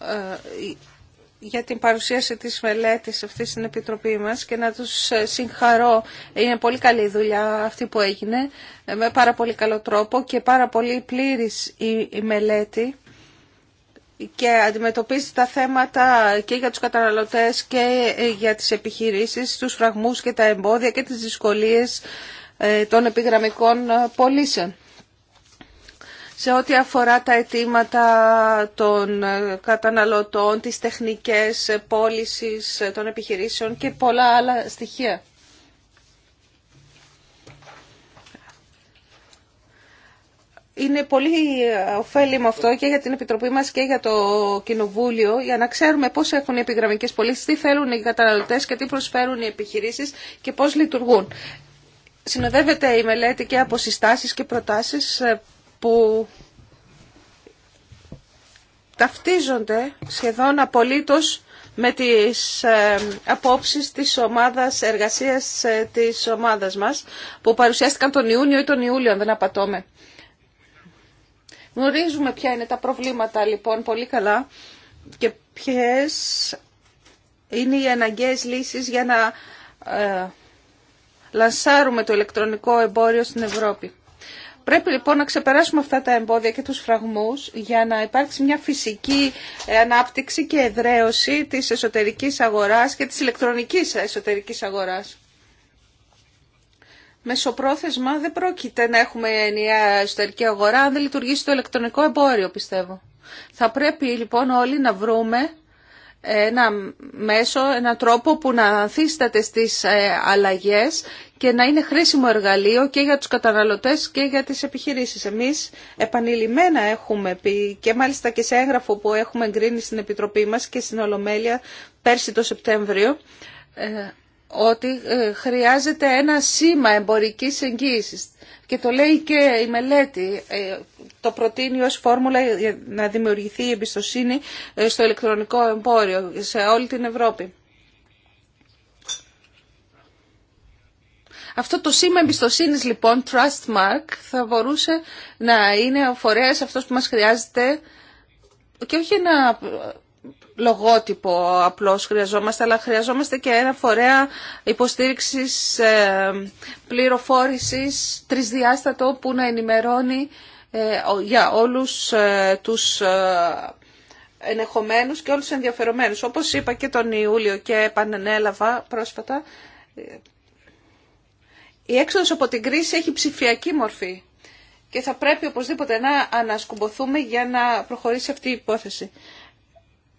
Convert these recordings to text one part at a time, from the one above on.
Ε, για την παρουσίαση της μελέτης αυτή στην Επιτροπή μας και να τους ε, συγχαρώ. Είναι πολύ καλή η δουλειά αυτή που έγινε, ε, με πάρα πολύ καλό τρόπο και πάρα πολύ πλήρης η μελέτη και αντιμετωπίζει τα θέματα και για τους καταναλωτές και για τις επιχειρήσεις, τους φραγμούς και τα εμπόδια και τις δυσκολίες των επιγραμμικών πωλήσεων σε ό,τι αφορά τα αιτήματα των ε, καταναλωτών, τις τεχνικές ε, πώληση ε, των επιχειρήσεων και πολλά άλλα στοιχεία. Είναι πολύ ωφέλιμο αυτό και για την Επιτροπή μας και για το Κοινοβούλιο για να ξέρουμε πώς έχουν οι επιγραμμικές πωλήσει, τι θέλουν οι καταναλωτές και τι προσφέρουν οι επιχειρήσεις και πώς λειτουργούν. Συνοδεύεται η μελέτη και από συστάσεις και προτάσεις που ταυτίζονται σχεδόν απολύτως με τις ε, απόψεις της ομάδας εργασίας ε, της ομάδας μας που παρουσιάστηκαν τον Ιούνιο ή τον Ιούλιο αν δεν απατώμε. Γνωρίζουμε ποια είναι τα προβλήματα λοιπόν πολύ καλά και ποιες είναι οι αναγκαίες λύσεις για να ε, λανσάρουμε το ηλεκτρονικό εμπόριο στην Ευρώπη. Πρέπει λοιπόν να ξεπεράσουμε αυτά τα εμπόδια και τους φραγμούς για να υπάρξει μια φυσική ε, ανάπτυξη και εδραίωση της εσωτερικής αγοράς και της ηλεκτρονικής εσωτερικής αγοράς. Μεσοπρόθεσμα δεν πρόκειται να έχουμε ενιαία εσωτερική αγορά αν δεν λειτουργήσει το ηλεκτρονικό εμπόριο, πιστεύω. Θα πρέπει λοιπόν όλοι να βρούμε ένα μέσο, ένα τρόπο που να ανθίσταται στις ε, αλλαγές και να είναι χρήσιμο εργαλείο και για τους καταναλωτές και για τις επιχειρήσεις. Εμείς επανειλημμένα έχουμε πει και μάλιστα και σε έγγραφο που έχουμε εγκρίνει στην Επιτροπή μας και στην Ολομέλεια πέρσι το Σεπτέμβριο ε, ότι ε, χρειάζεται ένα σήμα εμπορικής εγγύησης. Και το λέει και η μελέτη, ε, το προτείνει ως φόρμουλα να δημιουργηθεί η εμπιστοσύνη ε, στο ηλεκτρονικό εμπόριο σε όλη την Ευρώπη. Αυτό το σήμα εμπιστοσύνης, λοιπόν, Trustmark, θα μπορούσε να είναι ο φορέας αυτός που μας χρειάζεται και όχι ένα λογότυπο απλώς χρειαζόμαστε, αλλά χρειαζόμαστε και ένα φορέα υποστήριξης ε, πληροφόρησης τρισδιάστατο που να ενημερώνει ε, για όλους ε, τους ενεχομένους και όλους τους ενδιαφερομένους. Όπως είπα και τον Ιούλιο και επανενέλαβα πρόσφατα, η έξοδος από την κρίση έχει ψηφιακή μορφή και θα πρέπει οπωσδήποτε να ανασκουμποθούμε για να προχωρήσει αυτή η υπόθεση.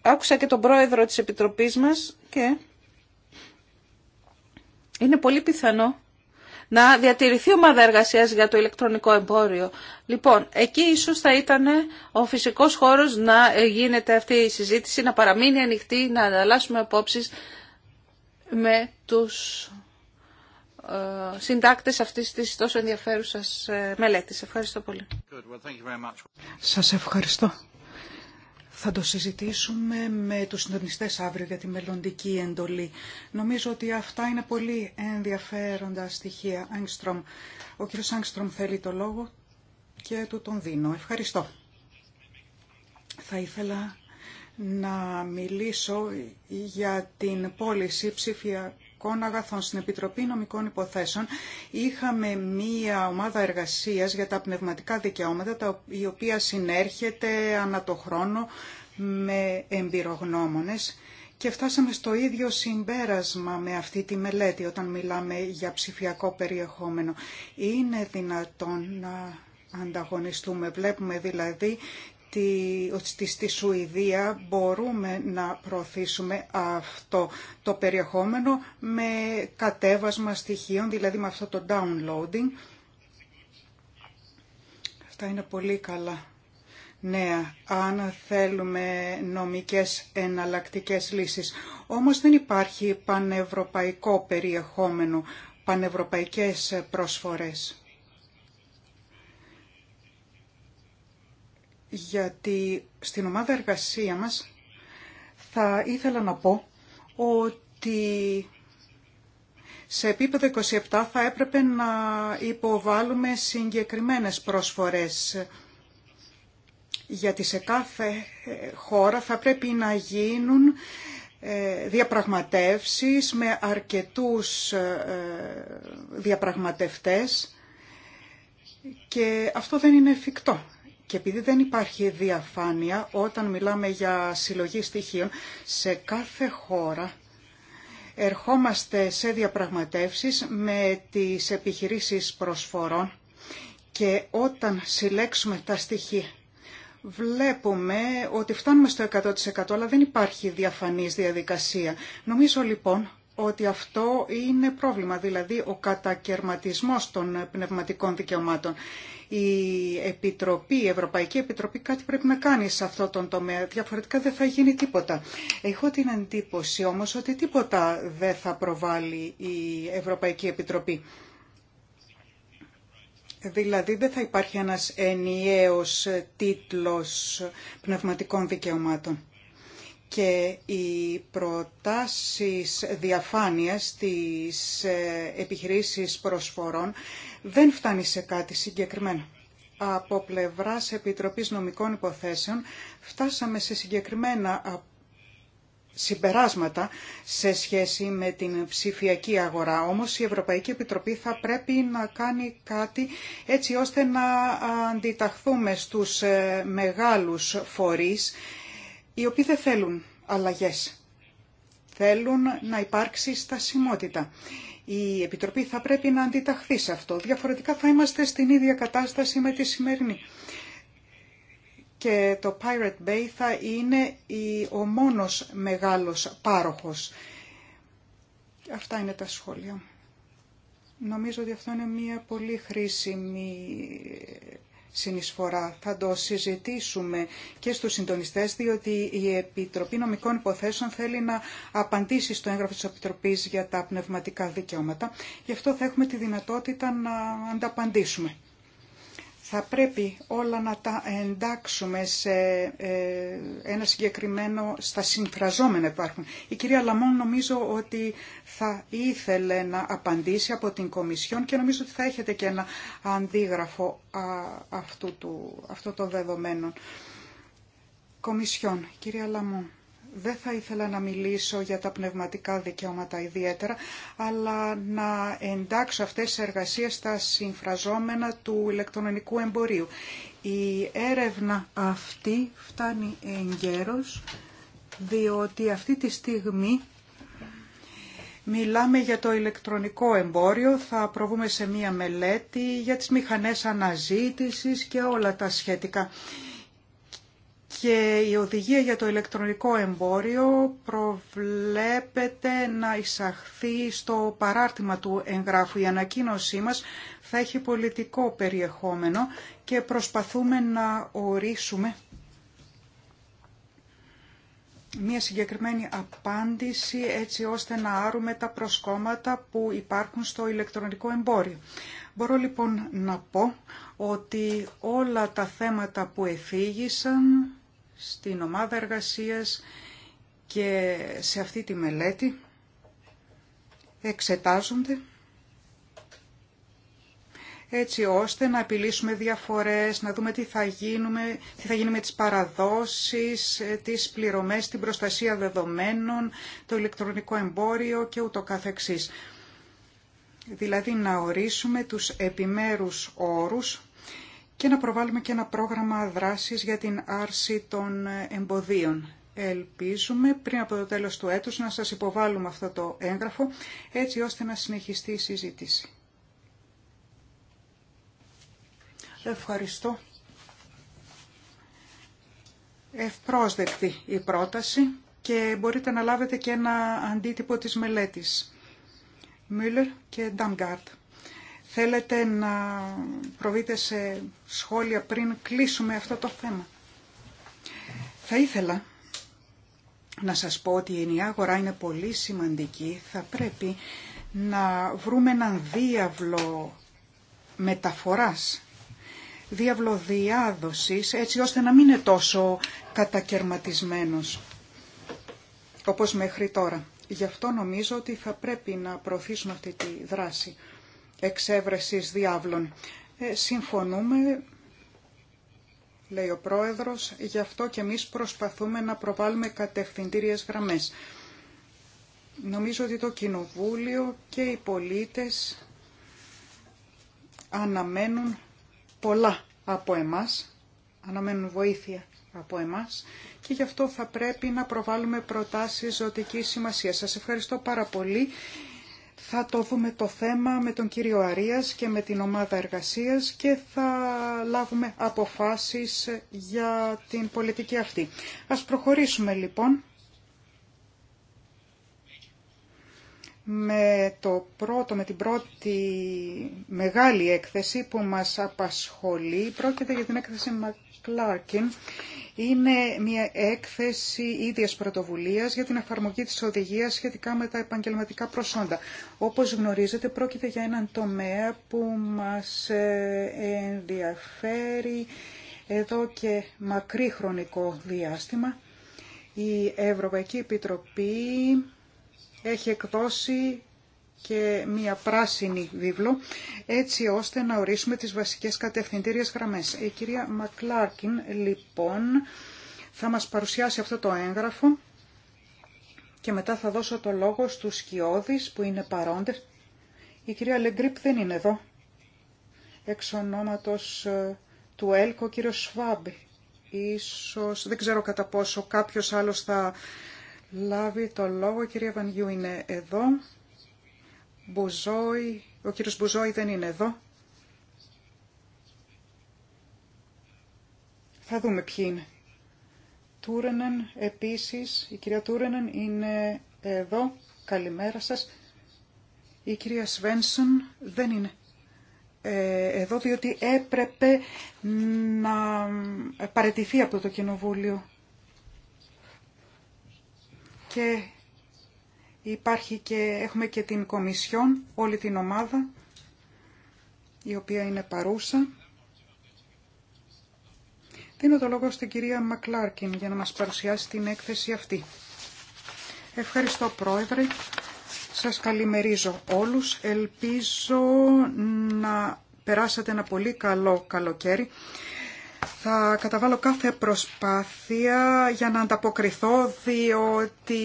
Άκουσα και τον πρόεδρο της Επιτροπής μας και είναι πολύ πιθανό να διατηρηθεί ομάδα εργασία για το ηλεκτρονικό εμπόριο. Λοιπόν, εκεί ίσως θα ήταν ο φυσικός χώρος να γίνεται αυτή η συζήτηση, να παραμείνει ανοιχτή, να ανταλλάσσουμε απόψει με τους ε, συντάκτες αυτής της τόσο ενδιαφέρουσας ε, μελέτης. Ευχαριστώ πολύ. Σα ευχαριστώ. Θα το συζητήσουμε με τους συντονιστές αύριο για τη μελλοντική εντολή. Νομίζω ότι αυτά είναι πολύ ενδιαφέροντα στοιχεία. Άγκστρομ. Ο κ. Άγκστρομ θέλει το λόγο και του τον δίνω. Ευχαριστώ. Θα ήθελα να μιλήσω για την πώληση ψηφιακή νομικών αγαθών. Στην Επιτροπή Νομικών Υποθέσεων είχαμε μία ομάδα εργασίας για τα πνευματικά δικαιώματα, η οποία συνέρχεται ανά το χρόνο με εμπειρογνώμονες και φτάσαμε στο ίδιο συμπέρασμα με αυτή τη μελέτη όταν μιλάμε για ψηφιακό περιεχόμενο. Είναι δυνατόν να ανταγωνιστούμε. Βλέπουμε δηλαδή ότι στη, στη Σουηδία μπορούμε να προωθήσουμε αυτό το περιεχόμενο με κατέβασμα στοιχείων, δηλαδή με αυτό το downloading. Αυτά είναι πολύ καλά νέα, αν θέλουμε νομικές εναλλακτικές λύσεις. Όμως δεν υπάρχει πανευρωπαϊκό περιεχόμενο, πανευρωπαϊκές προσφορές. γιατί στην ομάδα εργασία μας θα ήθελα να πω ότι σε επίπεδο 27 θα έπρεπε να υποβάλουμε συγκεκριμένες προσφορές γιατί σε κάθε χώρα θα πρέπει να γίνουν ε, διαπραγματεύσεις με αρκετούς ε, διαπραγματευτές και αυτό δεν είναι εφικτό και επειδή δεν υπάρχει διαφάνεια όταν μιλάμε για συλλογή στοιχείων, σε κάθε χώρα ερχόμαστε σε διαπραγματεύσεις με τις επιχειρήσεις προσφορών και όταν συλλέξουμε τα στοιχεία βλέπουμε ότι φτάνουμε στο 100% αλλά δεν υπάρχει διαφανής διαδικασία. Νομίζω λοιπόν ότι αυτό είναι πρόβλημα, δηλαδή ο κατακαιρματισμός των πνευματικών δικαιωμάτων. Η Επιτροπή, η Ευρωπαϊκή Επιτροπή κάτι πρέπει να κάνει σε αυτό τον τομέα, διαφορετικά δεν θα γίνει τίποτα. Έχω την εντύπωση όμως ότι τίποτα δεν θα προβάλλει η Ευρωπαϊκή Επιτροπή. Δηλαδή δεν θα υπάρχει ένας ενιαίος τίτλος πνευματικών δικαιωμάτων και οι προτάσεις διαφάνειας στις ε, επιχειρήσης προσφορών δεν φτάνει σε κάτι συγκεκριμένο. Από πλευράς Επιτροπής Νομικών Υποθέσεων φτάσαμε σε συγκεκριμένα συμπεράσματα σε σχέση με την ψηφιακή αγορά. Όμως η Ευρωπαϊκή Επιτροπή θα πρέπει να κάνει κάτι έτσι ώστε να αντιταχθούμε στους ε, μεγάλους φορείς οι οποίοι δεν θέλουν αλλαγές. Θέλουν να υπάρξει στασιμότητα. Η Επιτροπή θα πρέπει να αντιταχθεί σε αυτό. Διαφορετικά θα είμαστε στην ίδια κατάσταση με τη σημερινή. Και το Pirate Bay θα είναι ο μόνος μεγάλος πάροχος. Αυτά είναι τα σχόλια. Νομίζω ότι αυτό είναι μια πολύ χρήσιμη συνεισφορά. Θα το συζητήσουμε και στους συντονιστές, διότι η Επιτροπή Νομικών Υποθέσεων θέλει να απαντήσει στο έγγραφο της Επιτροπής για τα πνευματικά δικαιώματα. Γι' αυτό θα έχουμε τη δυνατότητα να ανταπαντήσουμε θα πρέπει όλα να τα εντάξουμε σε ε, ένα συγκεκριμένο, στα συμφραζόμενα υπάρχουν. Η κυρία Λαμόν νομίζω ότι θα ήθελε να απαντήσει από την Κομισιόν και νομίζω ότι θα έχετε και ένα αντίγραφο αυτού του, αυτό των δεδομένων. Κομισιόν, κυρία Λαμόν. Δεν θα ήθελα να μιλήσω για τα πνευματικά δικαιώματα ιδιαίτερα, αλλά να εντάξω αυτές τις εργασίες στα συμφραζόμενα του ηλεκτρονικού εμπορίου. Η έρευνα αυτή φτάνει εγκαίρως, διότι αυτή τη στιγμή Μιλάμε για το ηλεκτρονικό εμπόριο, θα προβούμε σε μία μελέτη για τις μηχανές αναζήτησης και όλα τα σχετικά και η οδηγία για το ηλεκτρονικό εμπόριο προβλέπεται να εισαχθεί στο παράρτημα του εγγράφου. Η ανακοίνωσή μας θα έχει πολιτικό περιεχόμενο και προσπαθούμε να ορίσουμε μια συγκεκριμένη απάντηση έτσι ώστε να άρουμε τα προσκόμματα που υπάρχουν στο ηλεκτρονικό εμπόριο. Μπορώ λοιπόν να πω ότι όλα τα θέματα που εφήγησαν στην ομάδα εργασίας και σε αυτή τη μελέτη εξετάζονται έτσι ώστε να επιλύσουμε διαφορές, να δούμε τι θα, γίνουμε, τι θα γίνει με τις παραδόσεις, ε, τις πληρωμές, την προστασία δεδομένων, το ηλεκτρονικό εμπόριο και ούτω καθεξής. Δηλαδή να ορίσουμε τους επιμέρους όρους και να προβάλλουμε και ένα πρόγραμμα δράσης για την άρση των εμποδίων. Ελπίζουμε πριν από το τέλος του έτους να σας υποβάλουμε αυτό το έγγραφο έτσι ώστε να συνεχιστεί η συζήτηση. Ευχαριστώ. Ευπρόσδεκτη η πρόταση και μπορείτε να λάβετε και ένα αντίτυπο της μελέτης. Μίλλερ και Νταμγκάρτ θέλετε να προβείτε σε σχόλια πριν κλείσουμε αυτό το θέμα. Θα ήθελα να σας πω ότι η ενιαία αγορά είναι πολύ σημαντική. Θα πρέπει να βρούμε έναν διάβλο μεταφοράς, διάβλο διάδοσης, έτσι ώστε να μην είναι τόσο κατακερματισμένος όπως μέχρι τώρα. Γι' αυτό νομίζω ότι θα πρέπει να προωθήσουμε αυτή τη δράση εξέβρεσης διάβλων. Ε, συμφωνούμε, λέει ο Πρόεδρος, γι' αυτό και εμείς προσπαθούμε να προβάλλουμε κατευθυντήριες γραμμές. Νομίζω ότι το Κοινοβούλιο και οι πολίτες αναμένουν πολλά από εμάς, αναμένουν βοήθεια από εμάς και γι' αυτό θα πρέπει να προβάλλουμε προτάσεις ζωτικής σημασίας. Σας ευχαριστώ πάρα πολύ θα το δούμε το θέμα με τον κύριο Αρίας και με την ομάδα εργασίας και θα λάβουμε αποφάσεις για την πολιτική αυτή. Ας προχωρήσουμε λοιπόν με, το πρώτο, με την πρώτη μεγάλη έκθεση που μας απασχολεί. Πρόκειται για την έκθεση McClarkin είναι μια έκθεση ίδιας πρωτοβουλίας για την εφαρμογή της οδηγίας σχετικά με τα επαγγελματικά προσόντα. Όπως γνωρίζετε πρόκειται για έναν τομέα που μας ε, ενδιαφέρει εδώ και μακρύ χρονικό διάστημα. Η Ευρωπαϊκή Επιτροπή έχει εκδώσει και μία πράσινη βίβλο, έτσι ώστε να ορίσουμε τις βασικές κατευθυντήριες γραμμές. Η κυρία Μακλάρκιν, λοιπόν, θα μας παρουσιάσει αυτό το έγγραφο και μετά θα δώσω το λόγο στους σκιώδεις που είναι παρόντες. Η κυρία Λεγκρίπ δεν είναι εδώ. Εξ ονόματος ε, του ΕΛΚΟ, κύριο Σβάμπη. Ίσως, δεν ξέρω κατά πόσο κάποιος άλλος θα λάβει το λόγο. Η κυρία Βανιού είναι εδώ. Μπουζόη, ο κύριος Μπουζόη δεν είναι εδώ. Θα δούμε ποιοι είναι. Τούρενεν επίσης, η κυρία Τούρενεν είναι εδώ. Καλημέρα σας. Η κυρία Σβένσον δεν είναι ε, εδώ διότι έπρεπε να ε, παραιτηθεί από το Κοινοβούλιο. Και Υπάρχει και, έχουμε και την Κομισιόν, όλη την ομάδα, η οποία είναι παρούσα. Δίνω το λόγο στην κυρία Μακλάρκιν για να μας παρουσιάσει την έκθεση αυτή. Ευχαριστώ Πρόεδρε. Σας καλημερίζω όλους. Ελπίζω να περάσατε ένα πολύ καλό καλοκαίρι. Θα καταβάλω κάθε προσπάθεια για να ανταποκριθώ διότι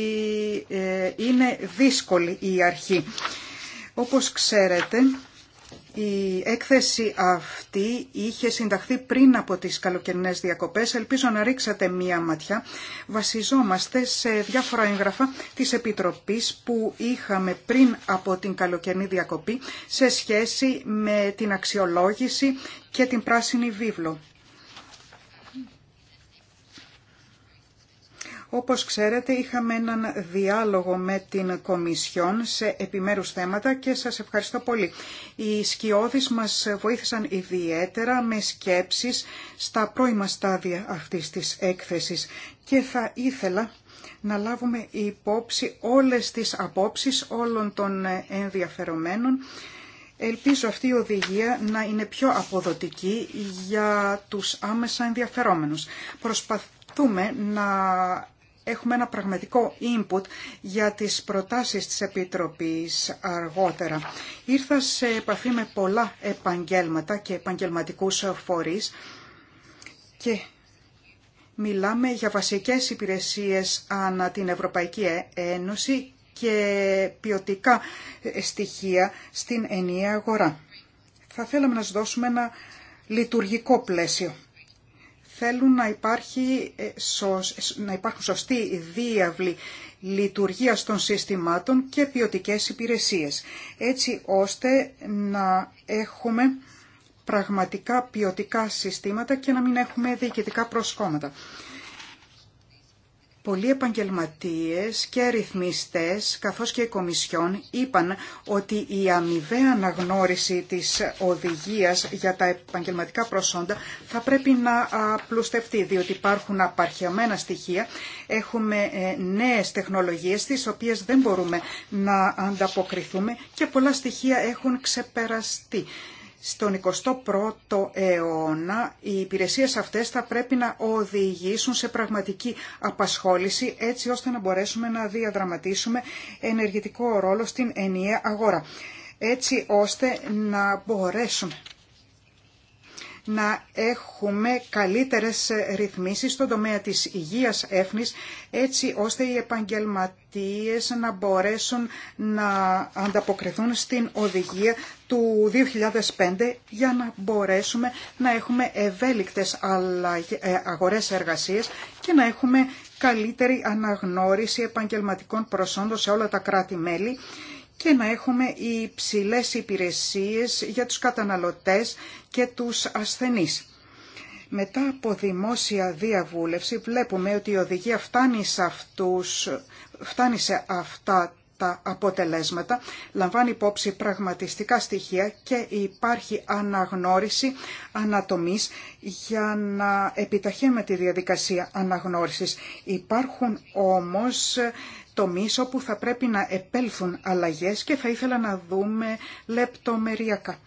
ε, είναι δύσκολη η αρχή. Όπως ξέρετε, η έκθεση αυτή είχε συνταχθεί πριν από τις καλοκαιρινές διακοπές. Ελπίζω να ρίξατε μία ματιά. Βασιζόμαστε σε διάφορα έγγραφα της Επιτροπής που είχαμε πριν από την καλοκαιρινή διακοπή σε σχέση με την αξιολόγηση και την πράσινη βίβλο. Όπως ξέρετε είχαμε έναν διάλογο με την Κομισιόν σε επιμέρους θέματα και σας ευχαριστώ πολύ. Οι σκιώδεις μας βοήθησαν ιδιαίτερα με σκέψεις στα πρώιμα στάδια αυτής της έκθεσης και θα ήθελα να λάβουμε υπόψη όλες τις απόψεις όλων των ενδιαφερομένων Ελπίζω αυτή η οδηγία να είναι πιο αποδοτική για τους άμεσα ενδιαφερόμενους. Προσπαθούμε να έχουμε ένα πραγματικό input για τις προτάσεις της Επιτροπής αργότερα. Ήρθα σε επαφή με πολλά επαγγέλματα και επαγγελματικούς φορείς και μιλάμε για βασικές υπηρεσίες ανά την Ευρωπαϊκή ε- Ένωση και ποιοτικά στοιχεία στην ενιαία αγορά. Θα θέλαμε να σας δώσουμε ένα λειτουργικό πλαίσιο θέλουν να, υπάρχει, ε, ε, να υπάρχουν σωστοί διάβλοι λειτουργία των συστημάτων και ποιοτικέ υπηρεσίες, έτσι ώστε να έχουμε πραγματικά ποιοτικά συστήματα και να μην έχουμε διοικητικά προσκόμματα. Πολλοί επαγγελματίες και ρυθμιστές, καθώς και οι Κομισιόν, είπαν ότι η αμοιβαία αναγνώριση της οδηγίας για τα επαγγελματικά προσόντα θα πρέπει να απλουστευτεί, διότι υπάρχουν απαρχαιωμένα στοιχεία, έχουμε ε, νέες τεχνολογίες, τις οποίες δεν μπορούμε να ανταποκριθούμε και πολλά στοιχεία έχουν ξεπεραστεί στον 21ο αιώνα οι υπηρεσίες αυτές θα πρέπει να οδηγήσουν σε πραγματική απασχόληση έτσι ώστε να μπορέσουμε να διαδραματίσουμε ενεργητικό ρόλο στην ενιαία αγορά. Έτσι ώστε να μπορέσουμε να έχουμε καλύτερες ρυθμίσεις στον τομέα της υγείας έφνης, έτσι ώστε οι επαγγελματίες να μπορέσουν να ανταποκριθούν στην οδηγία του 2005 για να μπορέσουμε να έχουμε ευέλικτες ε, αγορές εργασίες και να έχουμε καλύτερη αναγνώριση επαγγελματικών προσόντων σε όλα τα κράτη-μέλη και να έχουμε υψηλές υπηρεσίες για τους καταναλωτές και τους ασθενείς. Μετά από δημόσια διαβούλευση βλέπουμε ότι η οδηγία φτάνει σε, αυτούς, φτάνει αυτά τα αποτελέσματα, λαμβάνει υπόψη πραγματιστικά στοιχεία και υπάρχει αναγνώριση ανατομής για να επιταχύνουμε τη διαδικασία αναγνώρισης. Υπάρχουν όμως το μίσο που θα πρέπει να επέλθουν αλλαγές και θα ήθελα να δούμε λεπτομεριακά.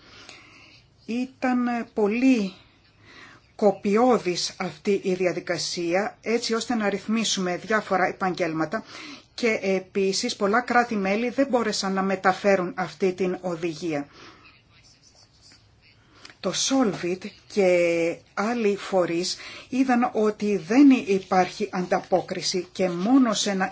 Ήταν πολύ κοπιώδης αυτή η διαδικασία έτσι ώστε να ρυθμίσουμε διάφορα επαγγέλματα και επίσης πολλά κράτη-μέλη δεν μπόρεσαν να μεταφέρουν αυτή την οδηγία το Solvit και άλλοι φορείς είδαν ότι δεν υπάρχει ανταπόκριση και μόνο σε ένα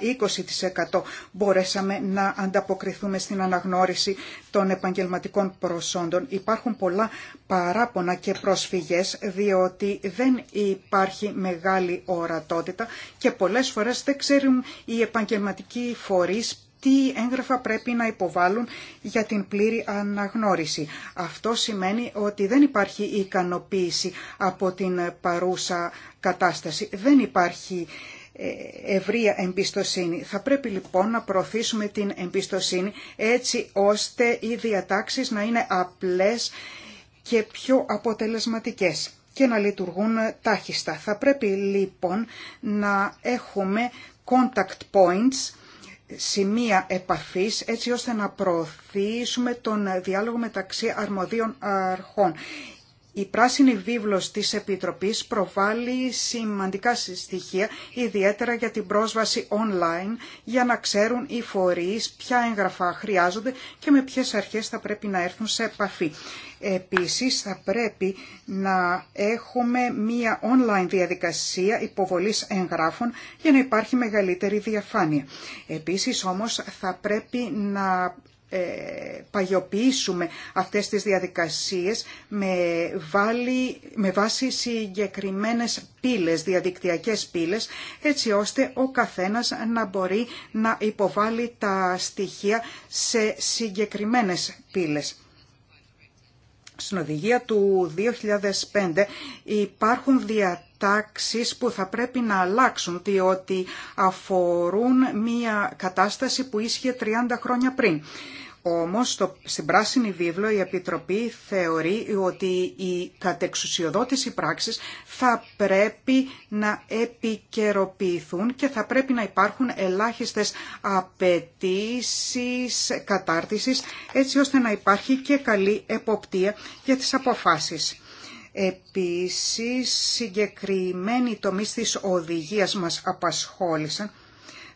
20% μπορέσαμε να ανταποκριθούμε στην αναγνώριση των επαγγελματικών προσόντων. Υπάρχουν πολλά παράπονα και προσφυγές διότι δεν υπάρχει μεγάλη ορατότητα και πολλές φορές δεν ξέρουν οι επαγγελματικοί φορείς τι έγγραφα πρέπει να υποβάλουν για την πλήρη αναγνώριση. Αυτό σημαίνει ότι δεν υπάρχει ικανοποίηση από την παρούσα κατάσταση. Δεν υπάρχει ε, ευρεία εμπιστοσύνη. Θα πρέπει λοιπόν να προωθήσουμε την εμπιστοσύνη έτσι ώστε οι διατάξεις να είναι απλές και πιο αποτελεσματικές και να λειτουργούν τάχιστα. Θα πρέπει λοιπόν να έχουμε contact points σημεία επαφής έτσι ώστε να προωθήσουμε τον διάλογο μεταξύ αρμοδίων αρχών η πράσινη βίβλος της Επιτροπής προβάλλει σημαντικά στοιχεία, ιδιαίτερα για την πρόσβαση online, για να ξέρουν οι φορείς ποια έγγραφα χρειάζονται και με ποιες αρχές θα πρέπει να έρθουν σε επαφή. Επίσης θα πρέπει να έχουμε μία online διαδικασία υποβολής εγγράφων για να υπάρχει μεγαλύτερη διαφάνεια. Επίσης όμως θα πρέπει να ε, παγιοποιήσουμε αυτές τις διαδικασίες με, βάλει, με βάση συγκεκριμένες πύλες, διαδικτυακές πύλες, έτσι ώστε ο καθένας να μπορεί να υποβάλει τα στοιχεία σε συγκεκριμένες πύλες. Στην οδηγία του 2005 υπάρχουν διατάξεις που θα πρέπει να αλλάξουν, διότι αφορούν μια κατάσταση που ίσχυε 30 χρόνια πριν. Όμως στο, στην Πράσινη Βίβλο η Επιτροπή θεωρεί ότι η κατεξουσιοδότηση πράξης θα πρέπει να επικαιροποιηθούν και θα πρέπει να υπάρχουν ελάχιστες απαιτήσει κατάρτισης έτσι ώστε να υπάρχει και καλή εποπτεία για τις αποφάσεις. Επίσης, συγκεκριμένοι τομείς της οδηγίας μας απασχόλησαν.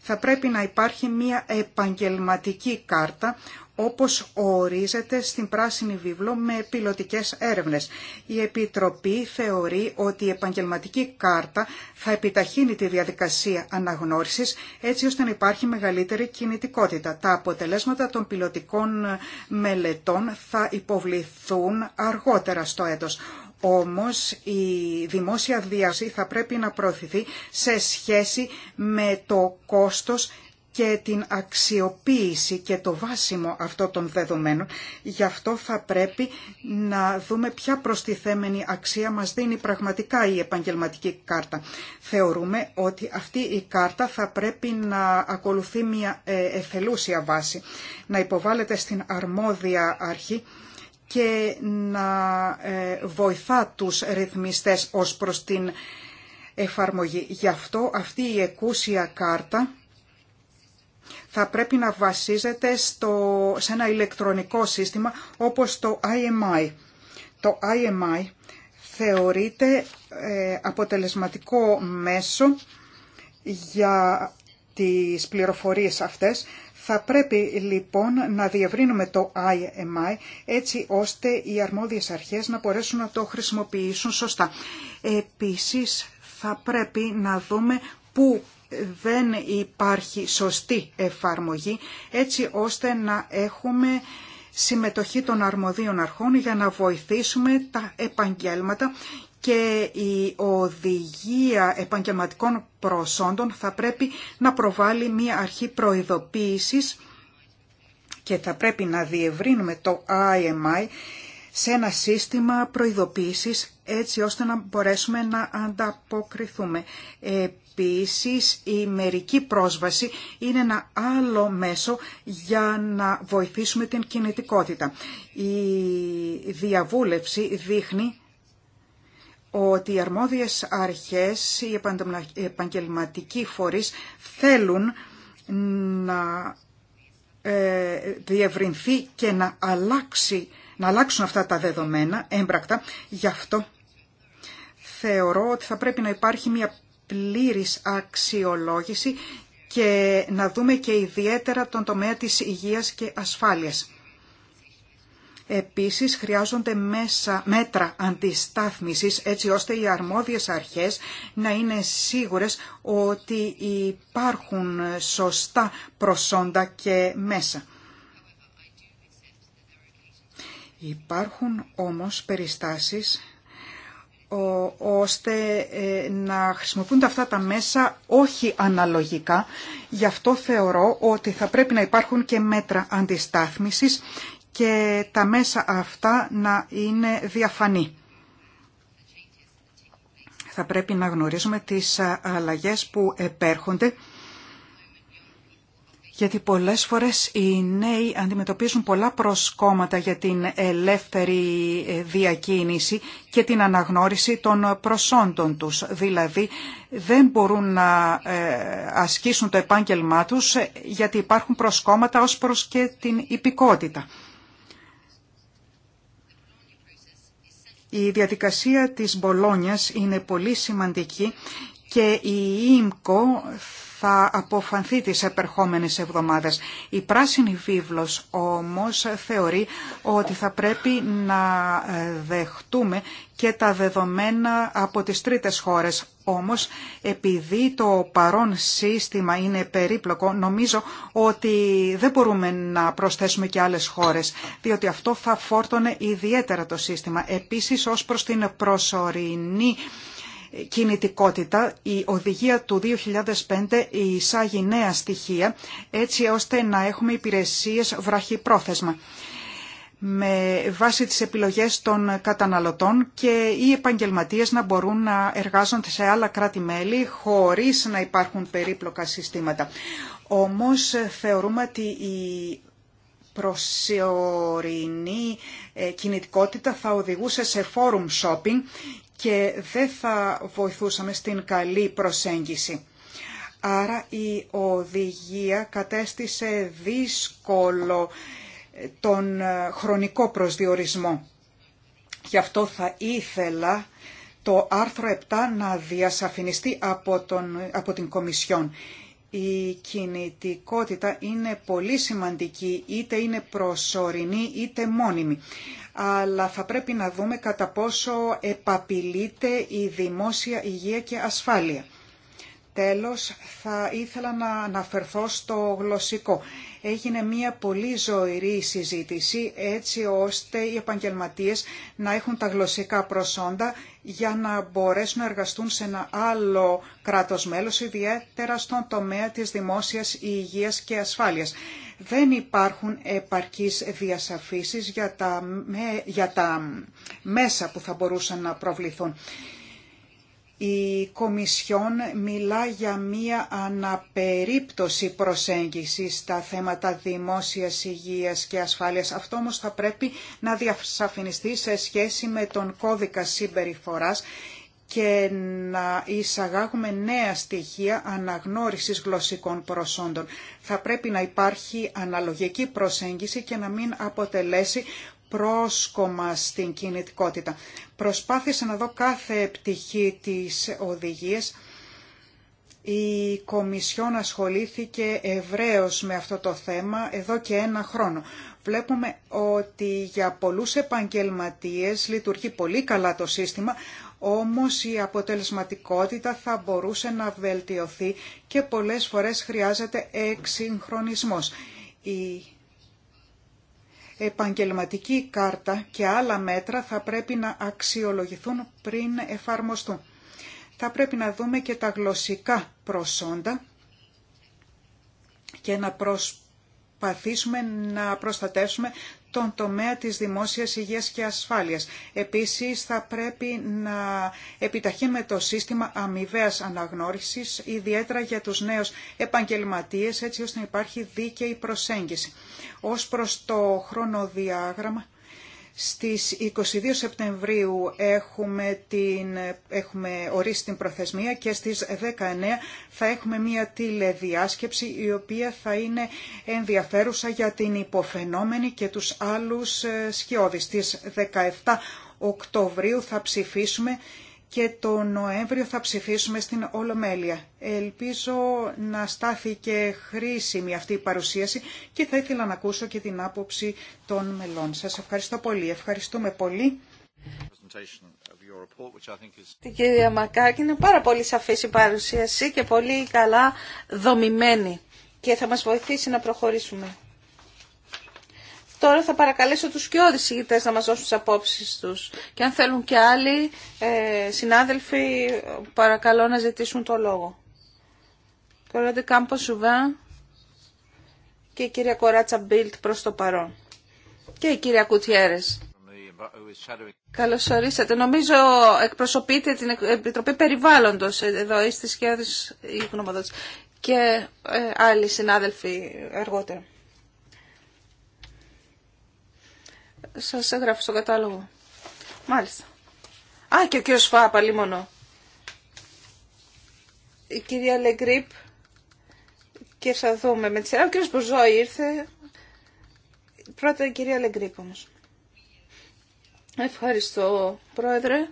Θα πρέπει να υπάρχει μια επαγγελματική κάρτα, όπως ορίζεται στην Πράσινη Βίβλο με πιλωτικές έρευνες. Η Επιτροπή θεωρεί ότι η επαγγελματική κάρτα θα επιταχύνει τη διαδικασία αναγνώρισης έτσι ώστε να υπάρχει μεγαλύτερη κινητικότητα. Τα αποτελέσματα των πιλωτικών μελετών θα υποβληθούν αργότερα στο έτος. Όμως η δημόσια διαζή θα πρέπει να προωθηθεί σε σχέση με το κόστος και την αξιοποίηση και το βάσιμο αυτό των δεδομένων. Γι' αυτό θα πρέπει να δούμε ποια προστιθέμενη αξία μας δίνει πραγματικά η επαγγελματική κάρτα. Θεωρούμε ότι αυτή η κάρτα θα πρέπει να ακολουθεί μια ε, εθελούσια βάση, να υποβάλλεται στην αρμόδια αρχή και να ε, βοηθά τους ρυθμιστές ως προς την εφαρμογή. Γι' αυτό αυτή η εκούσια κάρτα θα πρέπει να βασίζεται στο, σε ένα ηλεκτρονικό σύστημα όπως το IMI. Το IMI θεωρείται ε, αποτελεσματικό μέσο για τις πληροφορίες αυτές θα πρέπει λοιπόν να διευρύνουμε το IMI έτσι ώστε οι αρμόδιες αρχές να μπορέσουν να το χρησιμοποιήσουν σωστά. Επίσης θα πρέπει να δούμε πού δεν υπάρχει σωστή εφαρμογή έτσι ώστε να έχουμε συμμετοχή των αρμοδίων αρχών για να βοηθήσουμε τα επαγγέλματα και η οδηγία επαγγελματικών προσόντων θα πρέπει να προβάλλει μία αρχή προειδοποίησης και θα πρέπει να διευρύνουμε το IMI σε ένα σύστημα προειδοποίησης έτσι ώστε να μπορέσουμε να ανταποκριθούμε. Επίσης, η μερική πρόσβαση είναι ένα άλλο μέσο για να βοηθήσουμε την κινητικότητα. Η διαβούλευση δείχνει ότι οι αρμόδιες αρχές, οι επαγγελματικοί φορείς θέλουν να ε, διευρυνθεί και να, αλλάξει, να αλλάξουν αυτά τα δεδομένα έμπρακτα. Γι' αυτό θεωρώ ότι θα πρέπει να υπάρχει μια πλήρης αξιολόγηση και να δούμε και ιδιαίτερα τον τομέα της υγείας και ασφάλειας. Επίσης χρειάζονται μέσα, μέτρα αντιστάθμισης έτσι ώστε οι αρμόδιες αρχές να είναι σίγουρες ότι υπάρχουν σωστά προσόντα και μέσα. Υπάρχουν όμως περιστάσεις ώστε ε, να χρησιμοποιούνται αυτά τα μέσα όχι αναλογικά. Γι' αυτό θεωρώ ότι θα πρέπει να υπάρχουν και μέτρα αντιστάθμισης και τα μέσα αυτά να είναι διαφανή. Θα πρέπει να γνωρίζουμε τις αλλαγές που επέρχονται γιατί πολλές φορές οι νέοι αντιμετωπίζουν πολλά προσκόμματα για την ελεύθερη ε, διακίνηση και την αναγνώριση των προσόντων τους. Δηλαδή δεν μπορούν να ε, ασκήσουν το επάγγελμά τους ε, γιατί υπάρχουν προσκόμματα ως προς και την υπηκότητα. Η διαδικασία της Μπολόνιας είναι πολύ σημαντική και η ΙΜΚΟ θα αποφανθεί τις επερχόμενες εβδομάδες. Η Πράσινη Βίβλος όμως θεωρεί ότι θα πρέπει να ε, δεχτούμε και τα δεδομένα από τις τρίτες χώρες. Όμως, επειδή το παρόν σύστημα είναι περίπλοκο, νομίζω ότι δεν μπορούμε να προσθέσουμε και άλλες χώρες, διότι αυτό θα φόρτωνε ιδιαίτερα το σύστημα. Επίσης, ως προς την προσωρινή κινητικότητα, η οδηγία του 2005 εισάγει νέα στοιχεία έτσι ώστε να έχουμε υπηρεσίες βραχυπρόθεσμα με βάση τις επιλογές των καταναλωτών και οι επαγγελματίες να μπορούν να εργάζονται σε άλλα κράτη-μέλη χωρίς να υπάρχουν περίπλοκα συστήματα. Όμως θεωρούμε ότι η προσωρινή ε, κινητικότητα θα οδηγούσε σε forum shopping και δεν θα βοηθούσαμε στην καλή προσέγγιση. Άρα η οδηγία κατέστησε δύσκολο ε, τον ε, χρονικό προσδιορισμό. Γι' αυτό θα ήθελα το άρθρο 7 να διασαφινιστεί από, τον, από την Κομισιόν η κινητικότητα είναι πολύ σημαντική, είτε είναι προσωρινή είτε μόνιμη. Αλλά θα πρέπει να δούμε κατά πόσο επαπειλείται η δημόσια υγεία και ασφάλεια. Τέλος, θα ήθελα να αναφερθώ στο γλωσσικό. Έγινε μια πολύ ζωηρή συζήτηση έτσι ώστε οι επαγγελματίες να έχουν τα γλωσσικά προσόντα για να μπορέσουν να εργαστούν σε ένα άλλο κράτος μέλος, ιδιαίτερα στον τομέα της δημόσιας υγείας και ασφάλειας. Δεν υπάρχουν επαρκείς διασαφήσεις για τα, για τα μέσα που θα μπορούσαν να προβληθούν η Κομισιόν μιλά για μία αναπερίπτωση προσέγγισης στα θέματα δημόσιας υγείας και ασφάλειας. Αυτό όμως θα πρέπει να διασαφινιστεί σε σχέση με τον κώδικα συμπεριφοράς και να εισαγάγουμε νέα στοιχεία αναγνώρισης γλωσσικών προσόντων. Θα πρέπει να υπάρχει αναλογική προσέγγιση και να μην αποτελέσει πρόσκομα στην κινητικότητα. Προσπάθησα να δω κάθε πτυχή της οδηγίας. Η Κομισιόν ασχολήθηκε ευρέως με αυτό το θέμα εδώ και ένα χρόνο. Βλέπουμε ότι για πολλούς επαγγελματίες λειτουργεί πολύ καλά το σύστημα, όμως η αποτελεσματικότητα θα μπορούσε να βελτιωθεί και πολλές φορές χρειάζεται εξυγχρονισμός. Η επαγγελματική κάρτα και άλλα μέτρα θα πρέπει να αξιολογηθούν πριν εφαρμοστούν. Θα πρέπει να δούμε και τα γλωσσικά προσόντα και να προσπαθούμε προσπαθήσουμε να προστατεύσουμε τον τομέα της δημόσιας υγείας και ασφάλειας. Επίσης θα πρέπει να επιταχύνουμε το σύστημα αμοιβαία αναγνώρισης, ιδιαίτερα για τους νέους επαγγελματίες, έτσι ώστε να υπάρχει δίκαιη προσέγγιση. Ως προς το χρονοδιάγραμμα, στις 22 Σεπτεμβρίου έχουμε, την, έχουμε ορίσει την προθεσμία και στις 19 θα έχουμε μια τηλεδιάσκεψη η οποία θα είναι ενδιαφέρουσα για την υποφαινόμενη και τους άλλους ε, σκιώδεις. Στις 17 Οκτωβρίου θα ψηφίσουμε και το Νοέμβριο θα ψηφίσουμε στην Ολομέλεια. Ελπίζω να στάθηκε χρήσιμη αυτή η παρουσίαση και θα ήθελα να ακούσω και την άποψη των μελών. Σας ευχαριστώ πολύ. Ευχαριστούμε πολύ. Την κυρία Μακάκη είναι πάρα πολύ σαφής η παρουσίαση και πολύ καλά δομημένη και θα μας βοηθήσει να προχωρήσουμε. Τώρα θα παρακαλέσω τους και ηγητές να μας δώσουν τις απόψεις τους. Και αν θέλουν και άλλοι ε, συνάδελφοι, παρακαλώ να ζητήσουν το λόγο. Κορόντε Κάμπο Σουβά και η κυρία Κοράτσα Μπίλτ προς το παρόν. Και η κυρία Κουτιέρες. Καλώ ορίσατε. Νομίζω εκπροσωπείτε την Επιτροπή Περιβάλλοντος ε, εδώ. Είστε σχεδόν η γνωμοδότηση. Και ε, άλλοι συνάδελφοι αργότερα. σας έγραφε στον κατάλογο. Μάλιστα. Α, και ο κύριος Φάπα, παλίμονο. Η κυρία Λεγκρίπ και θα δούμε με τη σειρά. Ο κύριος Μπουζό ήρθε. Πρώτα η κυρία Λεγκρίπ όμως. Ευχαριστώ, Πρόεδρε.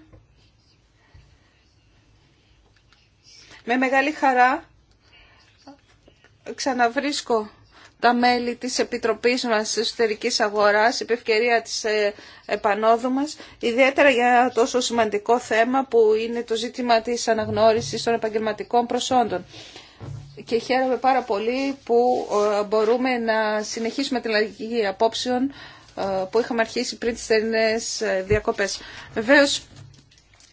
Με μεγάλη χαρά ξαναβρίσκω τα μέλη της Επιτροπής μας της Εσωτερικής Αγοράς, υπ' ευκαιρία της ε, επανόδου μας, ιδιαίτερα για τόσο σημαντικό θέμα που είναι το ζήτημα της αναγνώρισης των επαγγελματικών προσόντων. Και χαίρομαι πάρα πολύ που ε, μπορούμε να συνεχίσουμε την αλλαγή απόψεων ε, που είχαμε αρχίσει πριν τις θερινές διακοπές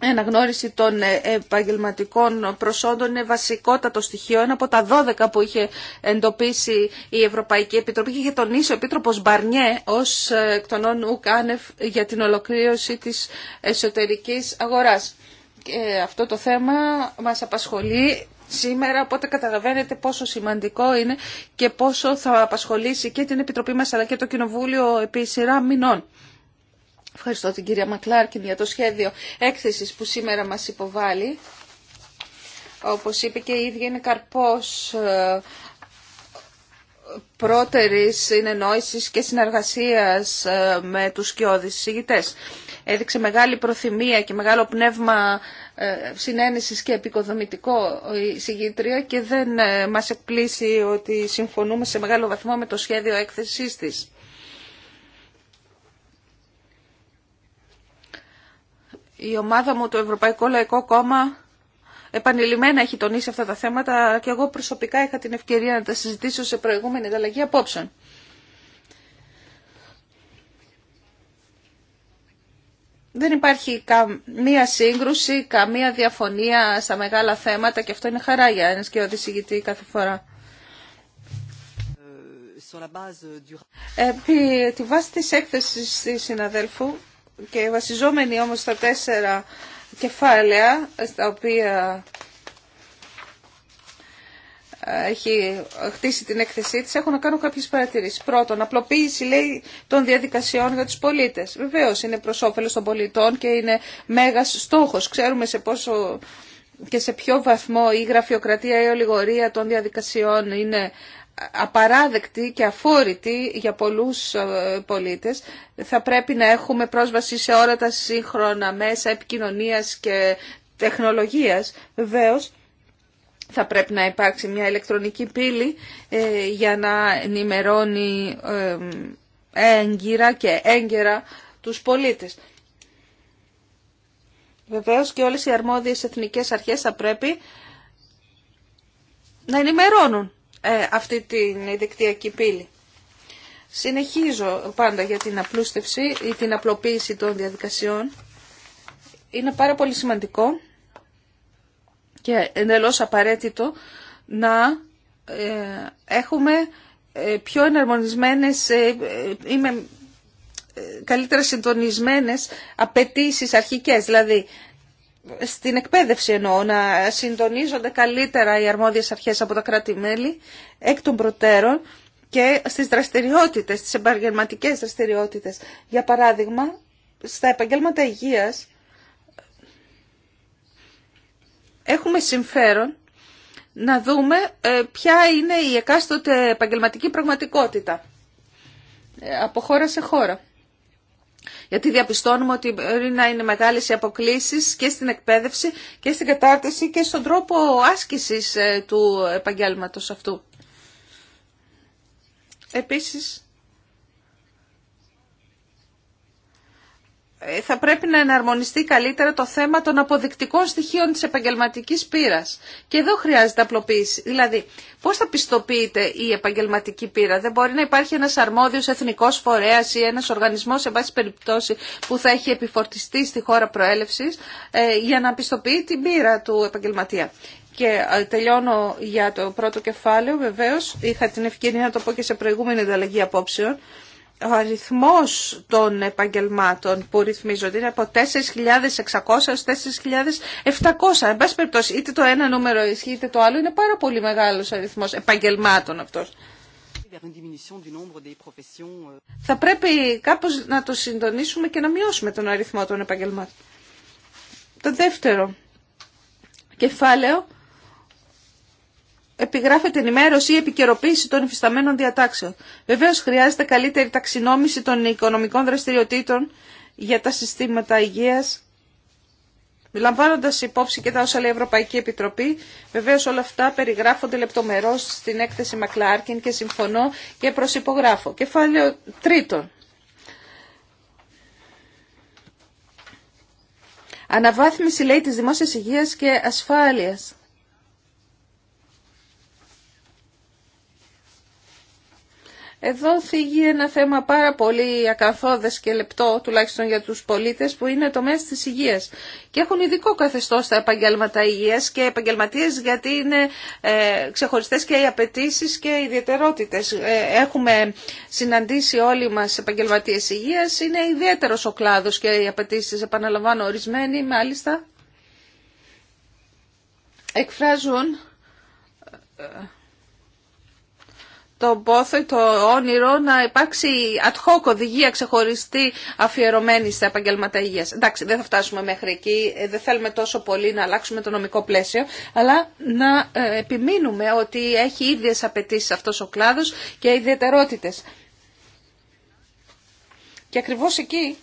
η αναγνώριση των ε, επαγγελματικών προσόντων είναι βασικότατο στοιχείο, ένα από τα 12 που είχε εντοπίσει η Ευρωπαϊκή Επιτροπή και είχε τονίσει ο Επίτροπος Μπαρνιέ ως ε, εκ των για την ολοκλήρωση της εσωτερικής αγοράς. αυτό το θέμα μας απασχολεί σήμερα, οπότε καταλαβαίνετε πόσο σημαντικό είναι και πόσο θα απασχολήσει και την Επιτροπή μας αλλά και το Κοινοβούλιο επί σειρά μηνών. Ευχαριστώ την κυρία Μακλάρκιν για το σχέδιο έκθεσης που σήμερα μας υποβάλλει. Όπως είπε και η ίδια είναι καρπός ε, πρώτερης συνεννόησης και συνεργασίας ε, με τους σκιώδεις συγητές. Έδειξε μεγάλη προθυμία και μεγάλο πνεύμα ε, συνένεσης και επικοδομητικό η συγγήτρια και δεν μας εκπλήσει ότι συμφωνούμε σε μεγάλο βαθμό με το σχέδιο έκθεσής της. Η ομάδα μου, το Ευρωπαϊκό Λαϊκό Κόμμα, επανειλημμένα έχει τονίσει αυτά τα θέματα και εγώ προσωπικά είχα την ευκαιρία να τα συζητήσω σε προηγούμενη ανταλλαγή απόψεων. Δεν υπάρχει καμία σύγκρουση, καμία διαφωνία στα μεγάλα θέματα και αυτό είναι χαρά για και και συγητή κάθε φορά. Ε, Επί τη βάση της έκθεσης της συναδέλφου και βασιζόμενοι όμως στα τέσσερα κεφάλαια στα οποία ε, έχει χτίσει την έκθεσή της, έχω να κάνω κάποιες παρατηρήσεις. Πρώτον, απλοποίηση λέει των διαδικασιών για τους πολίτες. Βεβαίως είναι προς όφελος των πολιτών και είναι μέγας στόχος. Ξέρουμε σε πόσο και σε ποιο βαθμό η γραφειοκρατία ή η ολιγορία των διαδικασιών είναι απαράδεκτη και αφόρητη για πολλούς ε, πολίτες. Θα πρέπει να έχουμε πρόσβαση σε όλα τα σύγχρονα μέσα επικοινωνίας και τεχνολογίας. Βεβαίως, θα πρέπει να υπάρξει μια ηλεκτρονική πύλη ε, για να ενημερώνει ε, έγκυρα και έγκαιρα τους πολίτες. Βεβαίως και όλες οι αρμόδιες εθνικές αρχές θα πρέπει να ενημερώνουν ε, αυτή την δικτυακή πύλη. Συνεχίζω πάντα για την απλούστευση ή την απλοποίηση των διαδικασιών. Είναι πάρα πολύ σημαντικό και εντελώς απαραίτητο να ε, έχουμε ε, πιο εναρμονισμένες ή με καλύτερα συντονισμένες απαιτήσει αρχικές. Δηλαδή στην εκπαίδευση εννοώ, να συντονίζονται καλύτερα οι αρμόδιες αρχές από τα κράτη-μέλη εκ των προτέρων και στις δραστηριότητες, στις επαγγελματικές δραστηριότητες. Για παράδειγμα, στα επαγγέλματα υγείας έχουμε συμφέρον να δούμε ε, ποια είναι η εκάστοτε επαγγελματική πραγματικότητα ε, από χώρα σε χώρα. Γιατί διαπιστώνουμε ότι μπορεί να είναι μεγάλες οι αποκλήσεις και στην εκπαίδευση και στην κατάρτιση και στον τρόπο άσκησης ε, του επαγγέλματος αυτού. Επίσης, Ε, θα πρέπει να εναρμονιστεί καλύτερα το θέμα των αποδεικτικών στοιχείων της επαγγελματικής πείρας. Και εδώ χρειάζεται απλοποίηση. Δηλαδή, πώς θα πιστοποιείται η επαγγελματική πείρα. Δεν μπορεί να υπάρχει ένας αρμόδιος εθνικός φορέας ή ένας οργανισμός, σε βάση περιπτώσει, που θα έχει επιφορτιστεί στη χώρα προέλευσης ε, για να πιστοποιεί την πείρα του επαγγελματία. Και ε, τελειώνω για το πρώτο κεφάλαιο, βεβαίως. Είχα την ευκαιρία να το πω και σε προηγούμενη ανταλλαγή απόψεων ο αριθμός των επαγγελμάτων που ρυθμίζονται είναι από 4.600 4.700. Εν πάση περιπτώσει, είτε το ένα νούμερο ισχύει είτε το άλλο, είναι πάρα πολύ μεγάλος αριθμός επαγγελμάτων αυτός. Θα πρέπει κάπως να το συντονίσουμε και να μειώσουμε τον αριθμό των επαγγελμάτων. Το δεύτερο κεφάλαιο επιγράφεται ενημέρωση ή επικαιροποίηση των υφισταμένων διατάξεων. Βεβαίως χρειάζεται καλύτερη ταξινόμηση των οικονομικών δραστηριοτήτων για τα συστήματα υγεία, Λαμβάνοντα υπόψη και τα όσα λέει η Ευρωπαϊκή Επιτροπή, βεβαίω όλα αυτά περιγράφονται λεπτομερώ στην έκθεση Μακλάρκιν και συμφωνώ και προσυπογράφω. Κεφάλαιο τρίτον. Αναβάθμιση λέει της δημόσιας υγείας και ασφάλειας. Εδώ θίγει ένα θέμα πάρα πολύ ακαθόδες και λεπτό, τουλάχιστον για τους πολίτες, που είναι το μέσο της υγείας. Και έχουν ειδικό καθεστώς τα επαγγέλματα υγείας και επαγγελματίες γιατί είναι ε, ξεχωριστές και οι απαιτήσει και οι ιδιαιτερότητες. Ε, έχουμε συναντήσει όλοι μας επαγγελματίες υγείας, είναι ιδιαίτερος ο κλάδος και οι απαιτήσει, επαναλαμβάνω, ορισμένοι μάλιστα εκφράζουν ε, το πόθο το όνειρο να υπάρξει ad hoc οδηγία ξεχωριστή αφιερωμένη στα επαγγέλματα υγεία. Εντάξει, δεν θα φτάσουμε μέχρι εκεί, ε, δεν θέλουμε τόσο πολύ να αλλάξουμε το νομικό πλαίσιο, αλλά να ε, επιμείνουμε ότι έχει ίδιε απαιτήσει αυτό ο κλάδο και ιδιαιτερότητε. Και ακριβώ εκεί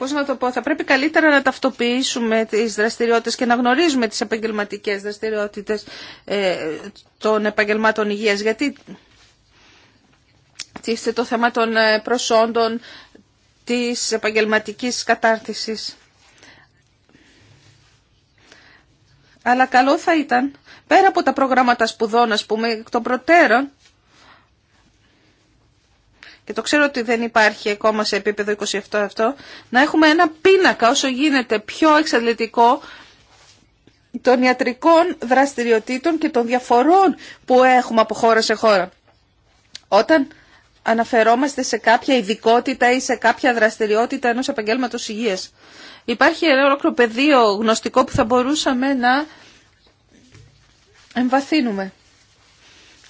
πώς να το πω, θα πρέπει καλύτερα να ταυτοποιήσουμε τις δραστηριότητες και να γνωρίζουμε τις επαγγελματικέ δραστηριότητες ε, των επαγγελμάτων υγείας, γιατί τίθεται το θέμα των ε, προσόντων της επαγγελματική κατάρτισης. Αλλά καλό θα ήταν, πέρα από τα προγράμματα σπουδών, ας πούμε, εκ των προτέρων, και το ξέρω ότι δεν υπάρχει ακόμα σε επίπεδο 27 αυτό, να έχουμε ένα πίνακα όσο γίνεται πιο εξαντλητικό των ιατρικών δραστηριοτήτων και των διαφορών που έχουμε από χώρα σε χώρα. Όταν αναφερόμαστε σε κάποια ειδικότητα ή σε κάποια δραστηριότητα ενός επαγγέλματος υγείας. Υπάρχει ένα ολόκληρο πεδίο γνωστικό που θα μπορούσαμε να εμβαθύνουμε.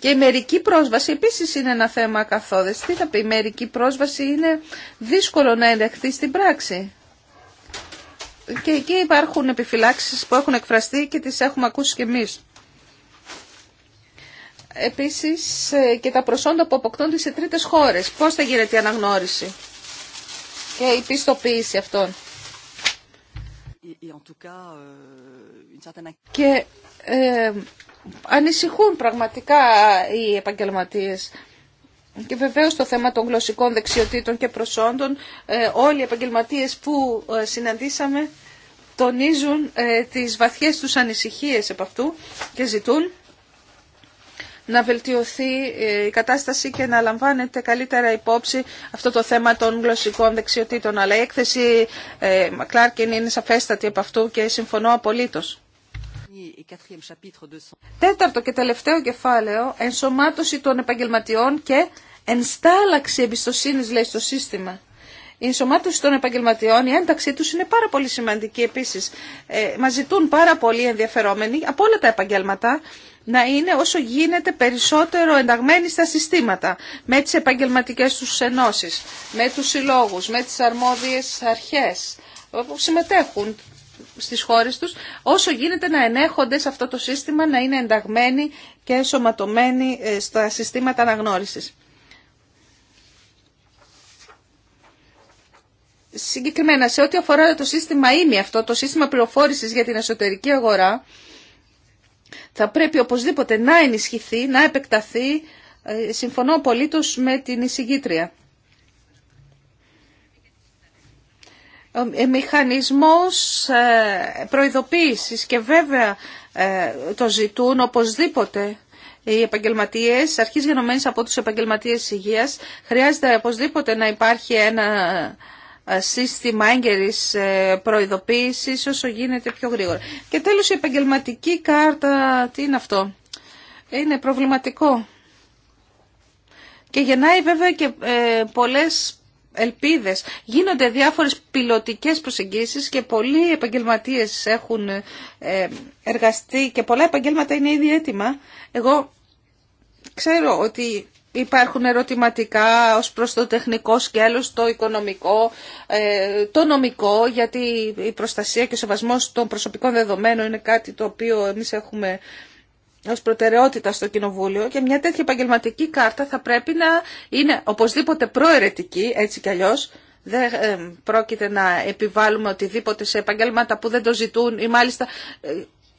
Και η μερική πρόσβαση επίσης είναι ένα θέμα καθόδες. Τι θα πει, η μερική πρόσβαση είναι δύσκολο να ενδεχθεί στην πράξη. Και εκεί υπάρχουν επιφυλάξεις που έχουν εκφραστεί και τις έχουμε ακούσει κι εμείς. Επίσης ε, και τα προσόντα που αποκτώνται σε τρίτες χώρες. Πώς θα γίνεται η αναγνώριση και η πιστοποίηση αυτών. Euh, και ε, ανησυχούν πραγματικά οι επαγγελματίες. Και βεβαίως το θέμα των γλωσσικών δεξιοτήτων και προσόντων, ε, όλοι οι επαγγελματίες που ε, συναντήσαμε τονίζουν ε, τις βαθιές τους ανησυχίες από αυτού και ζητούν να βελτιωθεί η κατάσταση και να λαμβάνεται καλύτερα υπόψη αυτό το θέμα των γλωσσικών δεξιοτήτων. Αλλά η έκθεση Μακλάρκιν είναι σαφέστατη από αυτού και συμφωνώ απολύτως. Τέταρτο και τελευταίο κεφάλαιο, ενσωμάτωση των επαγγελματιών και ενστάλλαξη εμπιστοσύνης, λέει, στο σύστημα. Η ενσωμάτωση των επαγγελματιών, η ένταξή τους είναι πάρα πολύ σημαντική επίσης. Ε, μας ζητούν πάρα πολύ ενδιαφερόμενοι από όλα τα επαγγέλματα να είναι όσο γίνεται περισσότερο ενταγμένοι στα συστήματα, με τις επαγγελματικές τους ενώσεις, με τους συλλόγους, με τις αρμόδιες αρχές που συμμετέχουν στις χώρες τους, όσο γίνεται να ενέχονται σε αυτό το σύστημα, να είναι ενταγμένοι και ενσωματωμένοι ε, στα συστήματα αναγνώρισης. Συγκεκριμένα, σε ό,τι αφορά το σύστημα ΙΜΗ αυτό, το σύστημα πληροφόρησης για την εσωτερική αγορά, θα πρέπει οπωσδήποτε να ενισχυθεί, να επεκταθεί, ε, συμφωνώ απολύτως με την εισηγήτρια. Ε, μηχανισμός ε, προειδοποίησης και βέβαια ε, το ζητούν οπωσδήποτε οι επαγγελματίες, αρχής γενομένης από τους επαγγελματίες υγείας, χρειάζεται οπωσδήποτε να υπάρχει ένα σύστημα έγκαιρης προειδοποίησης όσο γίνεται πιο γρήγορα. Και τέλος η επαγγελματική κάρτα, τι είναι αυτό, είναι προβληματικό. Και γεννάει βέβαια και πολλές ελπίδες. Γίνονται διάφορες πιλωτικές προσεγγίσεις και πολλοί επαγγελματίες έχουν ε, εργαστεί και πολλά επαγγέλματα είναι ήδη έτοιμα. Εγώ ξέρω ότι υπάρχουν ερωτηματικά ως προς το τεχνικό σκέλος, το οικονομικό, ε, το νομικό, γιατί η προστασία και ο σεβασμός των προσωπικών δεδομένων είναι κάτι το οποίο εμείς έχουμε Ω προτεραιότητα στο Κοινοβούλιο και μια τέτοια επαγγελματική κάρτα θα πρέπει να είναι οπωσδήποτε προαιρετική, έτσι κι αλλιώ, δεν ε, πρόκειται να επιβάλλουμε οτιδήποτε σε επαγγέλματα που δεν το ζητούν ή μάλιστα ε,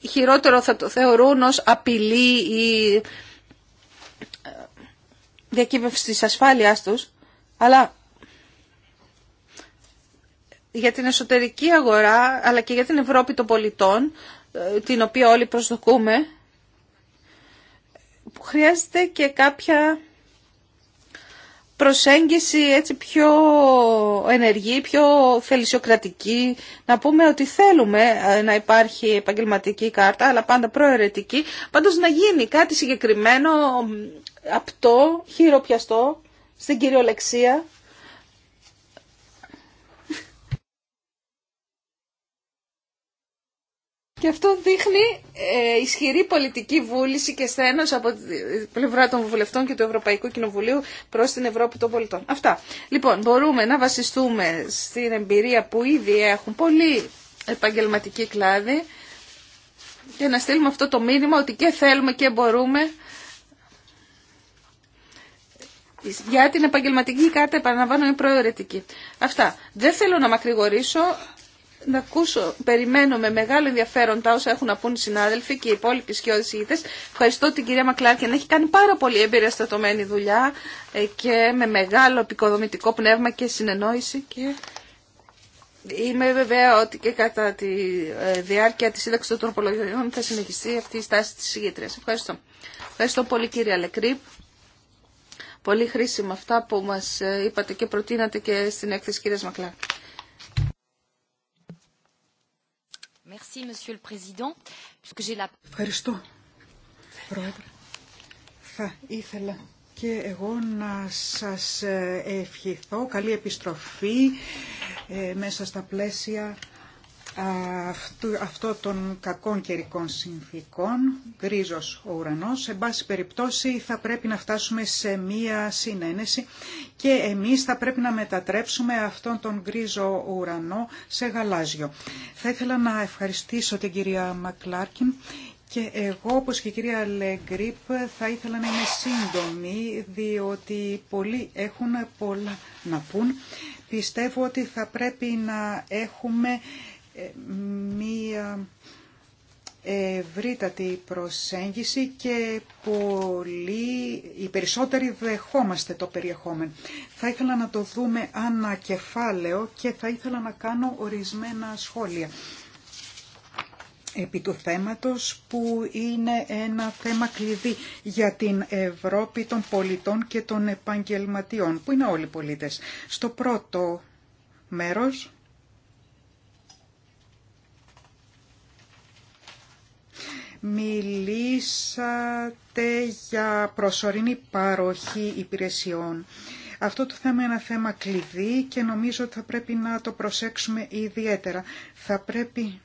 χειρότερο θα το θεωρούν ως απειλή ή ε, διακύβευση της ασφάλειάς τους. Αλλά για την εσωτερική αγορά αλλά και για την Ευρώπη των πολιτών, την οποία όλοι προσδοκούμε, χρειάζεται και κάποια προσέγγιση έτσι πιο ενεργή, πιο θελησιοκρατική. Να πούμε ότι θέλουμε ε, να υπάρχει επαγγελματική κάρτα, αλλά πάντα προαιρετική. Πάντως να γίνει κάτι συγκεκριμένο, απτό, χειροπιαστό, στην κυριολεξία Και αυτό δείχνει ε, ισχυρή πολιτική βούληση και στένος από την πλευρά των βουλευτών και του Ευρωπαϊκού Κοινοβουλίου προς την Ευρώπη των πολιτών. Αυτά. Λοιπόν, μπορούμε να βασιστούμε στην εμπειρία που ήδη έχουν πολύ επαγγελματική κλάδοι και να στείλουμε αυτό το μήνυμα ότι και θέλουμε και μπορούμε για την επαγγελματική κάρτα, επαναλαμβάνω, είναι προαιρετική. Αυτά. Δεν θέλω να μακρηγορήσω να ακούσω, περιμένω με μεγάλο ενδιαφέρον τα όσα έχουν να πούν οι συνάδελφοι και οι υπόλοιποι σκιώδεις ηγητές. Ευχαριστώ την κυρία να έχει κάνει πάρα πολύ εμπειριαστατωμένη δουλειά ε, και με μεγάλο επικοδομητικό πνεύμα και συνεννόηση. Και... Είμαι βέβαια ότι και κατά τη ε, διάρκεια τη σύνταξη των τροπολογιών θα συνεχιστεί αυτή η στάση τη ηγητρία. Ευχαριστώ. Ευχαριστώ πολύ κύριε Αλεκρύπ. Πολύ χρήσιμα αυτά που μας ε, είπατε και προτείνατε και στην έκθεση κυρίας Μακλάρκεν. Ευχαριστώ, Πρόεδρε. Θα ήθελα και εγώ να σας ε, ευχηθώ καλή επιστροφή ε, μέσα στα πλαίσια αυτού αυτό των κακών καιρικών συνθήκων, γκρίζος ο ουρανός. Σε πάση περιπτώσει θα πρέπει να φτάσουμε σε μία συνένεση και εμείς θα πρέπει να μετατρέψουμε αυτόν τον γκρίζο ουρανό σε γαλάζιο. Θα ήθελα να ευχαριστήσω την κυρία Μακλάρκιν και εγώ, όπως και η κυρία Λεγκρίπ, θα ήθελα να είμαι σύντομη, διότι πολλοί έχουν πολλά να πούν. Πιστεύω ότι θα πρέπει να έχουμε ε, μία ευρύτατη προσέγγιση και πολύ, οι περισσότεροι δεχόμαστε το περιεχόμενο. Θα ήθελα να το δούμε ανακεφάλαιο και θα ήθελα να κάνω ορισμένα σχόλια επί του θέματος που είναι ένα θέμα κλειδί για την Ευρώπη των πολιτών και των επαγγελματιών, που είναι όλοι πολίτες. Στο πρώτο μέρος Μιλήσατε για προσωρινή παροχή υπηρεσιών. Αυτό το θέμα είναι ένα θέμα κλειδί και νομίζω ότι θα πρέπει να το προσέξουμε ιδιαίτερα. Θα πρέπει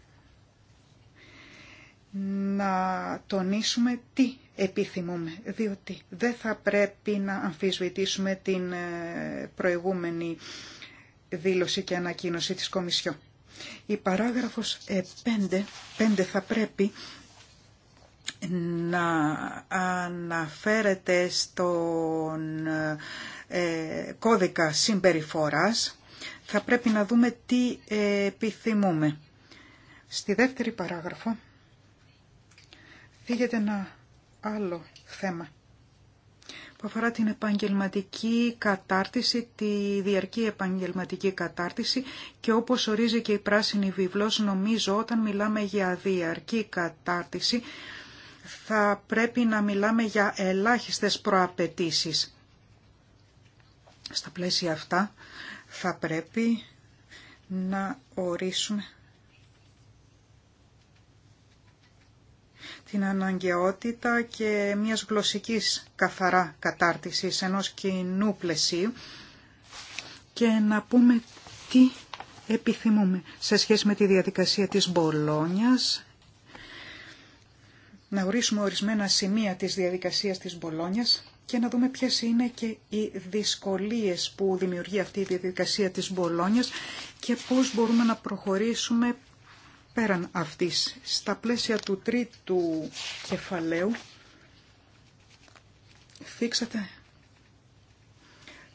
να τονίσουμε τι επιθυμούμε, διότι δεν θα πρέπει να αμφισβητήσουμε την ε, προηγούμενη δήλωση και ανακοίνωση της Κομισιό. Η παράγραφος 5, ε, 5 θα πρέπει να αναφέρεται στον ε, κώδικα συμπεριφοράς, θα πρέπει να δούμε τι επιθυμούμε. Στη δεύτερη παράγραφο φύγεται ένα άλλο θέμα που αφορά την επαγγελματική κατάρτιση, τη διαρκή επαγγελματική κατάρτιση και όπως ορίζει και η Πράσινη Βιβλός, νομίζω όταν μιλάμε για διαρκή κατάρτιση θα πρέπει να μιλάμε για ελάχιστες προαπαιτήσεις. Στα πλαίσια αυτά θα πρέπει να ορίσουμε την αναγκαιότητα και μιας γλωσσικής καθαρά κατάρτισης ενός κοινού πλαισίου και να πούμε τι επιθυμούμε σε σχέση με τη διαδικασία της Μπολόνιας να ορίσουμε ορισμένα σημεία της διαδικασίας της Μπολόνιας και να δούμε ποιες είναι και οι δυσκολίες που δημιουργεί αυτή η διαδικασία της Μπολόνιας και πώς μπορούμε να προχωρήσουμε πέραν αυτής. Στα πλαίσια του τρίτου κεφαλαίου θίξατε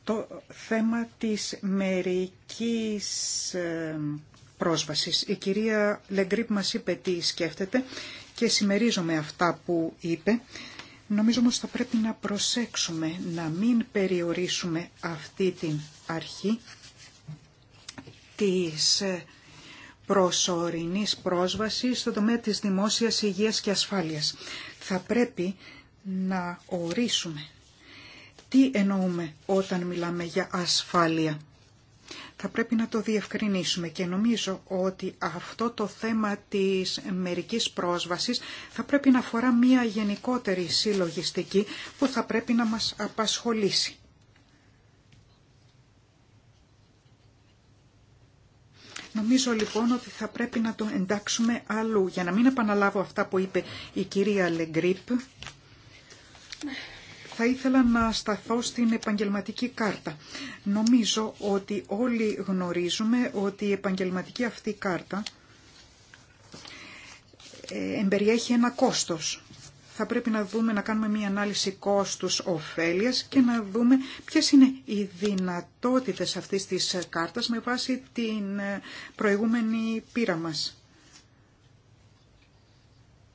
το θέμα της μερικής ε, πρόσβασης. Η κυρία Λεγκρίπ μας είπε τι σκέφτεται και συμμερίζομαι αυτά που είπε. Νομίζω όμως θα πρέπει να προσέξουμε να μην περιορίσουμε αυτή την αρχή της ε, προσωρινής πρόσβασης στον τομέα της δημόσιας υγείας και ασφάλειας. Θα πρέπει να ορίσουμε τι εννοούμε όταν μιλάμε για ασφάλεια. Θα πρέπει να το διευκρινίσουμε και νομίζω ότι αυτό το θέμα της μερικής πρόσβασης θα πρέπει να αφορά μια γενικότερη συλλογιστική που θα πρέπει να μας απασχολήσει. Νομίζω λοιπόν ότι θα πρέπει να το εντάξουμε αλλού. Για να μην επαναλάβω αυτά που είπε η κυρία Λεγκρίπ, θα ήθελα να σταθώ στην επαγγελματική κάρτα. Νομίζω ότι όλοι γνωρίζουμε ότι η επαγγελματική αυτή κάρτα ε, εμπεριέχει ένα κόστος. Θα πρέπει να δούμε, να κάνουμε μία ανάλυση κόστους ωφέλειας και να δούμε ποιες είναι οι δυνατότητες αυτής της κάρτας με βάση την ε, προηγούμενη πείρα μας.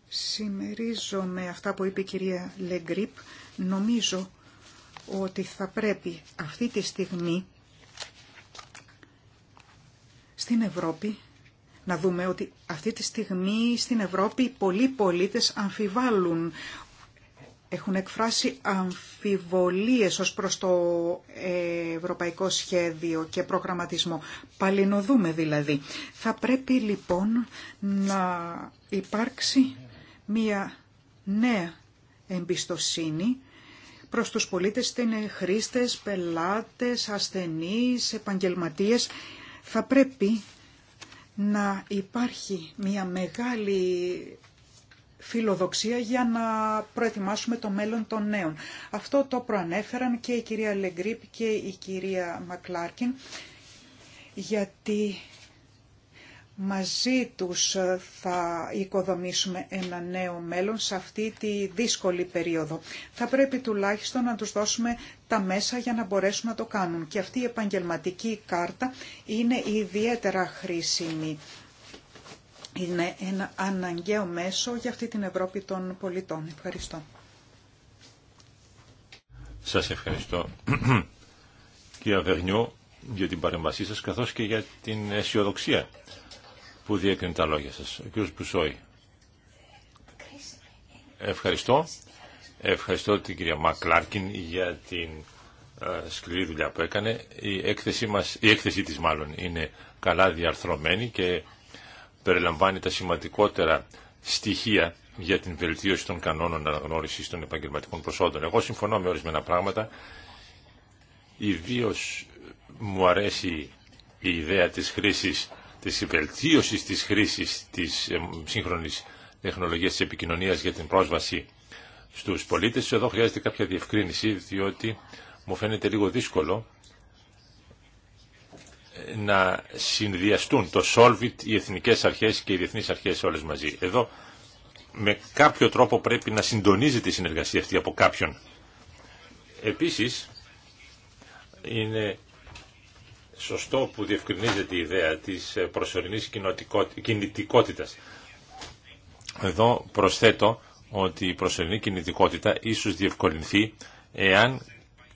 Συμμερίζομαι αυτά που είπε η κυρία Λεγκρίπ Νομίζω ότι θα πρέπει αυτή τη στιγμή στην Ευρώπη να δούμε ότι αυτή τη στιγμή στην Ευρώπη πολλοί πολίτες αμφιβάλλουν έχουν εκφράσει αμφιβολίες ως προς το ευρωπαϊκό σχέδιο και προγραμματισμό. Παλινοδούμε δηλαδή. Θα πρέπει λοιπόν να υπάρξει μία νέα εμπιστοσύνη προς τους πολίτες, είτε είναι χρήστες, πελάτες, ασθενείς, επαγγελματίες. Θα πρέπει να υπάρχει μια μεγάλη φιλοδοξία για να προετοιμάσουμε το μέλλον των νέων. Αυτό το προανέφεραν και η κυρία Λεγκρίπ και η κυρία Μακλάρκιν, γιατί μαζί τους ε, θα οικοδομήσουμε ένα νέο μέλλον σε αυτή τη δύσκολη περίοδο. Θα πρέπει τουλάχιστον να τους δώσουμε τα μέσα για να μπορέσουν να το κάνουν. Και αυτή η επαγγελματική κάρτα είναι ιδιαίτερα χρήσιμη. Είναι ένα αναγκαίο μέσο για αυτή την Ευρώπη των πολιτών. Ευχαριστώ. Σας ευχαριστώ κύριε Βερνιό για την παρέμβασή σας καθώς και για την αισιοδοξία που διέκρινε τα λόγια σας. Ο κύριος Μπουσόη. Ευχαριστώ. Ευχαριστώ την κυρία Μακλάρκιν για την ε, σκληρή δουλειά που έκανε. Η έκθεσή, μας, η έκθεσή της μάλλον είναι καλά διαρθρωμένη και περιλαμβάνει τα σημαντικότερα στοιχεία για την βελτίωση των κανόνων αναγνώριση των επαγγελματικών προσόντων. Εγώ συμφωνώ με ορισμένα πράγματα. Ιδίω μου αρέσει η ιδέα της χρήσης της βελτίωσης της χρήσης της σύγχρονης τεχνολογίας της επικοινωνίας για την πρόσβαση στους πολίτες. Εδώ χρειάζεται κάποια διευκρίνηση, διότι μου φαίνεται λίγο δύσκολο να συνδυαστούν το Solvit, οι εθνικές αρχές και οι διεθνείς αρχές όλες μαζί. Εδώ με κάποιο τρόπο πρέπει να συντονίζεται η συνεργασία αυτή από κάποιον. Επίσης, είναι σωστό που διευκρινίζεται η ιδέα της προσωρινής κινητικότητας. Εδώ προσθέτω ότι η προσωρινή κινητικότητα ίσως διευκολυνθεί εάν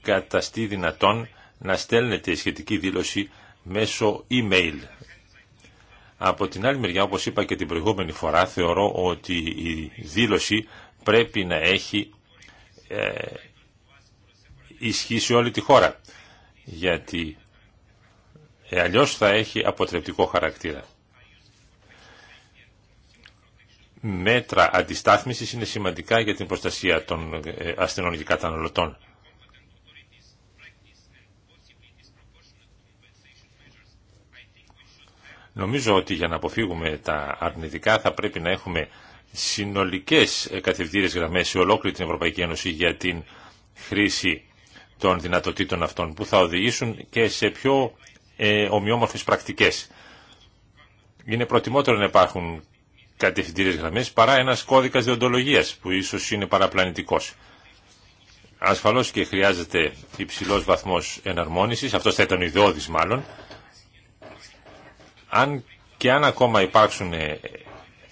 καταστεί δυνατόν να στέλνεται η σχετική δήλωση μέσω email. Από την άλλη μεριά, όπως είπα και την προηγούμενη φορά, θεωρώ ότι η δήλωση πρέπει να έχει ε, ισχύ σε όλη τη χώρα. Γιατί ε, αλλιώς θα έχει αποτρεπτικό χαρακτήρα. Μέτρα αντιστάθμισης είναι σημαντικά για την προστασία των ε, ασθενών και καταναλωτών. Νομίζω ότι για να αποφύγουμε τα αρνητικά θα πρέπει να έχουμε συνολικές ε, κατευθύνες γραμμές σε ολόκληρη την Ευρωπαϊκή Ένωση για την χρήση των δυνατοτήτων αυτών που θα οδηγήσουν και σε πιο ε, ομοιόμορφες πρακτικές. Είναι προτιμότερο να υπάρχουν κατευθυντήριες γραμμές παρά ένας κώδικας διοντολογίας που ίσως είναι παραπλανητικός. Ασφαλώς και χρειάζεται υψηλός βαθμός εναρμόνισης, αυτός θα ήταν ιδεώδης μάλλον. Αν και αν ακόμα υπάρξουν ε,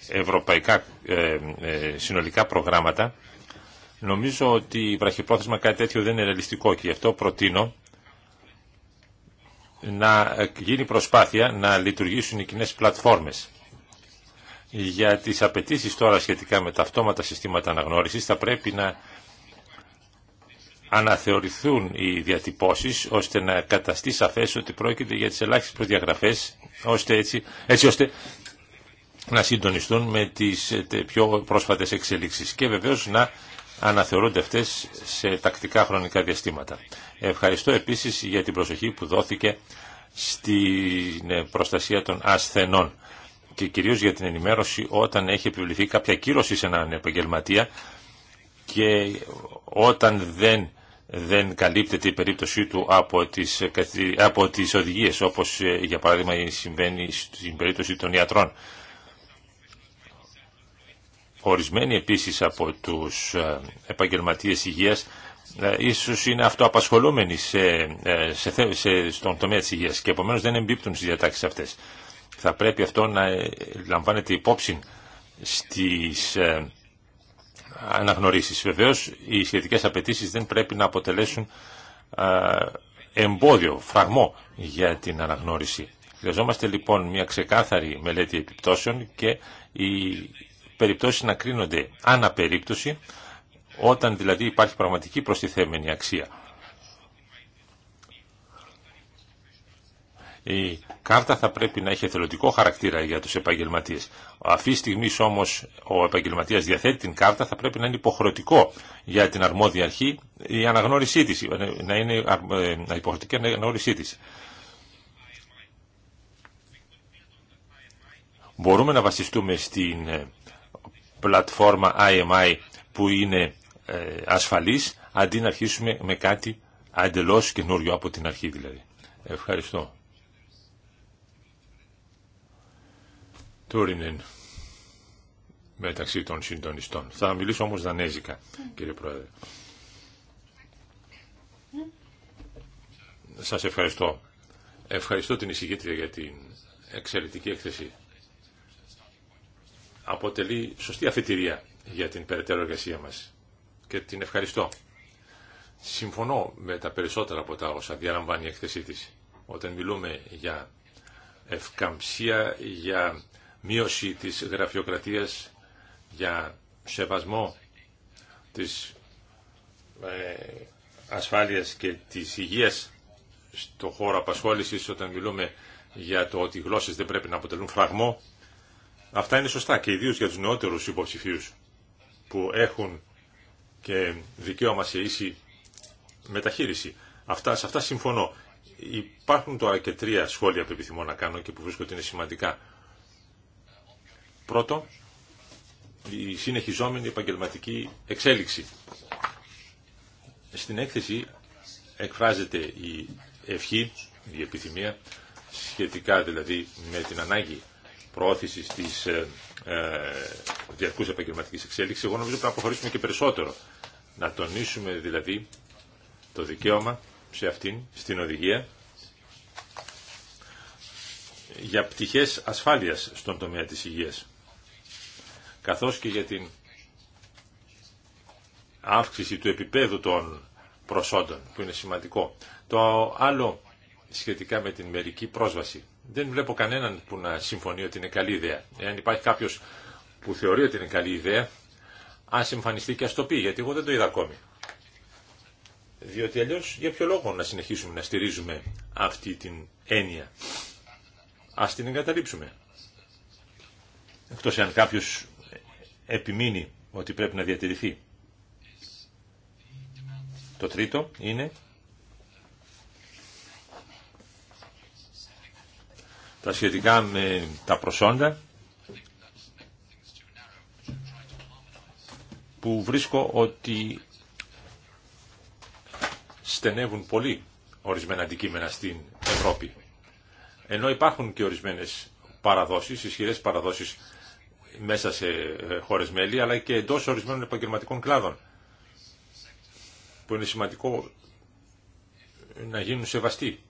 ευρωπαϊκά ε, ε, συνολικά προγράμματα, νομίζω ότι βραχυπρόθεσμα κάτι τέτοιο δεν είναι ρεαλιστικό και γι' αυτό προτείνω να γίνει προσπάθεια να λειτουργήσουν οι κοινέ πλατφόρμες. Για τις απαιτήσει τώρα σχετικά με τα αυτόματα συστήματα αναγνώρισης θα πρέπει να αναθεωρηθούν οι διατυπώσεις ώστε να καταστεί σαφές ότι πρόκειται για τις ελάχιστες προδιαγραφές ώστε έτσι, έτσι ώστε να συντονιστούν με τις πιο πρόσφατες εξελίξεις και βεβαίως να αναθεωρούνται αυτές σε τακτικά χρονικά διαστήματα. Ευχαριστώ επίσης για την προσοχή που δόθηκε στην προστασία των ασθενών και κυρίως για την ενημέρωση όταν έχει επιβληθεί κάποια κύρωση σε έναν επαγγελματία και όταν δεν, δεν καλύπτεται η περίπτωσή του από τις, από τις οδηγίες όπως ε, για παράδειγμα συμβαίνει στην περίπτωση των ιατρών. Ορισμένοι επίσης από τους ε, επαγγελματίες υγείας ε, ίσως είναι αυτοαπασχολούμενοι σε, ε, σε, σε, στον τομέα της υγείας και επομένως δεν εμπίπτουν στις διατάξεις αυτές. Θα πρέπει αυτό να λαμβάνεται υπόψη στις αναγνωρίσεις. Βεβαίως οι σχετικές απαιτήσει δεν πρέπει να αποτελέσουν εμπόδιο, φραγμό για την αναγνώριση. Χρειαζόμαστε λοιπόν μια ξεκάθαρη μελέτη επιπτώσεων και η περιπτώσεις να κρίνονται αναπερίπτωση, όταν δηλαδή υπάρχει πραγματική προστιθέμενη αξία. Η κάρτα θα πρέπει να έχει εθελοντικό χαρακτήρα για τους επαγγελματίες. Αυτή τη στιγμή όμως ο επαγγελματίας διαθέτει την κάρτα θα πρέπει να είναι υποχρεωτικό για την αρμόδια αρχή η αναγνώρισή της, να είναι υποχρεωτική η αναγνώρισή της. Μπορούμε να βασιστούμε στην πλατφόρμα IMI που είναι ε, ασφαλής αντί να αρχίσουμε με κάτι αντελώς καινούριο από την αρχή δηλαδή. Ευχαριστώ. Τούρινεν μεταξύ των συντονιστών. Θα μιλήσω όμως δανέζικα, κύριε Πρόεδρε. Σας ευχαριστώ. Ευχαριστώ την εισηγήτρια για την εξαιρετική έκθεση αποτελεί σωστή αφετηρία για την περαιτέρω εργασία μας και την ευχαριστώ. Συμφωνώ με τα περισσότερα από τα όσα διαλαμβάνει η εκθεσή της. Όταν μιλούμε για ευκαμψία, για μείωση της γραφειοκρατίας, για σεβασμό της ε, ασφάλειας και της υγείας στο χώρο απασχόλησης, όταν μιλούμε για το ότι οι γλώσσες δεν πρέπει να αποτελούν φραγμό, Αυτά είναι σωστά και ιδίω για τους νεότερους υποψηφίους που έχουν και δικαίωμα σε ίση μεταχείριση. Αυτά, σε αυτά συμφωνώ. Υπάρχουν τώρα και τρία σχόλια που επιθυμώ να κάνω και που βρίσκω ότι είναι σημαντικά. Πρώτο, η συνεχιζόμενη επαγγελματική εξέλιξη. Στην έκθεση εκφράζεται η ευχή, η επιθυμία, σχετικά δηλαδή με την ανάγκη προώθηση της ε, ε διαρκούς εξέλιξης, εγώ νομίζω πρέπει να προχωρήσουμε και περισσότερο. Να τονίσουμε δηλαδή το δικαίωμα σε αυτήν, στην οδηγία, για πτυχές ασφάλειας στον τομέα της υγείας, καθώς και για την αύξηση του επίπεδου των προσόντων, που είναι σημαντικό. Το άλλο σχετικά με την μερική πρόσβαση. Δεν βλέπω κανέναν που να συμφωνεί ότι είναι καλή ιδέα. Εάν υπάρχει κάποιος που θεωρεί ότι είναι καλή ιδέα, αν εμφανιστεί και α το πει, γιατί εγώ δεν το είδα ακόμη. Διότι αλλιώ για ποιο λόγο να συνεχίσουμε να στηρίζουμε αυτή την έννοια. α την εγκαταλείψουμε. Εκτός αν κάποιος επιμείνει ότι πρέπει να διατηρηθεί. Το τρίτο είναι τα σχετικά με τα προσόντα που βρίσκω ότι στενεύουν πολύ ορισμένα αντικείμενα στην Ευρώπη. Ενώ υπάρχουν και ορισμένες παραδόσεις, ισχυρές παραδόσεις μέσα σε ε, χώρες μέλη, αλλά και εντός ορισμένων επαγγελματικών κλάδων, που είναι σημαντικό να γίνουν σεβαστοί.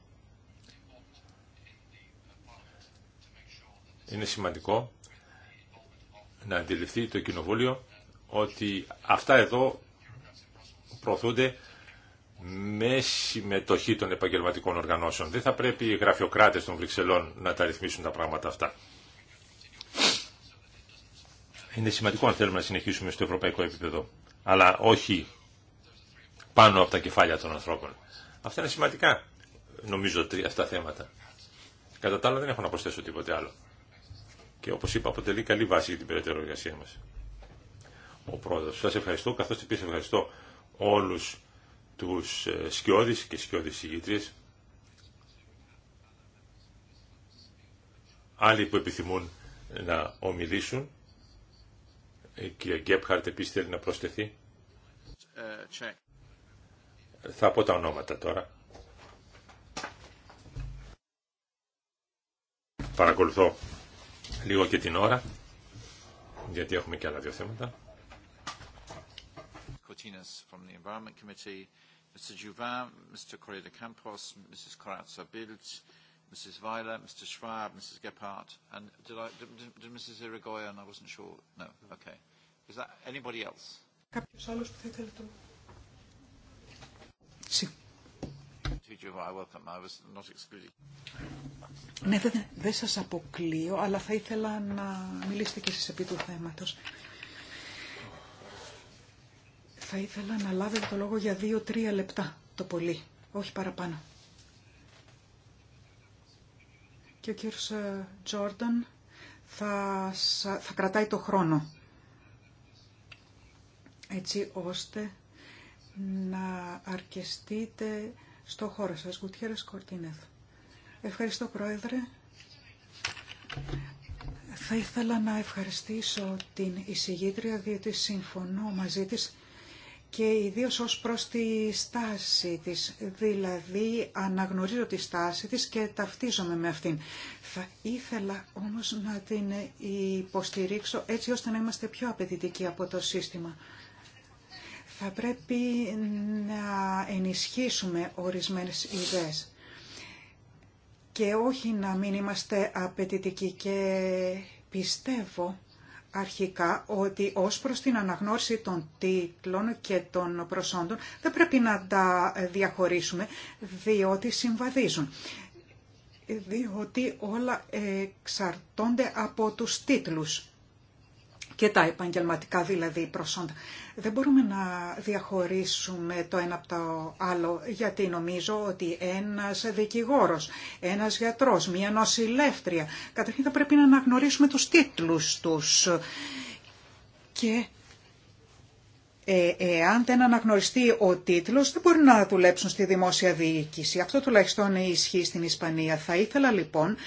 είναι σημαντικό να αντιληφθεί το Κοινοβούλιο ότι αυτά εδώ προωθούνται με συμμετοχή των επαγγελματικών οργανώσεων. Δεν θα πρέπει οι γραφειοκράτες των Βρυξελών να τα ρυθμίσουν τα πράγματα αυτά. Είναι σημαντικό αν θέλουμε να συνεχίσουμε στο ευρωπαϊκό επίπεδο, αλλά όχι πάνω από τα κεφάλια των ανθρώπων. Αυτά είναι σημαντικά, νομίζω, τρία αυτά θέματα. Κατά τα άλλα δεν έχω να προσθέσω τίποτε άλλο και όπως είπα αποτελεί καλή βάση για την περαιτέρω εργασία μας. Ο πρόεδρος, σας ευχαριστώ, καθώς επίσης ευχαριστώ όλους τους ε, σκιώδεις και σκιώδεις άλλοι που επιθυμούν να ομιλήσουν, η κυρία Γκέπχαρτ επίσης θέλει να προσθεθεί. Θα πω τα ονόματα τώρα. Παρακολουθώ λίγο και την ώρα, γιατί έχουμε και άλλα δύο θέματα. Mr. Juvin, Mr. Correa de Campos, Mrs. Corazza Bildt, Mrs. Weiler, Mr. Schwab, Mrs. Gephardt, and did, I, did, did Mrs. Irigoyen, I wasn't sure. No, okay. Is that anybody else? Κάποιος άλλος που θέλει το... Ναι, δεν, σας αποκλείω, αλλά θα ήθελα να μιλήσετε και εσείς επί του θέματος. Θα ήθελα να λάβετε το λόγο για δύο-τρία λεπτά το πολύ, όχι παραπάνω. Και ο κύριος ε, Τζόρνταν θα, θα κρατάει το χρόνο, έτσι ώστε να αρκεστείτε στο χώρο σας. Γουτιέρας Κορτίνεθ. Ευχαριστώ Πρόεδρε. Θα ήθελα να ευχαριστήσω την εισηγήτρια διότι συμφωνώ μαζί της και ιδίως ως προς τη στάση της, δηλαδή αναγνωρίζω τη στάση της και ταυτίζομαι με αυτήν. Θα ήθελα όμως να την υποστηρίξω έτσι ώστε να είμαστε πιο απαιτητικοί από το σύστημα. Θα πρέπει να ενισχύσουμε ορισμένες ιδέες και όχι να μην είμαστε απαιτητικοί και πιστεύω αρχικά ότι ως προς την αναγνώριση των τίτλων και των προσόντων δεν πρέπει να τα διαχωρίσουμε διότι συμβαδίζουν. Διότι όλα εξαρτώνται από τους τίτλους και τα επαγγελματικά δηλαδή προσόντα. Δεν μπορούμε να διαχωρίσουμε το ένα από το άλλο, γιατί νομίζω ότι ένας δικηγόρος, ένας γιατρός, μία νοσηλεύτρια, καταρχήν θα πρέπει να αναγνωρίσουμε τους τίτλους τους. Και ε, εάν δεν αναγνωριστεί ο τίτλος δεν μπορεί να δουλέψουν στη δημόσια διοίκηση. Αυτό τουλάχιστον ισχύει στην Ισπανία. Θα ήθελα λοιπόν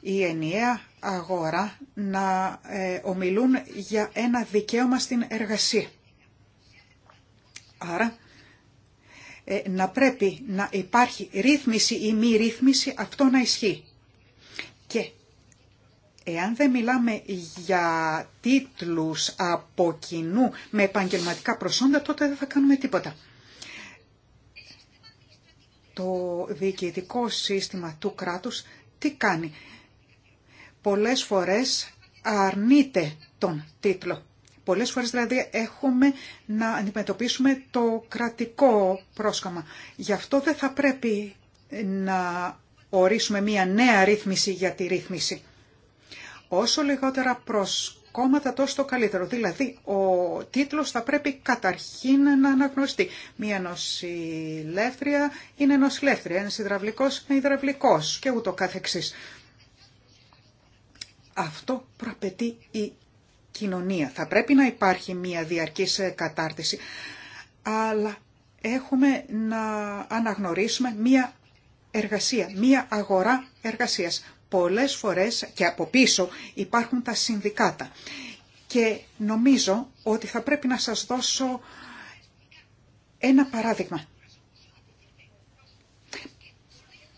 η ενιαία αγορά να ε, ομιλούν για ένα δικαίωμα στην εργασία. Άρα ε, να πρέπει να υπάρχει ρύθμιση ή μη ρύθμιση αυτό να ισχύει. Και εάν δεν μιλάμε για τίτλους από κοινού με επαγγελματικά προσόντα τότε δεν θα κάνουμε τίποτα. Το διοικητικό σύστημα του κράτους τι κάνει πολλές φορές αρνείται τον τίτλο. Πολλές φορές δηλαδή έχουμε να αντιμετωπίσουμε το κρατικό πρόσκαμα. Γι' αυτό δεν θα πρέπει να ορίσουμε μία νέα ρύθμιση για τη ρύθμιση. Όσο λιγότερα προσκόμματα τόσο το καλύτερο. Δηλαδή ο τίτλος θα πρέπει καταρχήν να αναγνωριστεί. Μία νοσηλεύτρια είναι νοσηλεύτρια, ένας υδραυλικός είναι υδραυλικός και ούτω καθεξής. Αυτό προαπαιτεί η κοινωνία. Θα πρέπει να υπάρχει μια διαρκής ε, κατάρτιση, αλλά έχουμε να αναγνωρίσουμε μια εργασία, μια αγορά εργασίας. Πολλές φορές και από πίσω υπάρχουν τα συνδικάτα. Και νομίζω ότι θα πρέπει να σας δώσω ένα παράδειγμα.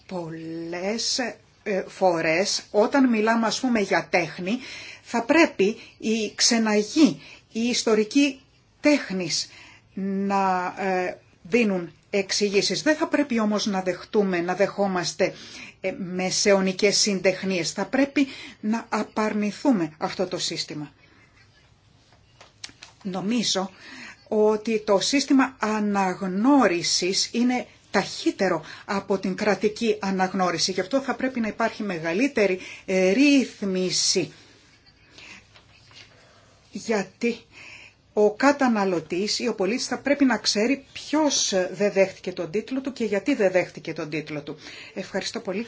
Πολλές ε, φορές όταν μιλάμε ας πούμε για τέχνη θα πρέπει η ξεναγή, η ιστορική τέχνης να ε, δίνουν εξηγήσεις. Δεν θα πρέπει όμως να δεχτούμε, να δεχόμαστε ε, μεσαιωνικές συντεχνίες. Θα πρέπει να απαρνηθούμε αυτό το σύστημα. Νομίζω ότι το σύστημα αναγνώρισης είναι ταχύτερο από την κρατική αναγνώριση. Γι' αυτό θα πρέπει να υπάρχει μεγαλύτερη ρύθμιση. Γιατί ο καταναλωτής ή ο πολίτης θα πρέπει να ξέρει ποιος δεν δέχτηκε τον τίτλο του και γιατί δεν δέχτηκε τον τίτλο του. Ευχαριστώ πολύ.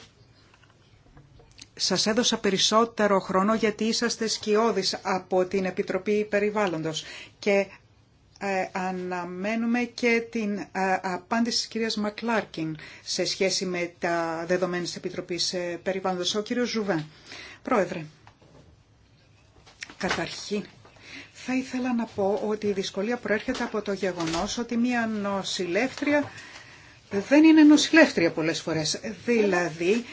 Σας έδωσα περισσότερο χρόνο γιατί είσαστε σκιώδης από την Επιτροπή Περιβάλλοντος και ε, αναμένουμε και την ε, απάντηση της κυρίας Μακλάρκιν σε σχέση με τα δεδομένα της Επιτροπής ε, Περιβάλλοντος. Ο κύριος Ζουβέν. Πρόεδρε, καταρχήν θα ήθελα να πω ότι η δυσκολία προέρχεται από το γεγονός ότι μία νοσηλεύτρια δεν είναι νοσηλεύτρια πολλές φορές. Δηλαδή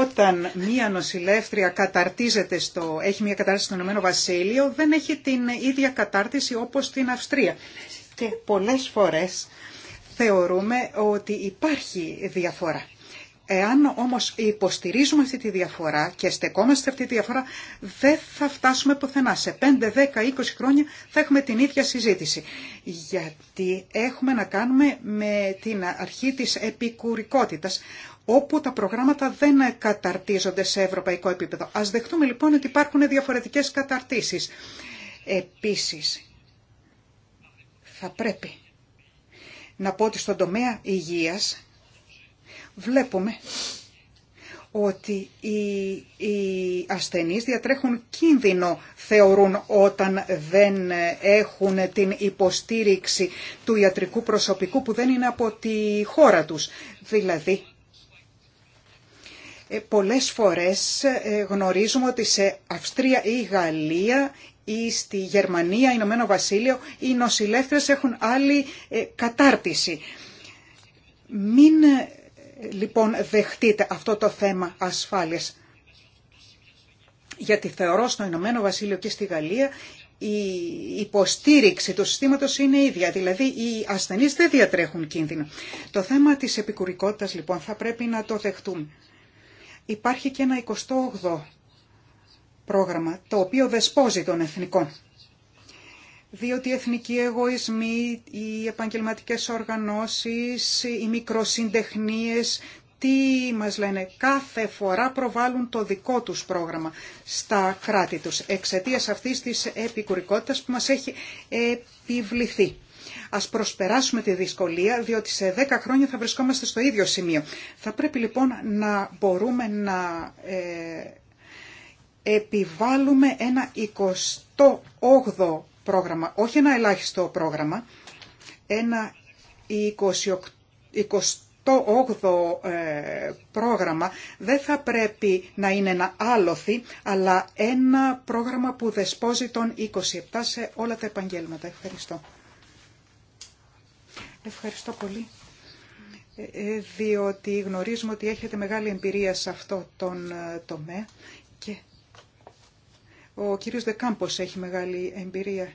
όταν μία νοσηλεύτρια καταρτίζεται στο, έχει μία κατάρτιση στον Ηνωμένο Βασίλειο, δεν έχει την ίδια κατάρτιση όπως στην Αυστρία. Και πολλές φορές θεωρούμε ότι υπάρχει διαφορά. Εάν όμως υποστηρίζουμε αυτή τη διαφορά και στεκόμαστε αυτή τη διαφορά, δεν θα φτάσουμε πουθενά. Σε 5, 10, 20 χρόνια θα έχουμε την ίδια συζήτηση. Γιατί έχουμε να κάνουμε με την αρχή της επικουρικότητας, όπου τα προγράμματα δεν καταρτίζονται σε ευρωπαϊκό επίπεδο. Ας δεχτούμε λοιπόν ότι υπάρχουν διαφορετικές καταρτήσεις. Επίσης, θα πρέπει να πω ότι στον τομέα υγείας βλέπουμε ότι οι, οι ασθενείς διατρέχουν κίνδυνο, θεωρούν, όταν δεν έχουν την υποστήριξη του ιατρικού προσωπικού που δεν είναι από τη χώρα τους. Δηλαδή, ε, πολλές φορές ε, γνωρίζουμε ότι σε Αυστρία ή Γαλλία ή στη Γερμανία, Ηνωμένο Βασίλειο, οι νοσηλεύτρες έχουν άλλη ε, κατάρτιση. Μην λοιπόν δεχτείτε αυτό το θέμα ασφάλειας. Γιατί θεωρώ στο Ηνωμένο Βασίλειο και στη Γαλλία η υποστήριξη του συστήματος είναι ίδια, δηλαδή οι ασθενείς δεν διατρέχουν κίνδυνο. Το θέμα της επικουρικότητας λοιπόν θα πρέπει να το δεχτούμε υπάρχει και ένα 28ο πρόγραμμα, το οποίο δεσπόζει των εθνικό, Διότι οι εθνικοί εγωισμοί, οι επαγγελματικές οργανώσεις, οι μικροσυντεχνίες, τι μας λένε, κάθε φορά προβάλλουν το δικό τους πρόγραμμα στα κράτη τους, εξαιτίας αυτής της επικουρικότητας που μας έχει επιβληθεί. Ας προσπεράσουμε τη δυσκολία, διότι σε 10 χρόνια θα βρισκόμαστε στο ίδιο σημείο. Θα πρέπει λοιπόν να μπορούμε να ε, επιβάλλουμε ένα 28ο πρόγραμμα, όχι ένα ελάχιστο πρόγραμμα, ένα 28 ο ε, πρόγραμμα δεν θα πρέπει να είναι ένα άλοθη, αλλά ένα πρόγραμμα που δεσπόζει τον 27 σε όλα τα επαγγέλματα. Ευχαριστώ. Ευχαριστώ πολύ ε, ε, διότι γνωρίζουμε ότι έχετε μεγάλη εμπειρία σε αυτό τον ε, τομέα και ο κύριος Δεκάμπος έχει μεγάλη εμπειρία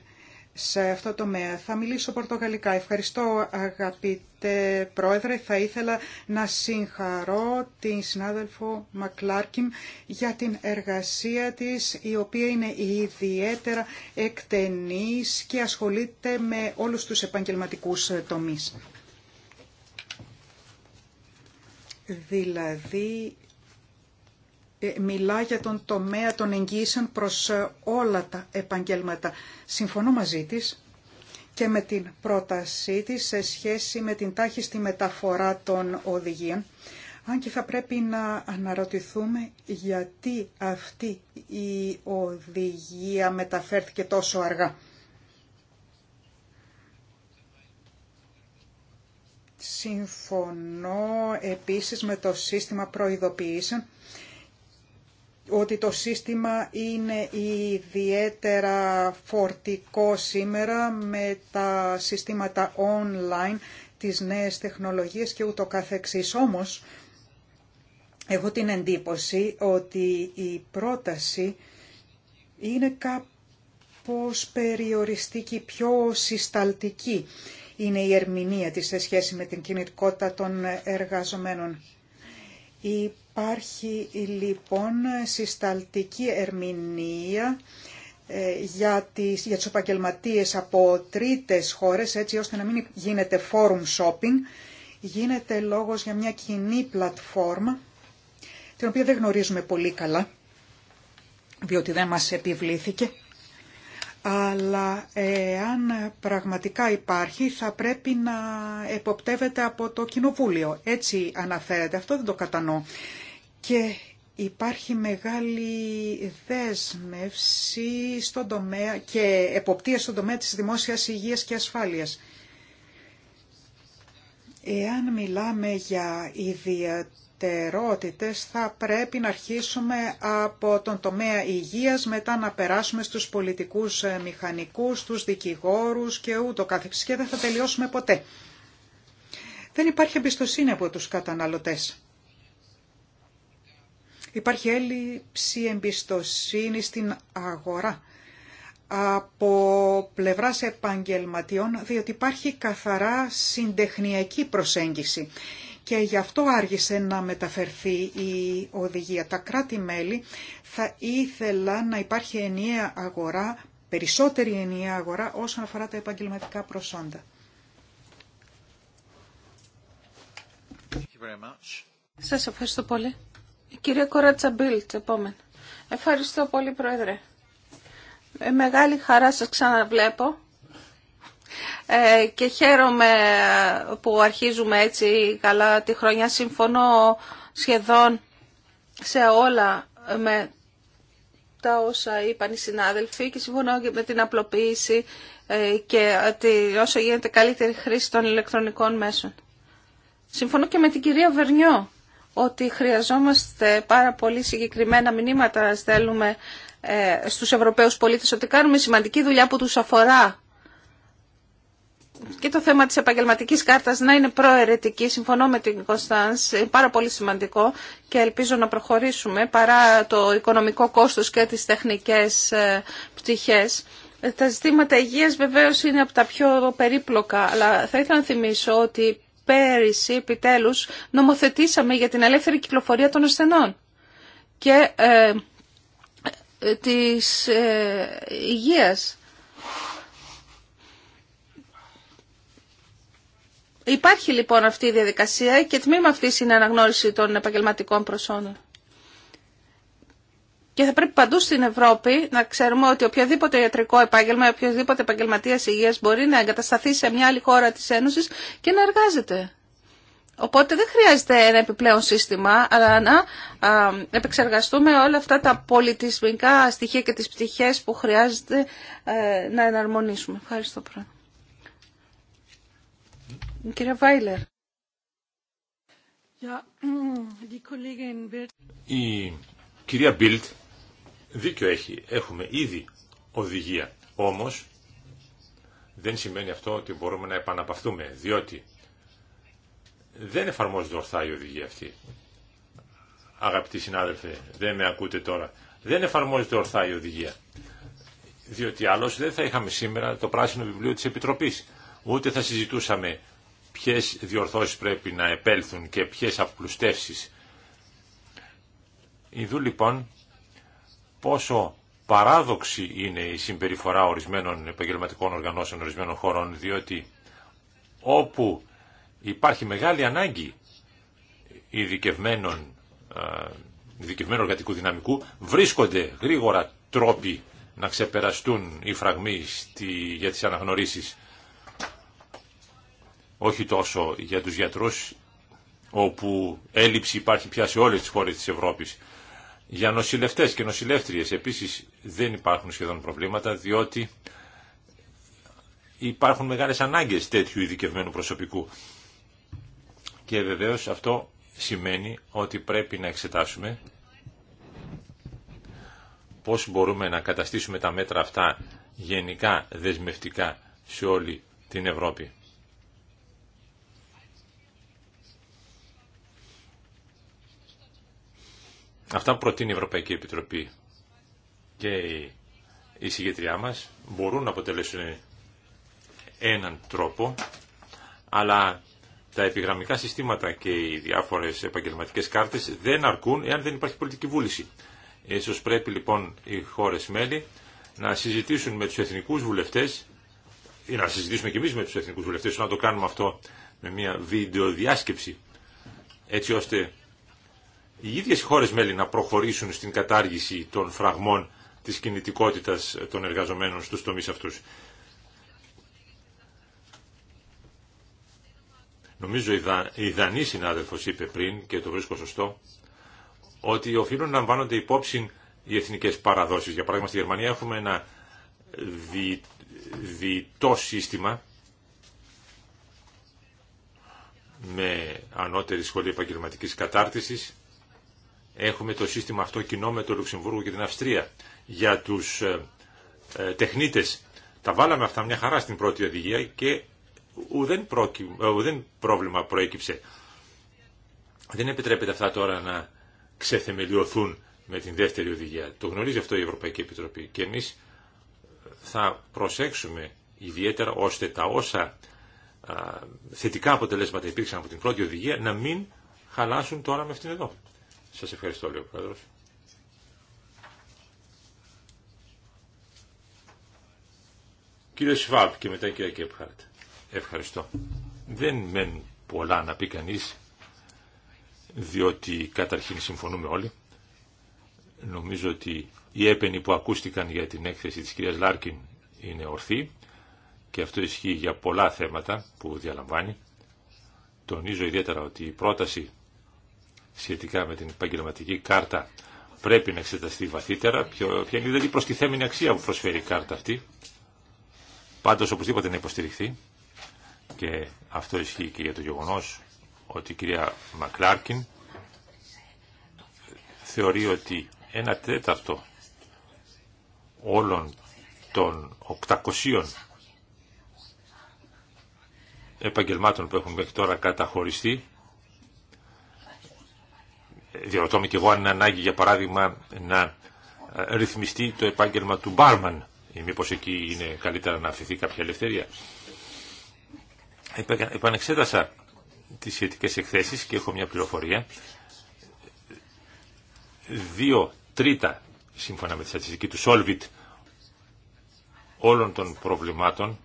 σε αυτό το τομέα. Θα μιλήσω πορτογαλικά. Ευχαριστώ αγαπητέ πρόεδρε. Θα ήθελα να συγχαρώ την συνάδελφο Μακλάρκιν για την εργασία της η οποία είναι ιδιαίτερα εκτενής και ασχολείται με όλους τους επαγγελματικούς τομείς. Δηλαδή ε, μιλά για τον τομέα των εγγύσεων προς ε, όλα τα επαγγέλματα. Συμφωνώ μαζί της και με την πρότασή της σε σχέση με την τάχιστη μεταφορά των οδηγίων. Αν και θα πρέπει να αναρωτηθούμε γιατί αυτή η οδηγία μεταφέρθηκε τόσο αργά. Συμφωνώ επίσης με το σύστημα προειδοποιήσεων ότι το σύστημα είναι ιδιαίτερα φορτικό σήμερα με τα συστήματα online, τις νέες τεχνολογίες και ούτω καθεξής. Όμως, έχω την εντύπωση ότι η πρόταση είναι κάπως περιοριστική, πιο συσταλτική είναι η ερμηνεία της σε σχέση με την κινητικότητα των εργαζομένων. Υπάρχει λοιπόν συσταλτική ερμηνεία ε, για, τις, για επαγγελματίε από τρίτες χώρες, έτσι ώστε να μην γίνεται forum shopping, γίνεται λόγος για μια κοινή πλατφόρμα, την οποία δεν γνωρίζουμε πολύ καλά, διότι δεν μας επιβλήθηκε αλλά εάν πραγματικά υπάρχει θα πρέπει να εποπτεύεται από το Κοινοβούλιο. Έτσι αναφέρεται, αυτό δεν το κατανοώ. Και υπάρχει μεγάλη δέσμευση στον τομέα και εποπτεία στον τομέα της δημόσιας υγείας και ασφάλειας. Εάν μιλάμε για ιδιαίτερα θα πρέπει να αρχίσουμε από τον τομέα υγείας, μετά να περάσουμε στους πολιτικούς ε, μηχανικούς, στους δικηγόρους και ούτω καθεξής και δεν θα τελειώσουμε ποτέ. Δεν υπάρχει εμπιστοσύνη από τους καταναλωτές. Υπάρχει έλλειψη εμπιστοσύνη στην αγορά από πλευράς επαγγελματιών, διότι υπάρχει καθαρά συντεχνιακή προσέγγιση και γι' αυτό άργησε να μεταφερθεί η οδηγία. Τα κράτη-μέλη θα ήθελα να υπάρχει ενιαία αγορά, περισσότερη ενιαία αγορά όσον αφορά τα επαγγελματικά προσόντα. Σας ευχαριστώ πολύ. Η κυρία Κοράτσα Μπίλτ, επόμενη. Ευχαριστώ πολύ, Πρόεδρε. Με μεγάλη χαρά σας ξαναβλέπω ε, και χαίρομαι που αρχίζουμε έτσι καλά τη χρονιά. Συμφωνώ σχεδόν σε όλα με τα όσα είπαν οι συνάδελφοι και συμφωνώ και με την απλοποίηση ε, και ότι όσο γίνεται καλύτερη χρήση των ηλεκτρονικών μέσων. Συμφωνώ και με την κυρία Βερνιό ότι χρειαζόμαστε πάρα πολύ συγκεκριμένα μηνύματα να στέλνουμε ε, στους Ευρωπαίους πολίτες ότι κάνουμε σημαντική δουλειά που τους αφορά και το θέμα της επαγγελματικής κάρτας να είναι προαιρετική. Συμφωνώ με την Κωνσταντς, είναι πάρα πολύ σημαντικό και ελπίζω να προχωρήσουμε παρά το οικονομικό κόστος και τις τεχνικές ε, πτυχές. Ε, τα ζητήματα υγείας βεβαίως είναι από τα πιο περίπλοκα, αλλά θα ήθελα να θυμίσω ότι πέρυσι επιτέλους νομοθετήσαμε για την ελεύθερη κυκλοφορία των ασθενών και ε, ε της υγείας Υπάρχει λοιπόν αυτή η διαδικασία και τμήμα αυτή είναι αναγνώριση των επαγγελματικών προσώνων. Και θα πρέπει παντού στην Ευρώπη να ξέρουμε ότι οποιοδήποτε ιατρικό επάγγελμα, οποιοδήποτε επαγγελματία υγεία μπορεί να εγκατασταθεί σε μια άλλη χώρα τη Ένωση και να εργάζεται. Οπότε δεν χρειάζεται ένα επιπλέον σύστημα, αλλά να επεξεργαστούμε όλα αυτά τα πολιτισμικά στοιχεία και τις πτυχές που χρειάζεται ε, να εναρμονίσουμε. Ευχαριστώ πρώτα. Βάιλερ. Η κυρία Μπίλτ δίκιο έχει. Έχουμε ήδη οδηγία. Όμως δεν σημαίνει αυτό ότι μπορούμε να επαναπαυθούμε, διότι δεν εφαρμόζεται ορθά η οδηγία αυτή. Αγαπητοί συνάδελφοι, δεν με ακούτε τώρα. Δεν εφαρμόζεται ορθά η οδηγία. Διότι άλλως δεν θα είχαμε σήμερα το πράσινο βιβλίο της Επιτροπής. Ούτε θα συζητούσαμε ποιες διορθώσεις πρέπει να επέλθουν και ποιες απλουστεύσεις. Ιδού λοιπόν πόσο παράδοξη είναι η συμπεριφορά ορισμένων επαγγελματικών οργανώσεων ορισμένων χωρών, διότι όπου υπάρχει μεγάλη ανάγκη ειδικευμένων, ε, ειδικευμένου εργατικού δυναμικού, βρίσκονται γρήγορα τρόποι να ξεπεραστούν οι φραγμοί για τις αναγνωρίσεις όχι τόσο για τους γιατρούς, όπου έλλειψη υπάρχει πια σε όλες τις χώρες της Ευρώπης. Για νοσηλευτές και νοσηλεύτριες επίσης δεν υπάρχουν σχεδόν προβλήματα, διότι υπάρχουν μεγάλες ανάγκες τέτοιου ειδικευμένου προσωπικού. Και βεβαίως αυτό σημαίνει ότι πρέπει να εξετάσουμε πώς μπορούμε να καταστήσουμε τα μέτρα αυτά γενικά δεσμευτικά σε όλη την Ευρώπη. Αυτά που προτείνει η Ευρωπαϊκή Επιτροπή και η συγγετριά μας μπορούν να αποτελέσουν έναν τρόπο, αλλά τα επιγραμμικά συστήματα και οι διάφορες επαγγελματικές κάρτες δεν αρκούν εάν δεν υπάρχει πολιτική βούληση. Ίσως πρέπει λοιπόν οι χώρες μέλη να συζητήσουν με τους εθνικούς βουλευτές ή να συζητήσουμε και εμείς με τους εθνικούς βουλευτές να το κάνουμε αυτό με μια βίντεο διάσκεψη έτσι ώστε οι ίδιες χώρες μέλη να προχωρήσουν στην κατάργηση των φραγμών της κινητικότητας των εργαζομένων στους τομείς αυτούς. Νομίζω η Δανή συνάδελφος είπε πριν και το βρίσκω σωστό ότι οφείλουν να λαμβάνονται υπόψη οι εθνικές παραδόσεις. Για παράδειγμα στη Γερμανία έχουμε ένα δι, διητό σύστημα με ανώτερη σχολή επαγγελματικής κατάρτισης Έχουμε το σύστημα αυτό κοινό με το Λουξεμβούργο και την Αυστρία για τους ε, ε, τεχνίτες. Τα βάλαμε αυτά μια χαρά στην πρώτη οδηγία και ουδέν, πρόκυ... Ε, ουδέν πρόβλημα προέκυψε. Δεν επιτρέπεται αυτά τώρα να ξεθεμελιωθούν με την δεύτερη οδηγία. Το γνωρίζει αυτό η Ευρωπαϊκή Επιτροπή και εμείς θα προσέξουμε ιδιαίτερα ώστε τα όσα θετικά αποτελέσματα υπήρξαν από την πρώτη οδηγία να μην χαλάσουν τώρα με αυτήν εδώ. Σας ευχαριστώ, λέει ο Πρόεδρος. Κύριε Σφάπ και μετά κύριε Κέπχαρτ. Ευχαριστώ. Δεν μένουν πολλά να πει κανείς, διότι καταρχήν συμφωνούμε όλοι. Νομίζω ότι οι έπαινοι που ακούστηκαν για την έκθεση της κυρίας Λάρκιν είναι ορθή και αυτό ισχύει για πολλά θέματα που διαλαμβάνει. Τονίζω ιδιαίτερα ότι η πρόταση σχετικά με την επαγγελματική κάρτα πρέπει να εξεταστεί βαθύτερα. Ποιο, ποια είναι δηλαδή η προστιθέμενη αξία που προσφέρει η κάρτα αυτή. Πάντως οπωσδήποτε να υποστηριχθεί και αυτό ισχύει και για το γεγονός ότι η κυρία Μακλάρκιν θεωρεί ότι ένα τέταρτο όλων των 800 επαγγελμάτων που έχουν μέχρι τώρα καταχωριστεί διαρωτώ με και εγώ αν είναι ανάγκη για παράδειγμα να ε, ρυθμιστεί το επάγγελμα του μπάρμαν ή μήπως εκεί είναι καλύτερα να αφηθεί κάποια ελευθερία. Επανεξέτασα τις σχετικές εκθέσεις και έχω μια πληροφορία. Δύο τρίτα, σύμφωνα με τη στατιστική του Solvit, όλων των προβλημάτων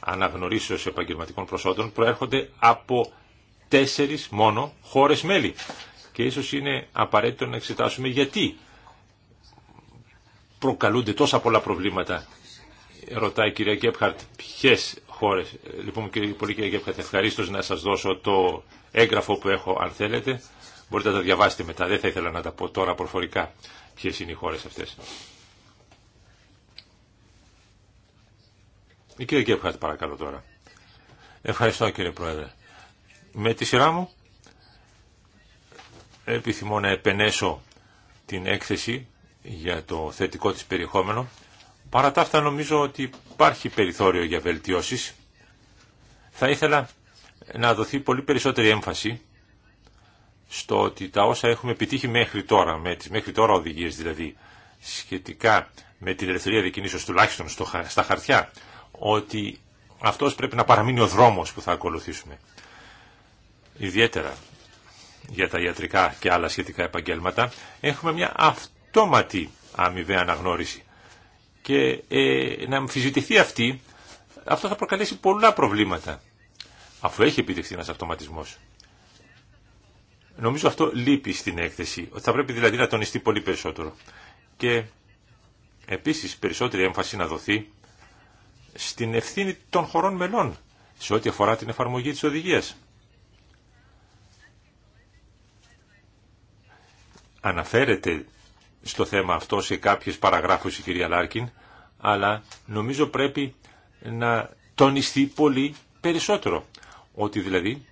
αναγνωρίσεως επαγγελματικών προσόντων προέρχονται από τέσσερις μόνο χώρες μέλη. Και ίσως είναι απαραίτητο να εξετάσουμε γιατί προκαλούνται τόσα πολλά προβλήματα. Ρωτάει η κυρία Γκέπχαρτ, ποιε χώρε. Λοιπόν, κύριε, πολύ κύριε Γκέπχαρτ, ευχαρίστω να σα δώσω το έγγραφο που έχω, αν θέλετε. Μπορείτε να τα διαβάσετε μετά. Δεν θα ήθελα να τα πω τώρα προφορικά ποιε είναι οι χώρε αυτέ. Η κυρία Γκέπχαρτ, παρακαλώ τώρα. Ευχαριστώ κύριε Πρόεδρε. Με τη σειρά μου επιθυμώ να επενέσω την έκθεση για το θετικό της περιεχόμενο. Παρά τα αυτά νομίζω ότι υπάρχει περιθώριο για βελτιώσεις. Θα ήθελα να δοθεί πολύ περισσότερη έμφαση στο ότι τα όσα έχουμε επιτύχει μέχρι τώρα, με τις μέχρι τώρα οδηγίες δηλαδή, σχετικά με την ελευθερία δικινήσεως τουλάχιστον στα χαρτιά, ότι αυτός πρέπει να παραμείνει ο δρόμος που θα ακολουθήσουμε ιδιαίτερα για τα ιατρικά και άλλα σχετικά επαγγέλματα, έχουμε μια αυτόματη αμοιβαία αναγνώριση. Και ε, να αμφισβητηθεί αυτή, αυτό θα προκαλέσει πολλά προβλήματα, αφού έχει επιτευχθεί ένας αυτοματισμός. Νομίζω αυτό λείπει στην έκθεση, ότι θα πρέπει δηλαδή να τονιστεί πολύ περισσότερο. Και επίσης περισσότερη έμφαση να δοθεί στην ευθύνη των χωρών μελών, σε ό,τι αφορά την εφαρμογή της οδηγίας. αναφέρεται στο θέμα αυτό σε κάποιες παραγράφους η κυρία Λάρκιν, αλλά νομίζω πρέπει να τονιστεί πολύ περισσότερο. Ότι δηλαδή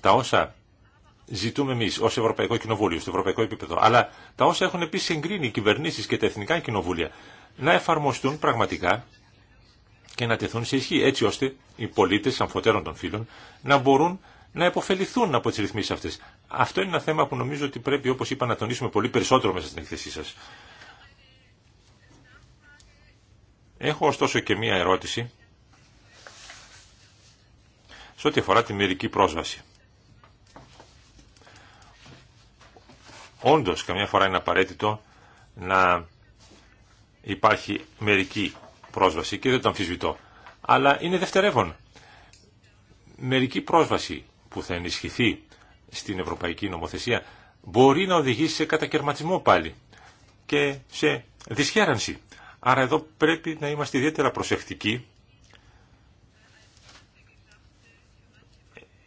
τα όσα ζητούμε εμεί ω Ευρωπαϊκό Κοινοβούλιο, στο ευρωπαϊκό επίπεδο, αλλά τα όσα έχουν επίση εγκρίνει οι κυβερνήσει και τα εθνικά κοινοβούλια, να εφαρμοστούν πραγματικά και να τεθούν σε ισχύ, έτσι ώστε οι πολίτε αμφωτέρων των φίλων να μπορούν να υποφεληθούν από τι ρυθμίσει αυτέ. Αυτό είναι ένα θέμα που νομίζω ότι πρέπει, όπως είπα, να τονίσουμε πολύ περισσότερο μέσα στην εκθεσή σας. Έχω ωστόσο και μία ερώτηση σε ό,τι αφορά τη μερική πρόσβαση. Όντως, καμιά φορά είναι απαραίτητο να υπάρχει μερική πρόσβαση και δεν το αμφισβητώ. Αλλά είναι δευτερεύον. Μερική πρόσβαση που θα ενισχυθεί στην ευρωπαϊκή νομοθεσία μπορεί να οδηγήσει σε κατακαιρματισμό πάλι και σε δυσχέρανση. Άρα εδώ πρέπει να είμαστε ιδιαίτερα προσεκτικοί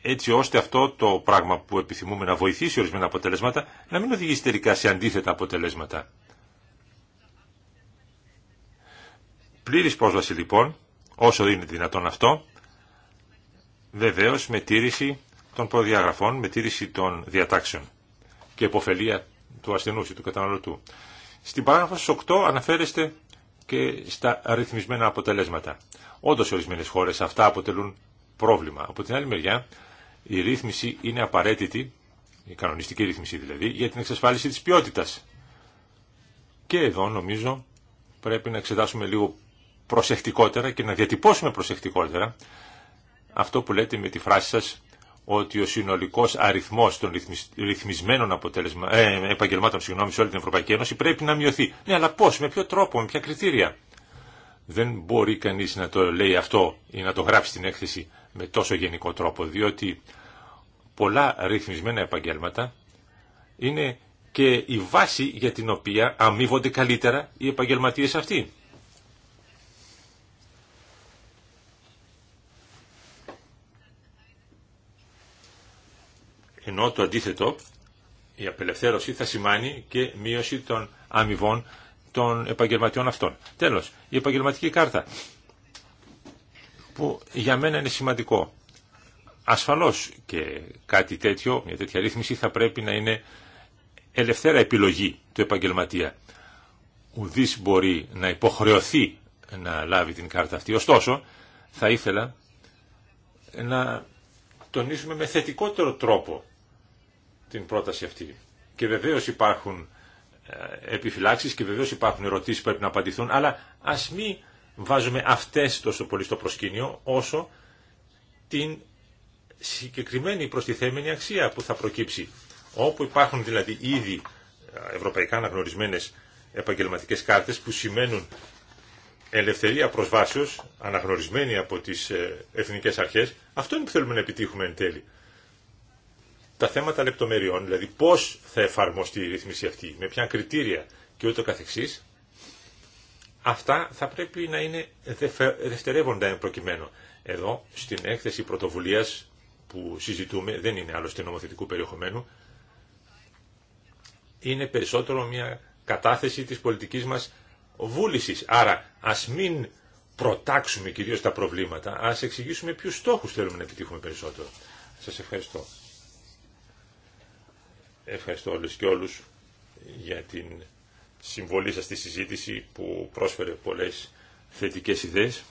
έτσι ώστε αυτό το πράγμα που επιθυμούμε να βοηθήσει ορισμένα αποτελέσματα να μην οδηγήσει τελικά σε αντίθετα αποτελέσματα. Πλήρης πρόσβαση λοιπόν, όσο είναι δυνατόν αυτό, βεβαίως με τήρηση των προδιαγραφών με τήρηση των διατάξεων και υποφελία του ασθενού ή του καταναλωτού. Στην παράγραφο 8 αναφέρεστε και στα ρυθμισμένα αποτελέσματα. Όντω σε ορισμένε χώρε αυτά αποτελούν πρόβλημα. Από την άλλη μεριά, η ρύθμιση είναι απαραίτητη, η κανονιστική ρύθμιση δηλαδή, για την εξασφάλιση τη ποιότητα. Και εδώ νομίζω πρέπει να εξετάσουμε λίγο προσεκτικότερα και να διατυπώσουμε προσεκτικότερα αυτό που λέτε με τη φράση σας ότι ο συνολικός αριθμός των ρυθμισμένων ε, επαγγελμάτων συγγνώμη, σε όλη την Ευρωπαϊκή Ένωση πρέπει να μειωθεί. Ναι, αλλά πώς, με ποιο τρόπο, με ποια κριτήρια. Δεν μπορεί κανείς να το λέει αυτό ή να το γράψει στην έκθεση με τόσο γενικό τρόπο, διότι πολλά ρυθμισμένα επαγγέλματα είναι και η βάση για την οποία αμείβονται καλύτερα οι επαγγελματίε αυτοί. Ενώ το αντίθετο, η απελευθέρωση θα σημάνει και μείωση των αμοιβών των επαγγελματιών αυτών. Τέλος, η επαγγελματική κάρτα, που για μένα είναι σημαντικό. Ασφαλώς και κάτι τέτοιο, μια τέτοια ρύθμιση θα πρέπει να είναι ελευθέρα επιλογή του επαγγελματία. Ουδής μπορεί να υποχρεωθεί να λάβει την κάρτα αυτή. Ωστόσο, θα ήθελα να τονίσουμε με θετικότερο τρόπο την πρόταση αυτή. Και βεβαίως υπάρχουν ε, επιφυλάξεις και βεβαίως υπάρχουν ερωτήσεις που πρέπει να απαντηθούν, αλλά ας μην βάζουμε αυτές τόσο πολύ στο προσκήνιο, όσο την συγκεκριμένη προστιθέμενη αξία που θα προκύψει. Όπου υπάρχουν δηλαδή ήδη ε, ευρωπαϊκά αναγνωρισμένες επαγγελματικές κάρτες που σημαίνουν ελευθερία προσβάσεως, αναγνωρισμένη από τις ε, εθνικές αρχές, αυτό είναι που θέλουμε να επιτύχουμε εν τέλει τα θέματα λεπτομεριών, δηλαδή πώς θα εφαρμοστεί η ρύθμιση αυτή, με ποια κριτήρια και ούτω καθεξής, αυτά θα πρέπει να είναι δευτερεύοντα εν προκειμένου. Εδώ, στην έκθεση πρωτοβουλίας που συζητούμε, δεν είναι στην νομοθετικού περιεχομένου, είναι περισσότερο μια κατάθεση της πολιτικής μας βούλησης. Άρα, ας μην προτάξουμε κυρίως τα προβλήματα, ας εξηγήσουμε ποιους στόχους θέλουμε να επιτύχουμε περισσότερο. Σας ευχαριστώ. Ευχαριστώ όλους και όλους για την συμβολή σας στη συζήτηση που πρόσφερε πολλές θετικές ιδέες.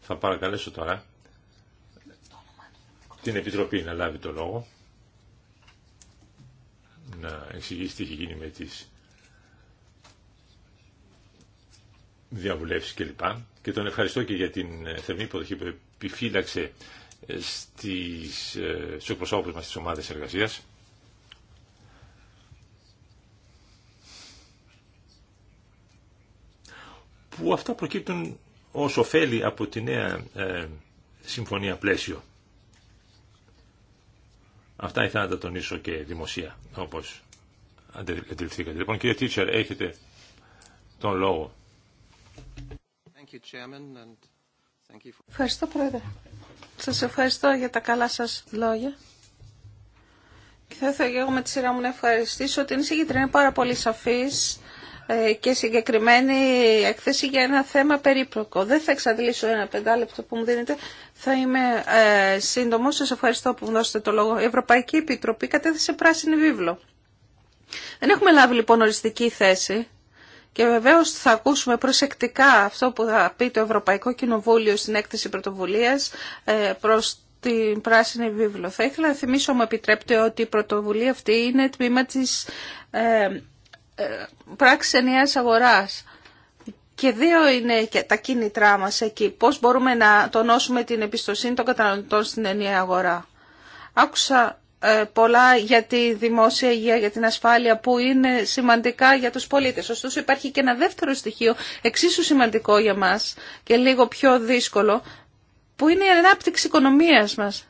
Θα παρακαλέσω τώρα την Επιτροπή να λάβει το λόγο, να εξηγήσει τι έχει γίνει με τις διαβουλεύσει κλπ. Και τον ευχαριστώ και για την ε, θερμή υποδοχή που επιφύλαξε ε, στις, ε, στους εκπροσώπους μας στις ομάδες εργασίας. Που αυτά προκύπτουν ως ωφέλη από τη νέα ε, συμφωνία πλαίσιο. Αυτά ήθελα να τα τονίσω και δημοσία, όπως αντιληφθήκατε. Λοιπόν, κύριε Τίτσερ, έχετε τον λόγο. Ευχαριστώ, Πρόεδρε. Σας ευχαριστώ για τα καλά σας λόγια. Και θα ήθελα και εγώ με τη σειρά μου να ευχαριστήσω την συγκεκριμένη Είναι πάρα πολύ σαφής ε, και συγκεκριμένη έκθεση για ένα θέμα περίπλοκο. Δεν θα εξαντλήσω ένα πεντάλεπτο που μου δίνετε. Θα είμαι ε, σύντομο. Σας ευχαριστώ που μου δώσετε το λόγο. Η Ευρωπαϊκή Επιτροπή κατέθεσε πράσινη βίβλο. Δεν έχουμε λάβει λοιπόν οριστική θέση και βεβαίω θα ακούσουμε προσεκτικά αυτό που θα πει το Ευρωπαϊκό Κοινοβούλιο στην έκθεση πρωτοβουλία ε, προς την Πράσινη Βίβλο. Θα ήθελα να θυμίσω, μου επιτρέπετε, ότι η πρωτοβουλία αυτή είναι τμήμα τη ε, ε, πράξης αγοράς. Και δύο είναι τα κίνητρά μα εκεί. Πώς μπορούμε να τονώσουμε την εμπιστοσύνη των καταναλωτών στην ενιαία αγορά. Άκουσα ε, πολλά για τη δημόσια υγεία, για την ασφάλεια που είναι σημαντικά για τους πολίτες. Ωστόσο υπάρχει και ένα δεύτερο στοιχείο εξίσου σημαντικό για μας και λίγο πιο δύσκολο που είναι η ανάπτυξη οικονομίας μας.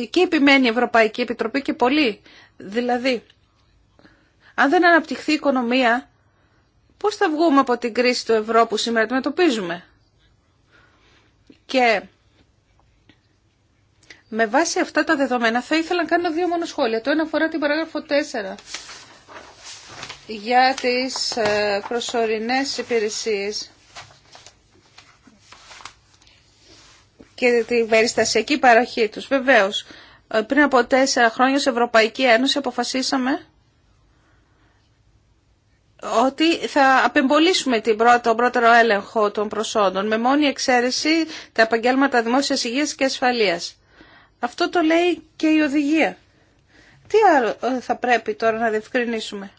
Εκεί επιμένει η Ευρωπαϊκή Επιτροπή και πολύ. Δηλαδή, αν δεν αναπτυχθεί η οικονομία, πώς θα βγούμε από την κρίση του ευρώ που σήμερα αντιμετωπίζουμε. Και με βάση αυτά τα δεδομένα θα ήθελα να κάνω δύο μόνο σχόλια. Το ένα αφορά την παράγραφο 4 για τις ε, προσωρινές υπηρεσίες και την περιστασιακή παροχή τους. Βεβαίως, ε, πριν από τέσσερα χρόνια σε Ευρωπαϊκή Ένωση αποφασίσαμε ότι θα απεμπολίσουμε την πρώτο, τον πρώτερο έλεγχο των προσόντων με μόνη εξαίρεση τα επαγγέλματα δημόσιας υγείας και ασφαλείας. Αυτό το λέει και η οδηγία. Τι άλλο ε, θα πρέπει τώρα να διευκρινίσουμε.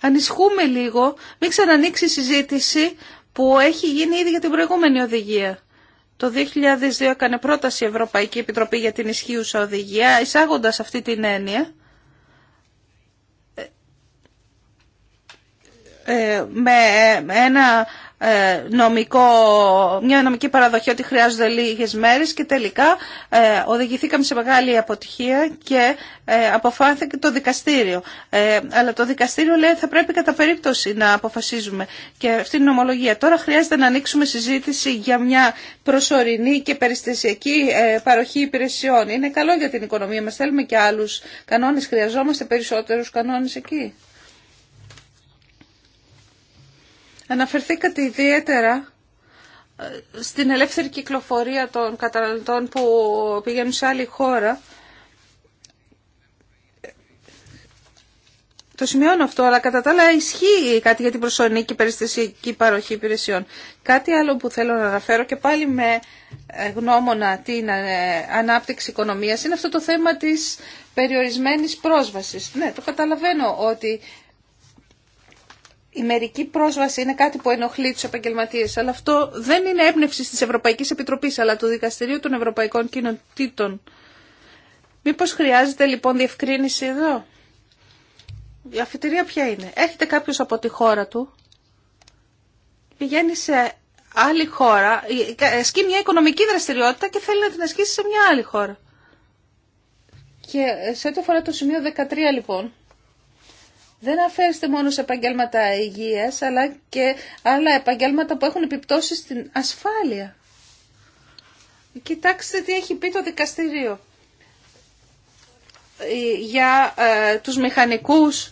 Ανισχούμε λίγο, μην ξανανοίξει η συζήτηση που έχει γίνει ήδη για την προηγούμενη οδηγία. Το 2002 έκανε πρόταση η Ευρωπαϊκή Επιτροπή για την ισχύουσα οδηγία, εισάγοντας αυτή την έννοια. Ε, ε, με ένα ε, νομικό, μια νομική παραδοχή ότι χρειάζονται λίγες μέρες και τελικά ε, οδηγηθήκαμε σε μεγάλη αποτυχία και ε, αποφάθηκε το δικαστήριο. αλλά το δικαστήριο λέει θα πρέπει κατά περίπτωση να αποφασίζουμε και αυτή είναι η νομολογία. Τώρα χρειάζεται να ανοίξουμε συζήτηση για μια προσωρινή και περιστασιακή παροχή υπηρεσιών. Είναι καλό για την οικονομία μας. Θέλουμε και άλλους κανόνες. Χρειαζόμαστε περισσότερους κανόνες εκεί. Αναφερθήκατε ιδιαίτερα ε, στην ελεύθερη κυκλοφορία των καταναλωτών που πηγαίνουν σε άλλη χώρα. Το σημειώνω αυτό, αλλά κατά τα άλλα ισχύει κάτι για την προσωρινή και περιστασιακή παροχή υπηρεσιών. Κάτι άλλο που θέλω να αναφέρω και πάλι με ε, γνώμονα την ε, ανάπτυξη οικονομίας είναι αυτό το θέμα της περιορισμένης πρόσβασης. Ναι, το καταλαβαίνω ότι η μερική πρόσβαση είναι κάτι που ενοχλεί τους επαγγελματίε. αλλά αυτό δεν είναι έμπνευση τη Ευρωπαϊκή Επιτροπή, αλλά του Δικαστηρίου των Ευρωπαϊκών Κοινοτήτων. Μήπω χρειάζεται λοιπόν διευκρίνηση εδώ. Η αφιτηρία ποια είναι. Έρχεται κάποιο από τη χώρα του, πηγαίνει σε άλλη χώρα, ε, ασκεί μια οικονομική δραστηριότητα και θέλει να την ασκήσει σε μια άλλη χώρα. Και ε, σε ό,τι αφορά το σημείο 13 λοιπόν, δεν αφαίρεστε μόνο σε επαγγέλματα υγείας, αλλά και άλλα επαγγέλματα που έχουν επιπτώσει στην ασφάλεια. Κοιτάξτε τι έχει πει το δικαστηρίο ε, για ε, τους μηχανικούς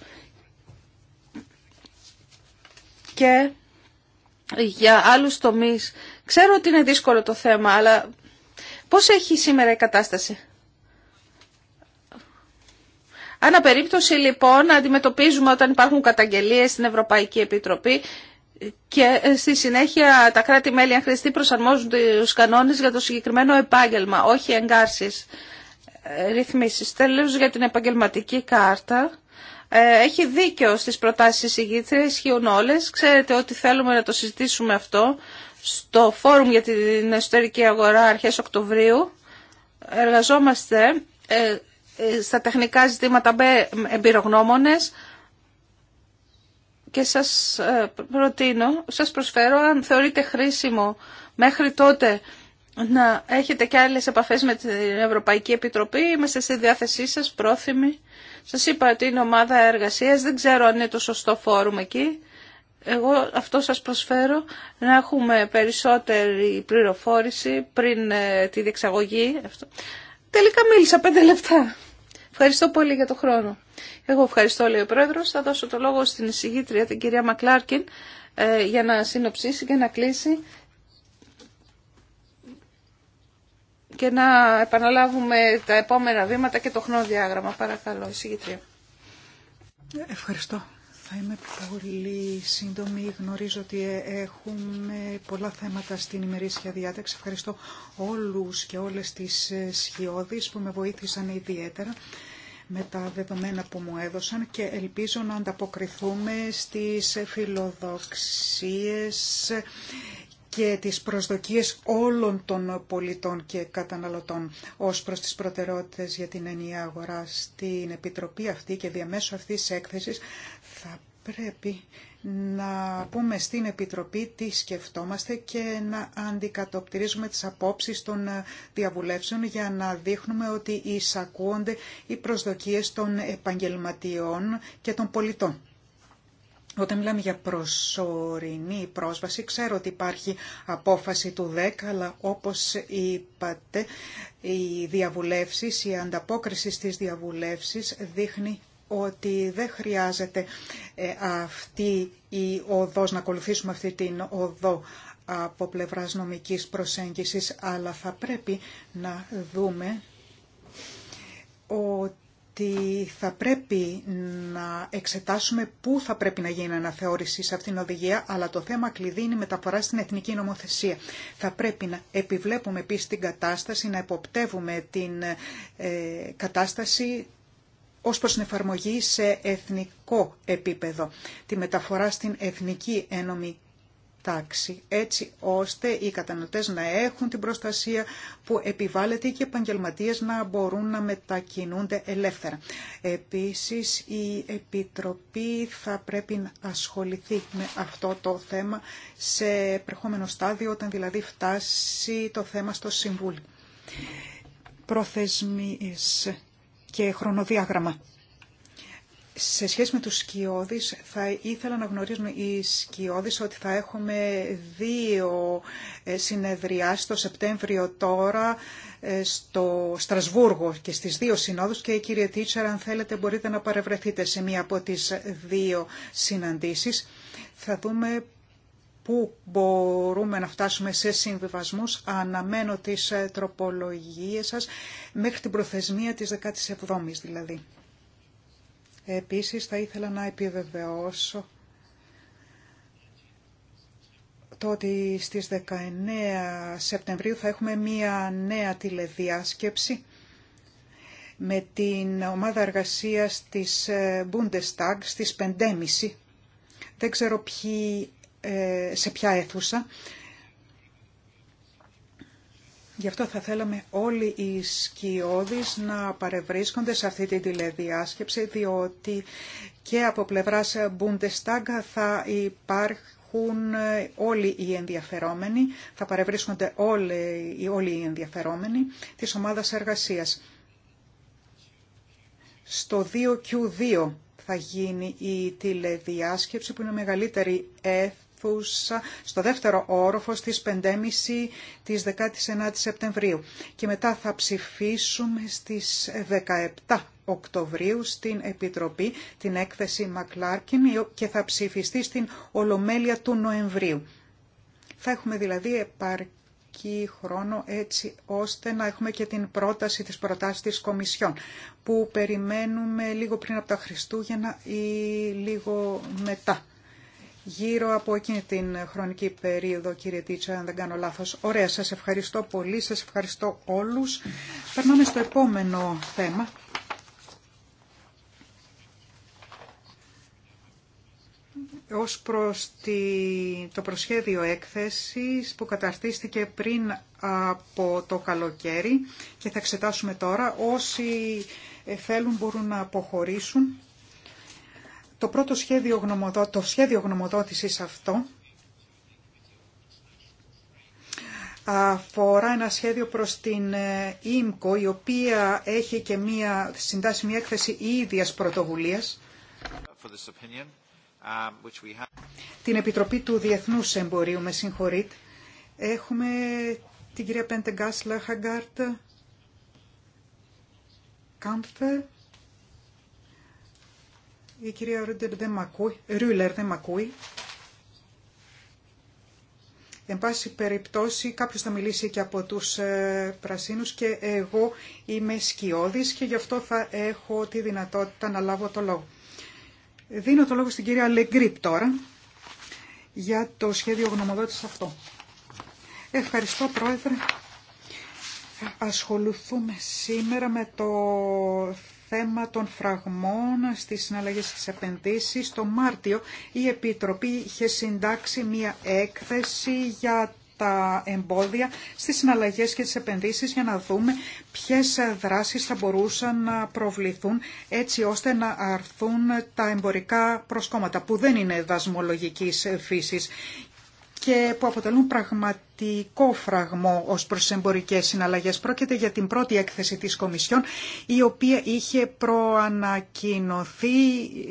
και για άλλους τομείς. Ξέρω ότι είναι δύσκολο το θέμα, αλλά πώς έχει σήμερα η κατάσταση. Ανά περίπτωση λοιπόν αντιμετωπίζουμε όταν υπάρχουν καταγγελίες στην Ευρωπαϊκή Επιτροπή και ε, στη συνέχεια τα κράτη-μέλη αν χρειαστεί προσαρμόζουν τους κανόνες για το συγκεκριμένο επάγγελμα, όχι εγκάρσεις ε, ρυθμίσεις. Τέλος για την επαγγελματική κάρτα. Ε, έχει δίκιο στις προτάσεις εισηγήτρια, ισχύουν όλες. Ξέρετε ότι θέλουμε να το συζητήσουμε αυτό στο Φόρουμ για την Εσωτερική Αγορά αρχές Οκτωβρίου. Εργαζόμαστε ε, στα τεχνικά ζητήματα εμπειρογνώμονες και σας ε, προτείνω, σας προσφέρω αν θεωρείτε χρήσιμο μέχρι τότε να έχετε και άλλες επαφές με την Ευρωπαϊκή Επιτροπή. Είμαστε στη διάθεσή σας, πρόθυμοι. Σας είπα ότι είναι ομάδα εργασίας. Δεν ξέρω αν είναι το σωστό φόρουμ εκεί. Εγώ αυτό σας προσφέρω να έχουμε περισσότερη πληροφόρηση πριν ε, τη διεξαγωγή. Τελικά μίλησα πέντε λεπτά. Ευχαριστώ πολύ για το χρόνο. Εγώ ευχαριστώ, λέει ο Πρόεδρο. Θα δώσω το λόγο στην εισηγήτρια, την κυρία Μακλάρκιν, ε, για να συνοψίσει και να κλείσει και να επαναλάβουμε τα επόμενα βήματα και το χρονοδιάγραμμα. Παρακαλώ, εισηγήτρια. Ευχαριστώ. Θα είμαι πολύ σύντομη. Γνωρίζω ότι ε, έχουμε πολλά θέματα στην ημερήσια διάταξη. Ευχαριστώ όλους και όλες τις ε, σχιώδεις που με βοήθησαν ιδιαίτερα με τα δεδομένα που μου έδωσαν και ελπίζω να ανταποκριθούμε στις φιλοδοξίες και τις προσδοκίες όλων των πολιτών και καταναλωτών ως προς τις προτεραιότητες για την ενιαία αγορά στην Επιτροπή αυτή και διαμέσου αυτής της έκθεσης πρέπει να πούμε στην Επιτροπή τι σκεφτόμαστε και να αντικατοπτρίζουμε τις απόψεις των ε, διαβουλεύσεων για να δείχνουμε ότι εισακούονται οι προσδοκίες των επαγγελματιών και των πολιτών. Όταν μιλάμε για προσωρινή πρόσβαση, ξέρω ότι υπάρχει απόφαση του 10, αλλά όπως είπατε, οι διαβουλεύσεις, η ανταπόκριση στις διαβουλεύσεις δείχνει ότι δεν χρειάζεται ε, αυτή η οδός, να ακολουθήσουμε αυτή την οδό από πλευράς νομικής προσέγγισης, αλλά θα πρέπει να δούμε ότι θα πρέπει να εξετάσουμε πού θα πρέπει να γίνει αναθεώρηση σε αυτήν την οδηγία, αλλά το θέμα κλειδί είναι η μεταφορά στην εθνική νομοθεσία. Θα πρέπει να επιβλέπουμε επίσης την κατάσταση, να υποπτεύουμε την ε, κατάσταση ως προς την εφαρμογή σε εθνικό επίπεδο, τη μεταφορά στην εθνική ένωμη τάξη, έτσι ώστε οι κατανοτές να έχουν την προστασία που επιβάλλεται και οι επαγγελματίε να μπορούν να μετακινούνται ελεύθερα. Επίσης, η Επιτροπή θα πρέπει να ασχοληθεί με αυτό το θέμα σε πρεχόμενο στάδιο, όταν δηλαδή φτάσει το θέμα στο Συμβούλιο. Προθεσμίες και χρονοδιάγραμμα. Σε σχέση με τους σκιώδεις, θα ήθελα να γνωρίζουν οι σκιώδεις ότι θα έχουμε δύο ε, συνεδριάσεις το Σεπτέμβριο τώρα ε, στο Στρασβούργο και στις δύο συνόδους και κύριε Τίτσερ αν θέλετε μπορείτε να παρευρεθείτε σε μία από τις δύο συναντήσεις. Θα δούμε πού μπορούμε να φτάσουμε σε συμβιβασμούς. Αναμένω τις ε, τροπολογίες σας μέχρι την προθεσμία της 17ης δηλαδή. Επίσης θα ήθελα να επιβεβαιώσω το ότι στις 19 Σεπτεμβρίου θα έχουμε μία νέα τηλεδιάσκεψη με την ομάδα εργασίας της ε, Bundestag στις 5.30. Δεν ξέρω ποιοι ε, σε ποια αίθουσα. Γι' αυτό θα θέλαμε όλοι οι σκιώδεις να παρευρίσκονται σε αυτή την τηλεδιάσκεψη, διότι και από πλευράς Bundestag θα υπάρχουν όλοι οι ενδιαφερόμενοι, θα παρευρίσκονται όλοι, όλοι οι ενδιαφερόμενοι της ομάδας εργασίας. Στο 2Q2 θα γίνει η τηλεδιάσκεψη που είναι μεγαλύτερη αίθουσα στο δεύτερο όροφο στις 5.30 της 19 Σεπτεμβρίου και μετά θα ψηφίσουμε στις 17 Οκτωβρίου στην Επιτροπή την έκθεση Μακλάρκιν και θα ψηφιστεί στην Ολομέλεια του Νοεμβρίου. Θα έχουμε δηλαδή επαρκή χρόνο έτσι ώστε να έχουμε και την πρόταση της προτάσης της Κομισιόν που περιμένουμε λίγο πριν από τα Χριστούγεννα ή λίγο μετά γύρω από εκείνη την χρονική περίοδο, κύριε Τίτσα, αν δεν κάνω λάθος. Ωραία, σας ευχαριστώ πολύ, σας ευχαριστώ όλους. Περνάμε στο επόμενο θέμα. ως προς το προσχέδιο έκθεσης που καταρτίστηκε πριν από το καλοκαίρι και θα εξετάσουμε τώρα όσοι ε, θέλουν μπορούν να αποχωρήσουν. Το πρώτο σχέδιο, γνωμοδό, το σχέδιο γνωμοδότησης αυτό αφορά ένα σχέδιο προς την ε, ΙΜΚΟ, η οποία έχει και μία, συντάσσει μία έκθεση ίδιας πρωτοβουλίας, um, την Επιτροπή του Διεθνούς Εμπορίου, με συγχωρείτε. Έχουμε την κυρία Πέντε Γκάσλα Χαγκάρτ, Κάμφε, η κυρία Ρούλερ δεν μ' ακούει. Εν πάση περιπτώσει κάποιος θα μιλήσει και από τους ε, πρασίνους και εγώ είμαι σκιώδης και γι' αυτό θα έχω τη δυνατότητα να λάβω το λόγο. Δίνω το λόγο στην κυρία Λεγκρίπ τώρα για το σχέδιο γνωμοδότης αυτό. Ευχαριστώ πρόεδρε. Ασχοληθούμε σήμερα με το θέμα των φραγμών στις συναλλαγές της επενδύσεις. Το Μάρτιο η Επιτροπή είχε συντάξει μία έκθεση για τα εμπόδια στις συναλλαγές και τις επενδύσεις για να δούμε ποιες δράσεις θα μπορούσαν να προβληθούν έτσι ώστε να αρθούν τα εμπορικά προσκόμματα που δεν είναι δασμολογικής φύσης και που αποτελούν πραγματικό φραγμό ως προς εμπορικές συναλλαγές. Πρόκειται για την πρώτη έκθεση της Κομισιόν, η οποία είχε προανακοινωθεί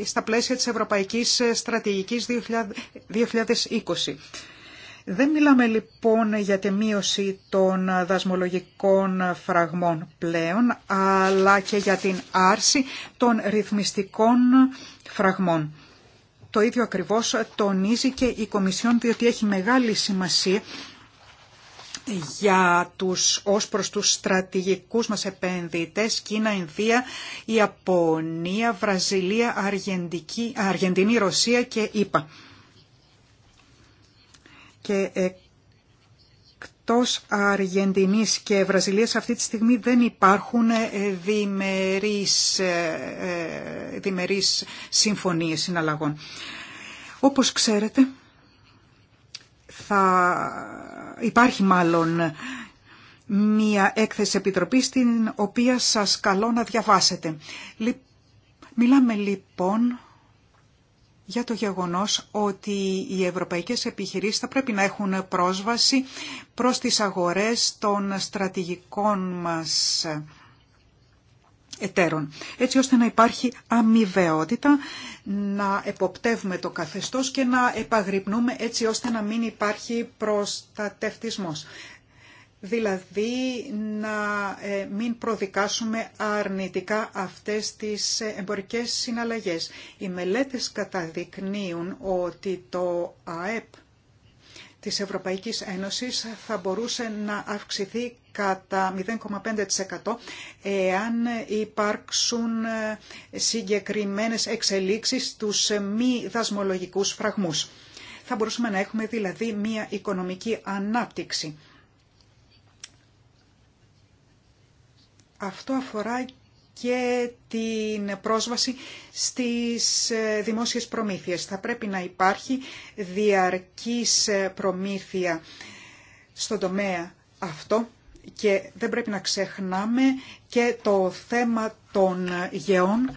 στα πλαίσια της Ευρωπαϊκής Στρατηγικής 2020. Δεν μιλάμε λοιπόν για τη μείωση των δασμολογικών φραγμών πλέον, αλλά και για την άρση των ρυθμιστικών φραγμών. Το ίδιο ακριβώς τονίζει και η Κομισιόν διότι έχει μεγάλη σημασία για τους, ως προς τους στρατηγικούς μας επενδυτές Κίνα, Ινδία, Ιαπωνία, Βραζιλία, Αργεντική, Αργεντινή, Ρωσία και ΙΠΑ. Ε, εκτός Αργεντινής και Βραζιλίας αυτή τη στιγμή δεν υπάρχουν ε, διμερείς, ε, ε, διμερείς συμφωνίες συναλλαγών. Όπως ξέρετε, θα υπάρχει μάλλον μία έκθεση επιτροπής την οποία σας καλώ να διαβάσετε. Μιλάμε λοιπόν για το γεγονός ότι οι ευρωπαϊκές επιχειρήσεις θα πρέπει να έχουν πρόσβαση προς τις αγορές των στρατηγικών μας εταίρων, έτσι ώστε να υπάρχει αμοιβαιότητα, να εποπτεύουμε το καθεστώς και να επαγρυπνούμε έτσι ώστε να μην υπάρχει προστατευτισμός δηλαδή να ε, μην προδικάσουμε αρνητικά αυτές τις ε, εμπορικές συναλλαγές. Οι μελέτες καταδεικνύουν ότι το ΑΕΠ της Ευρωπαϊκής Ένωσης θα μπορούσε να αυξηθεί κατά 0,5% εάν υπάρξουν ε, συγκεκριμένες εξελίξεις στους μη δασμολογικούς φραγμούς. Θα μπορούσαμε να έχουμε δηλαδή μία οικονομική ανάπτυξη Αυτό αφορά και την πρόσβαση στις ε, δημόσιες προμήθειες. Θα πρέπει να υπάρχει διαρκής ε, προμήθεια στον τομέα αυτό και δεν πρέπει να ξεχνάμε και το θέμα των γεών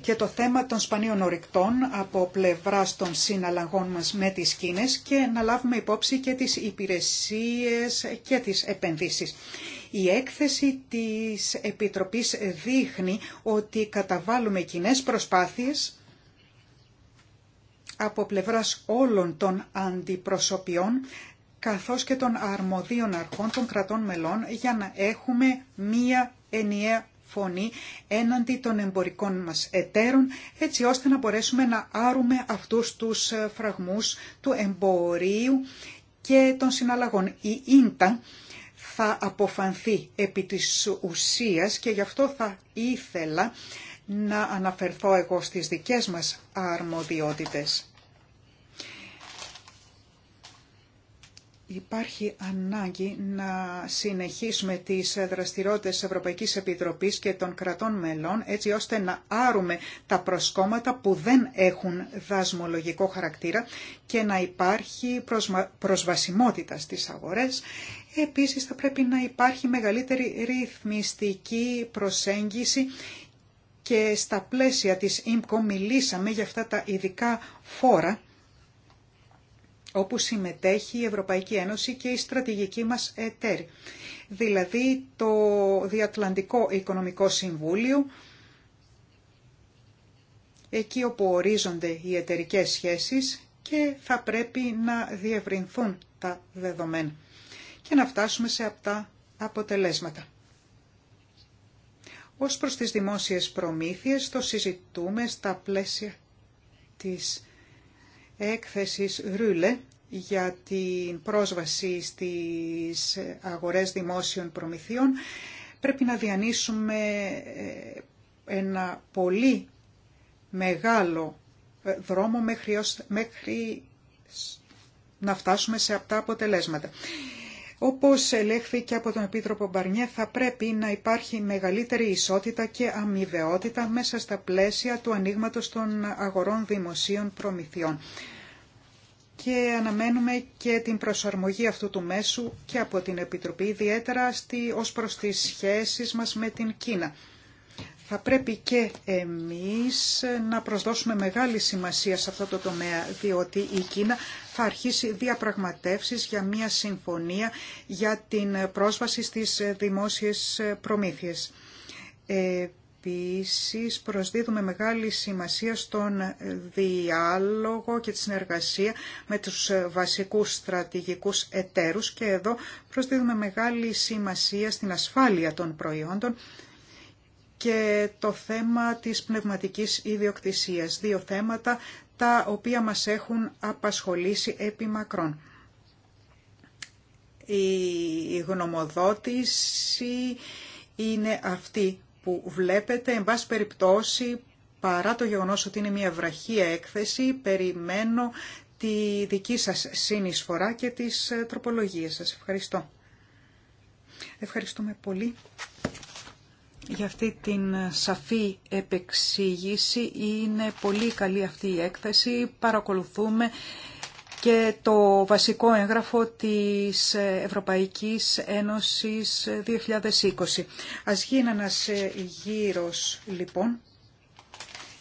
και το θέμα των σπανίων ορυκτών από πλευρά των συναλλαγών μας με τις Κίνες και να λάβουμε υπόψη και τις υπηρεσίες και τις επενδύσεις. Η έκθεση της Επιτροπής δείχνει ότι καταβάλουμε κοινέ προσπάθειες από πλευράς όλων των αντιπροσωπιών καθώς και των αρμοδίων αρχών των κρατών μελών για να έχουμε μία ενιαία φωνή έναντι των εμπορικών μας εταίρων, έτσι ώστε να μπορέσουμε να άρουμε αυτούς τους ε, φραγμούς του εμπορίου και των συναλλαγών. Η ίντα θα αποφανθεί επί της ουσίας και γι' αυτό θα ήθελα να αναφερθώ εγώ στις δικές μας αρμοδιότητες. Υπάρχει ανάγκη να συνεχίσουμε τις δραστηριότητες της Ευρωπαϊκής Επιτροπής και των κρατών μελών έτσι ώστε να άρουμε τα προσκόμματα που δεν έχουν δασμολογικό χαρακτήρα και να υπάρχει προσβασιμότητα στις αγορές. Επίσης θα πρέπει να υπάρχει μεγαλύτερη ρυθμιστική προσέγγιση και στα πλαίσια της ΙΜΚΟ μιλήσαμε για αυτά τα ειδικά φόρα όπου συμμετέχει η Ευρωπαϊκή Ένωση και η στρατηγική μας ΕΤΕΡ. Δηλαδή το Διατλαντικό Οικονομικό Συμβούλιο, εκεί όπου ορίζονται οι εταιρικέ σχέσεις και θα πρέπει να διευρυνθούν τα δεδομένα και να φτάσουμε σε αυτά αποτελέσματα. Ως προς τις δημόσιες προμήθειες το συζητούμε στα πλαίσια της έκθεσης Ρούλε για την πρόσβαση στις αγορές δημόσιων προμηθείων πρέπει να διανύσουμε ε, ένα πολύ μεγάλο ε, δρόμο μέχρι να φτάσουμε σε αυτά αποτελέσματα. Όπως και από τον Επίτροπο Μπαρνιέ, θα πρέπει να υπάρχει μεγαλύτερη ισότητα και αμοιβαιότητα μέσα στα πλαίσια του ανοίγματο των αγορών δημοσίων προμηθειών. Και αναμένουμε και την προσαρμογή αυτού του μέσου και από την Επιτροπή, ιδιαίτερα στη, ως προς τις σχέσεις μας με την Κίνα. Θα πρέπει και εμείς να προσδώσουμε μεγάλη σημασία σε αυτό το τομέα, διότι η Κίνα θα αρχίσει διαπραγματεύσεις για μια συμφωνία για την πρόσβαση στις δημόσιες προμήθειες. Επίσης προσδίδουμε μεγάλη σημασία στον διάλογο και τη συνεργασία με τους βασικούς στρατηγικούς εταίρους και εδώ προσδίδουμε μεγάλη σημασία στην ασφάλεια των προϊόντων και το θέμα της πνευματικής ιδιοκτησίας. Δύο θέματα τα οποία μας έχουν απασχολήσει επί μακρόν. Η γνωμοδότηση είναι αυτή που βλέπετε, εν πάση περιπτώσει, παρά το γεγονός ότι είναι μια βραχία έκθεση, περιμένω τη δική σας συνεισφορά και τις τροπολογίες σας. Ευχαριστώ. Ευχαριστούμε πολύ για αυτή την σαφή επεξήγηση. Είναι πολύ καλή αυτή η έκθεση. Παρακολουθούμε και το βασικό έγγραφο της Ευρωπαϊκής Ένωσης 2020. Ας γίνει ένας γύρος λοιπόν.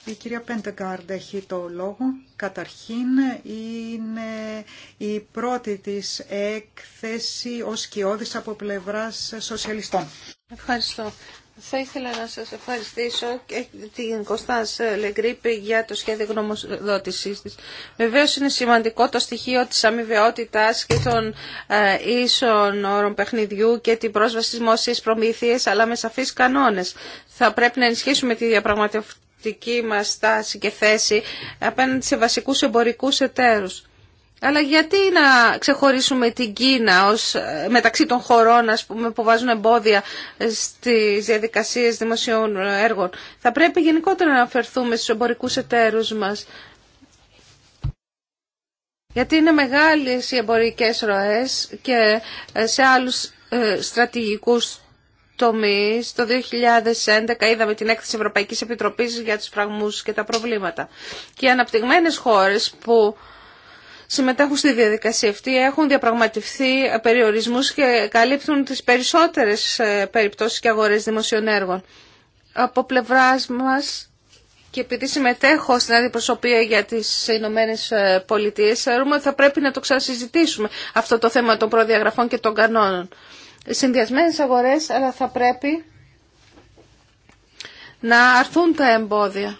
Η κυρία Πέντεγκάρντ έχει το λόγο. Καταρχήν είναι η πρώτη της έκθεση ως κοιόδης από πλευράς σοσιαλιστών. Ευχαριστώ. Θα ήθελα να σας ευχαριστήσω και την Κωνστάς Λεγκρίπη για το σχέδιο γνωμοδότησής της. Βεβαίως είναι σημαντικό το στοιχείο της αμοιβαιότητας και των ε, ίσων όρων παιχνιδιού και την πρόσβαση στις δημόσιες προμήθειες, αλλά με σαφείς κανόνες. Θα πρέπει να ενισχύσουμε τη διαπραγματευτική μας στάση και θέση απέναντι σε βασικούς εμπορικούς εταίρους. Αλλά γιατί να ξεχωρίσουμε την Κίνα ως, ε, μεταξύ των χωρών ας πούμε, που βάζουν εμπόδια ε, στις διαδικασίες δημοσίων έργων. Θα πρέπει γενικότερα να αναφερθούμε στους εμπορικούς εταίρους μας. Γιατί είναι μεγάλες οι εμπορικές ροές και ε, σε άλλους στρατηγικούς τομείς. Το 2011 είδαμε την έκθεση Ευρωπαϊκής Επιτροπής για τους φραγμούς και τα προβλήματα. Και οι αναπτυγμένες χώρες που συμμετέχουν στη διαδικασία αυτή έχουν διαπραγματευτεί περιορισμούς και καλύπτουν τις περισσότερες ε, περιπτώσεις και αγορές δημοσίων έργων. Από πλευρά μας και επειδή συμμετέχω στην αντιπροσωπεία για τις Ηνωμένε Πολιτείε, θεωρούμε ότι θα πρέπει να το ξανασυζητήσουμε αυτό το θέμα των προδιαγραφών και των κανόνων. Συνδυασμένες αγορές, αλλά θα πρέπει να αρθούν τα εμπόδια.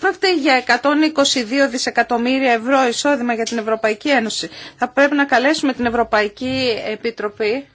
Πρόκειται για 122 δισεκατομμύρια ευρώ εισόδημα για την Ευρωπαϊκή Ένωση. Θα πρέπει να καλέσουμε την Ευρωπαϊκή Επιτροπή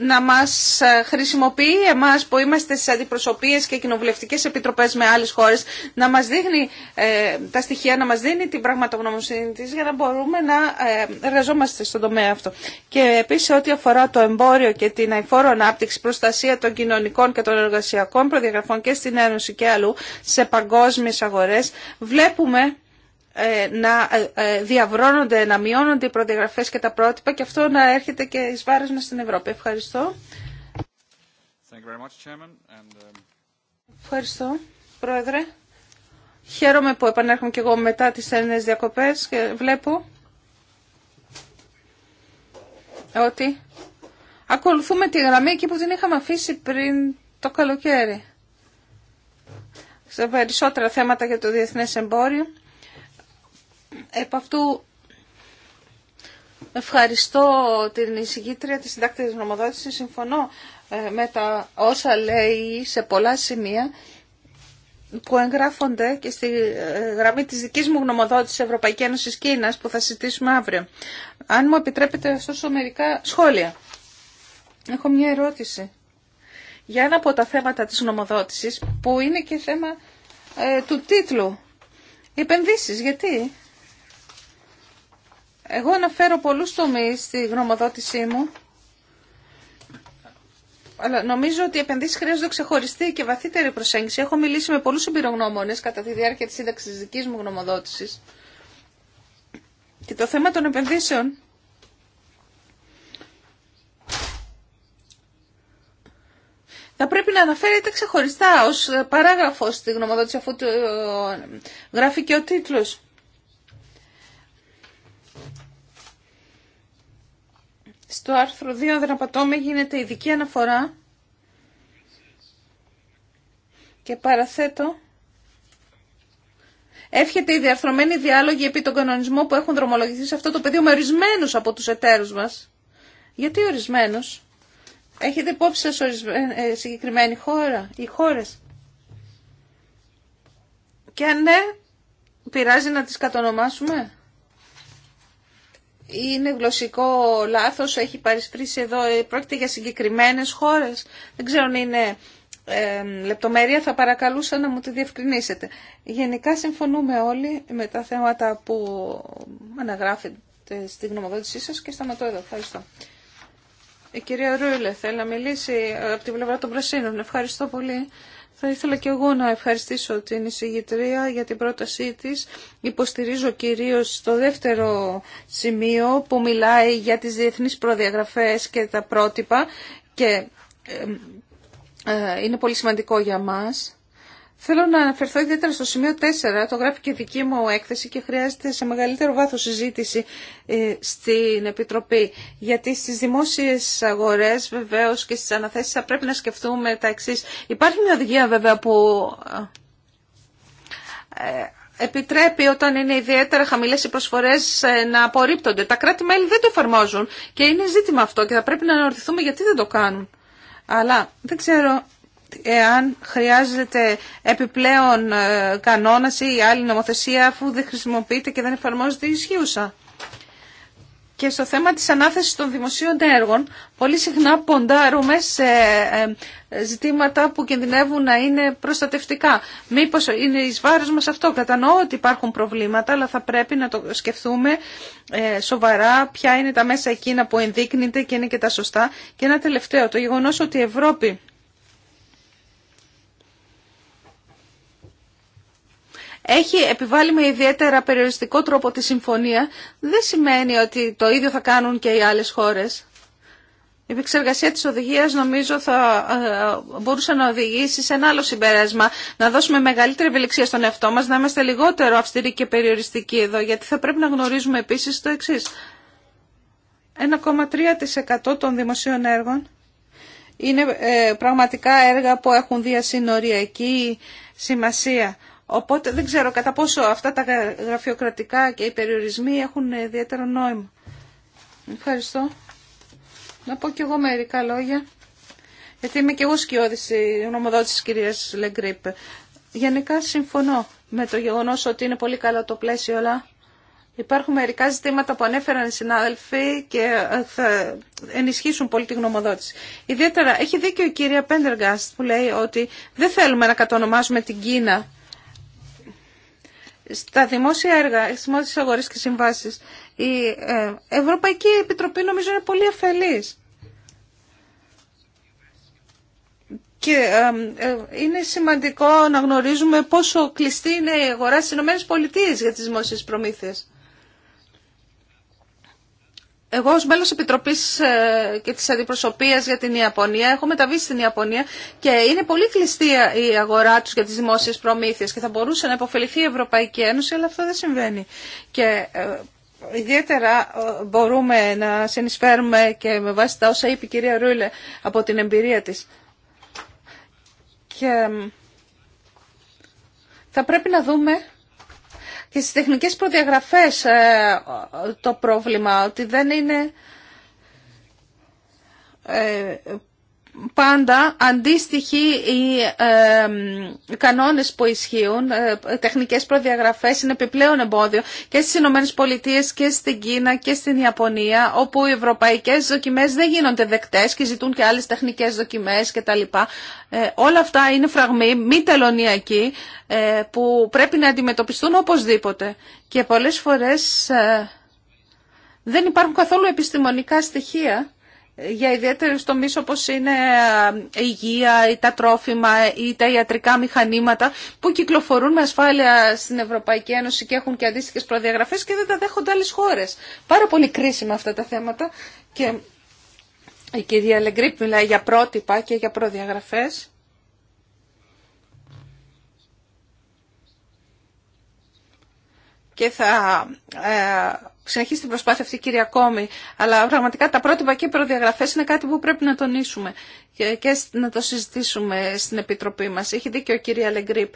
να μας ε, χρησιμοποιεί εμάς που είμαστε στις αντιπροσωπείες και κοινοβουλευτικές επιτροπές με άλλες χώρες, να μας δείχνει ε, τα στοιχεία, να μας δίνει την πραγματογνωμοσύνη της για να μπορούμε να ε, εργαζόμαστε στον τομέα αυτό. Και επίσης ό,τι αφορά το εμπόριο και την αηφόρο ανάπτυξη, προστασία των κοινωνικών και των εργασιακών προδιαγραφών και στην Ένωση και αλλού σε παγκόσμιες αγορές, βλέπουμε ε, να ε, ε, διαβρώνονται, να μειώνονται οι προδιαγραφές και τα πρότυπα και αυτό να έρχεται και εις βάρος μας στην Ευρώπη. Ευχαριστώ. Um, Ευχαριστώ, Πρόεδρε. Χαίρομαι που επανέρχομαι και εγώ μετά τις έννοιες διακοπές και βλέπω ότι ακολουθούμε τη γραμμή εκεί που την είχαμε αφήσει πριν το καλοκαίρι. Σε περισσότερα θέματα για το διεθνές εμπόριο Επ' αυτού ευχαριστώ την εισηγήτρια της συντάκτης νομοδότησης. Συμφωνώ ε, με τα όσα λέει σε πολλά σημεία που εγγράφονται και στη ε, γραμμή της δικής μου γνωμοδότησης Ευρωπαϊκή Ένωση Κίνας που θα συζητήσουμε αύριο. Αν μου επιτρέπετε ωστόσο μερικά σχόλια. Έχω μια ερώτηση για ένα από τα θέματα της νομοδότησης, που είναι και θέμα ε, του τίτλου. Οι επενδύσεις, γιατί εγώ αναφέρω πολλούς τομείς στη γνωμοδότησή μου, αλλά νομίζω ότι οι επενδύσει χρειάζονται ξεχωριστή και βαθύτερη προσέγγιση. Έχω μιλήσει με πολλούς εμπειρογνώμονε κατά τη διάρκεια τη σύνταξη τη δική μου γνωμοδότηση. Και το θέμα των επενδύσεων θα πρέπει να αναφέρεται ξεχωριστά ως παράγραφος στη γνωμοδότηση αφού ε, γράφει και ο τίτλος. Στο άρθρο 2, αν δεν απατώμε, γίνεται ειδική αναφορά και παραθέτω. Εύχεται η διαρθρωμένη διάλογοι επί τον κανονισμό που έχουν δρομολογηθεί σε αυτό το πεδίο με ορισμένου από του εταίρου μα. Γιατί ορισμένου, έχετε υπόψη σα ε, συγκεκριμένη χώρα ή χώρε. Και αν ναι, πειράζει να τις κατονομάσουμε είναι γλωσσικό λάθος, έχει παρισπρίσει εδώ, ε, πρόκειται για συγκεκριμένες χώρες. Δεν ξέρω αν είναι ε, λεπτομέρεια, θα παρακαλούσα να μου τη διευκρινίσετε. Γενικά συμφωνούμε όλοι με τα θέματα που αναγράφετε στη γνωμοδότησή σας και σταματώ εδώ. Ευχαριστώ. Η κυρία Ρούλε θέλει να μιλήσει από την πλευρά των Πρασίνων. Ευχαριστώ πολύ. Θα ήθελα και εγώ να ευχαριστήσω την εισηγητρία για την πρότασή της. Υποστηρίζω κυρίως το δεύτερο σημείο που μιλάει για τις διεθνείς προδιαγραφές και τα πρότυπα και ε, είναι πολύ σημαντικό για μας. Θέλω να αναφερθώ ιδιαίτερα στο σημείο 4, το γράφει και δική μου έκθεση και χρειάζεται σε μεγαλύτερο βάθος συζήτηση ε, στην Επιτροπή. Γιατί στις δημόσιες αγορές βεβαίως και στις αναθέσεις θα πρέπει να σκεφτούμε τα εξή. Υπάρχει μια οδηγία βέβαια που ε, επιτρέπει όταν είναι ιδιαίτερα χαμηλές οι προσφορές ε, να απορρίπτονται. Τα κράτη-μέλη δεν το εφαρμόζουν και είναι ζήτημα αυτό και θα πρέπει να αναρωτηθούμε γιατί δεν το κάνουν. Αλλά δεν ξέρω εάν χρειάζεται επιπλέον ε, κανόνας ή άλλη νομοθεσία αφού δεν χρησιμοποιείται και δεν εφαρμόζεται η ισχύουσα. Και στο θέμα της ανάθεσης των δημοσίων έργων, πολύ συχνά ποντάρουμε σε ε, ζητήματα που κινδυνεύουν να είναι προστατευτικά. Μήπως είναι εις βάρος μας αυτό. Κατανοώ ότι υπάρχουν προβλήματα, αλλά θα πρέπει να το σκεφτούμε ε, σοβαρά ποια είναι τα μέσα εκείνα που ενδείκνυται και είναι και τα σωστά. Και ένα τελευταίο, το γεγονός ότι η Ευρώπη έχει επιβάλει με ιδιαίτερα περιοριστικό τρόπο τη συμφωνία, δεν σημαίνει ότι το ίδιο θα κάνουν και οι άλλες χώρες. Η επεξεργασία της οδηγίας νομίζω θα ε, μπορούσε να οδηγήσει σε ένα άλλο συμπέρασμα, να δώσουμε μεγαλύτερη ευελιξία στον εαυτό μας, να είμαστε λιγότερο αυστηροί και περιοριστικοί εδώ, γιατί θα πρέπει να γνωρίζουμε επίσης το εξής. 1,3% των δημοσίων έργων είναι ε, πραγματικά έργα που έχουν διασυνοριακή σημασία. Οπότε δεν ξέρω κατά πόσο αυτά τα γραφειοκρατικά και οι περιορισμοί έχουν ιδιαίτερο νόημα. Ευχαριστώ. Να πω κι εγώ μερικά λόγια. Γιατί είμαι κι εγώ σκιώδης η γνωμοδότηση της κυρίας Λεγκρίπ. Γενικά συμφωνώ με το γεγονός ότι είναι πολύ καλό το πλαίσιο, αλλά υπάρχουν μερικά ζητήματα που ανέφεραν οι συνάδελφοι και ε, θα ενισχύσουν πολύ τη γνωμοδότηση. Ιδιαίτερα έχει δίκιο η κυρία Πέντεργαστ που λέει ότι δεν θέλουμε να κατονομάζουμε την Κίνα στα δημόσια έργα, στις δημόσιες αγορές και συμβάσεις. Η ε, Ευρωπαϊκή Επιτροπή νομίζω είναι πολύ αφελής. Και ε, ε, είναι σημαντικό να γνωρίζουμε πόσο κλειστή είναι η αγορά στις ΗΠΑ για τις δημόσιες προμήθειες. Εγώ ως μέλος Επιτροπής ε, και της Αντιπροσωπείας για την Ιαπωνία έχω μεταβεί στην Ιαπωνία και είναι πολύ κλειστή η αγορά τους για τις δημόσιες προμήθειες και θα μπορούσε να υποφεληθεί η Ευρωπαϊκή Ένωση αλλά αυτό δεν συμβαίνει. Και ε, ιδιαίτερα ε, μπορούμε να συνεισφέρουμε και με βάση τα όσα είπε η κυρία Ρούιλε από την εμπειρία της. Και θα πρέπει να δούμε και στις τεχνικές προδιαγραφές ε, το πρόβλημα, ότι δεν είναι ε, πάντα αντίστοιχοι οι ε, κανόνες που ισχύουν, ε, τεχνικές προδιαγραφές είναι επιπλέον εμπόδιο και στις Ηνωμένες Πολιτείες και στην Κίνα και στην Ιαπωνία όπου οι ευρωπαϊκές δοκιμές δεν γίνονται δεκτές και ζητούν και άλλες τεχνικές δοκιμές κτλ. Ε, όλα αυτά είναι φραγμοί μη τελωνιακοί ε, που πρέπει να αντιμετωπιστούν οπωσδήποτε και πολλές φορές... Ε, δεν υπάρχουν καθόλου επιστημονικά στοιχεία για ιδιαίτερους τομείς όπως είναι ε, η υγεία ή τα τρόφιμα ή τα ιατρικά μηχανήματα που κυκλοφορούν με ασφάλεια στην Ευρωπαϊκή Ένωση και έχουν και αντίστοιχε προδιαγραφές και δεν τα δέχονται άλλες χώρες. Πάρα πολύ κρίσιμα αυτά τα θέματα και η κυρία Λεγκρίπ μιλάει για πρότυπα και για προδιαγραφές. και θα ε, συνεχίσει την προσπάθεια αυτή η κυρία αλλά πραγματικά τα πρότυπα και οι προδιαγραφές είναι κάτι που πρέπει να τονίσουμε και, να το συζητήσουμε στην Επιτροπή μας. Έχει δίκιο ο κυρία Λεγκρίπ.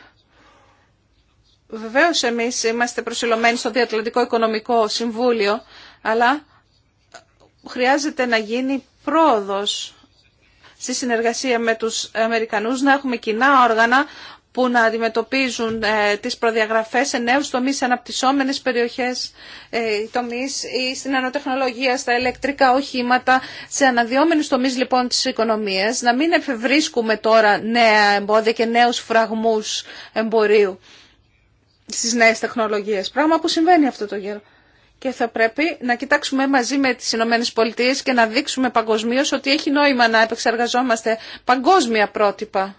Βεβαίως εμείς είμαστε προσιλωμένοι στο Διατλαντικό Οικονομικό Συμβούλιο, αλλά χρειάζεται να γίνει πρόοδος στη συνεργασία με τους Αμερικανούς, να έχουμε κοινά όργανα που να αντιμετωπίζουν ε, τις προδιαγραφές σε νέους τομείς, σε αναπτυσσόμενες περιοχές, ε, τομείς ή στην ανοτεχνολογία, στα ηλεκτρικά οχήματα, σε αναδυόμενους τομείς λοιπόν της οικονομίας, να μην εφευρίσκουμε τώρα νέα εμπόδια και νέους φραγμούς εμπορίου στις νέες τεχνολογίες. Πράγμα που συμβαίνει αυτό το γέρο. Και θα πρέπει να κοιτάξουμε μαζί με τις Ηνωμένε Πολιτείες και να δείξουμε παγκοσμίω ότι έχει νόημα να επεξεργαζόμαστε παγκόσμια πρότυπα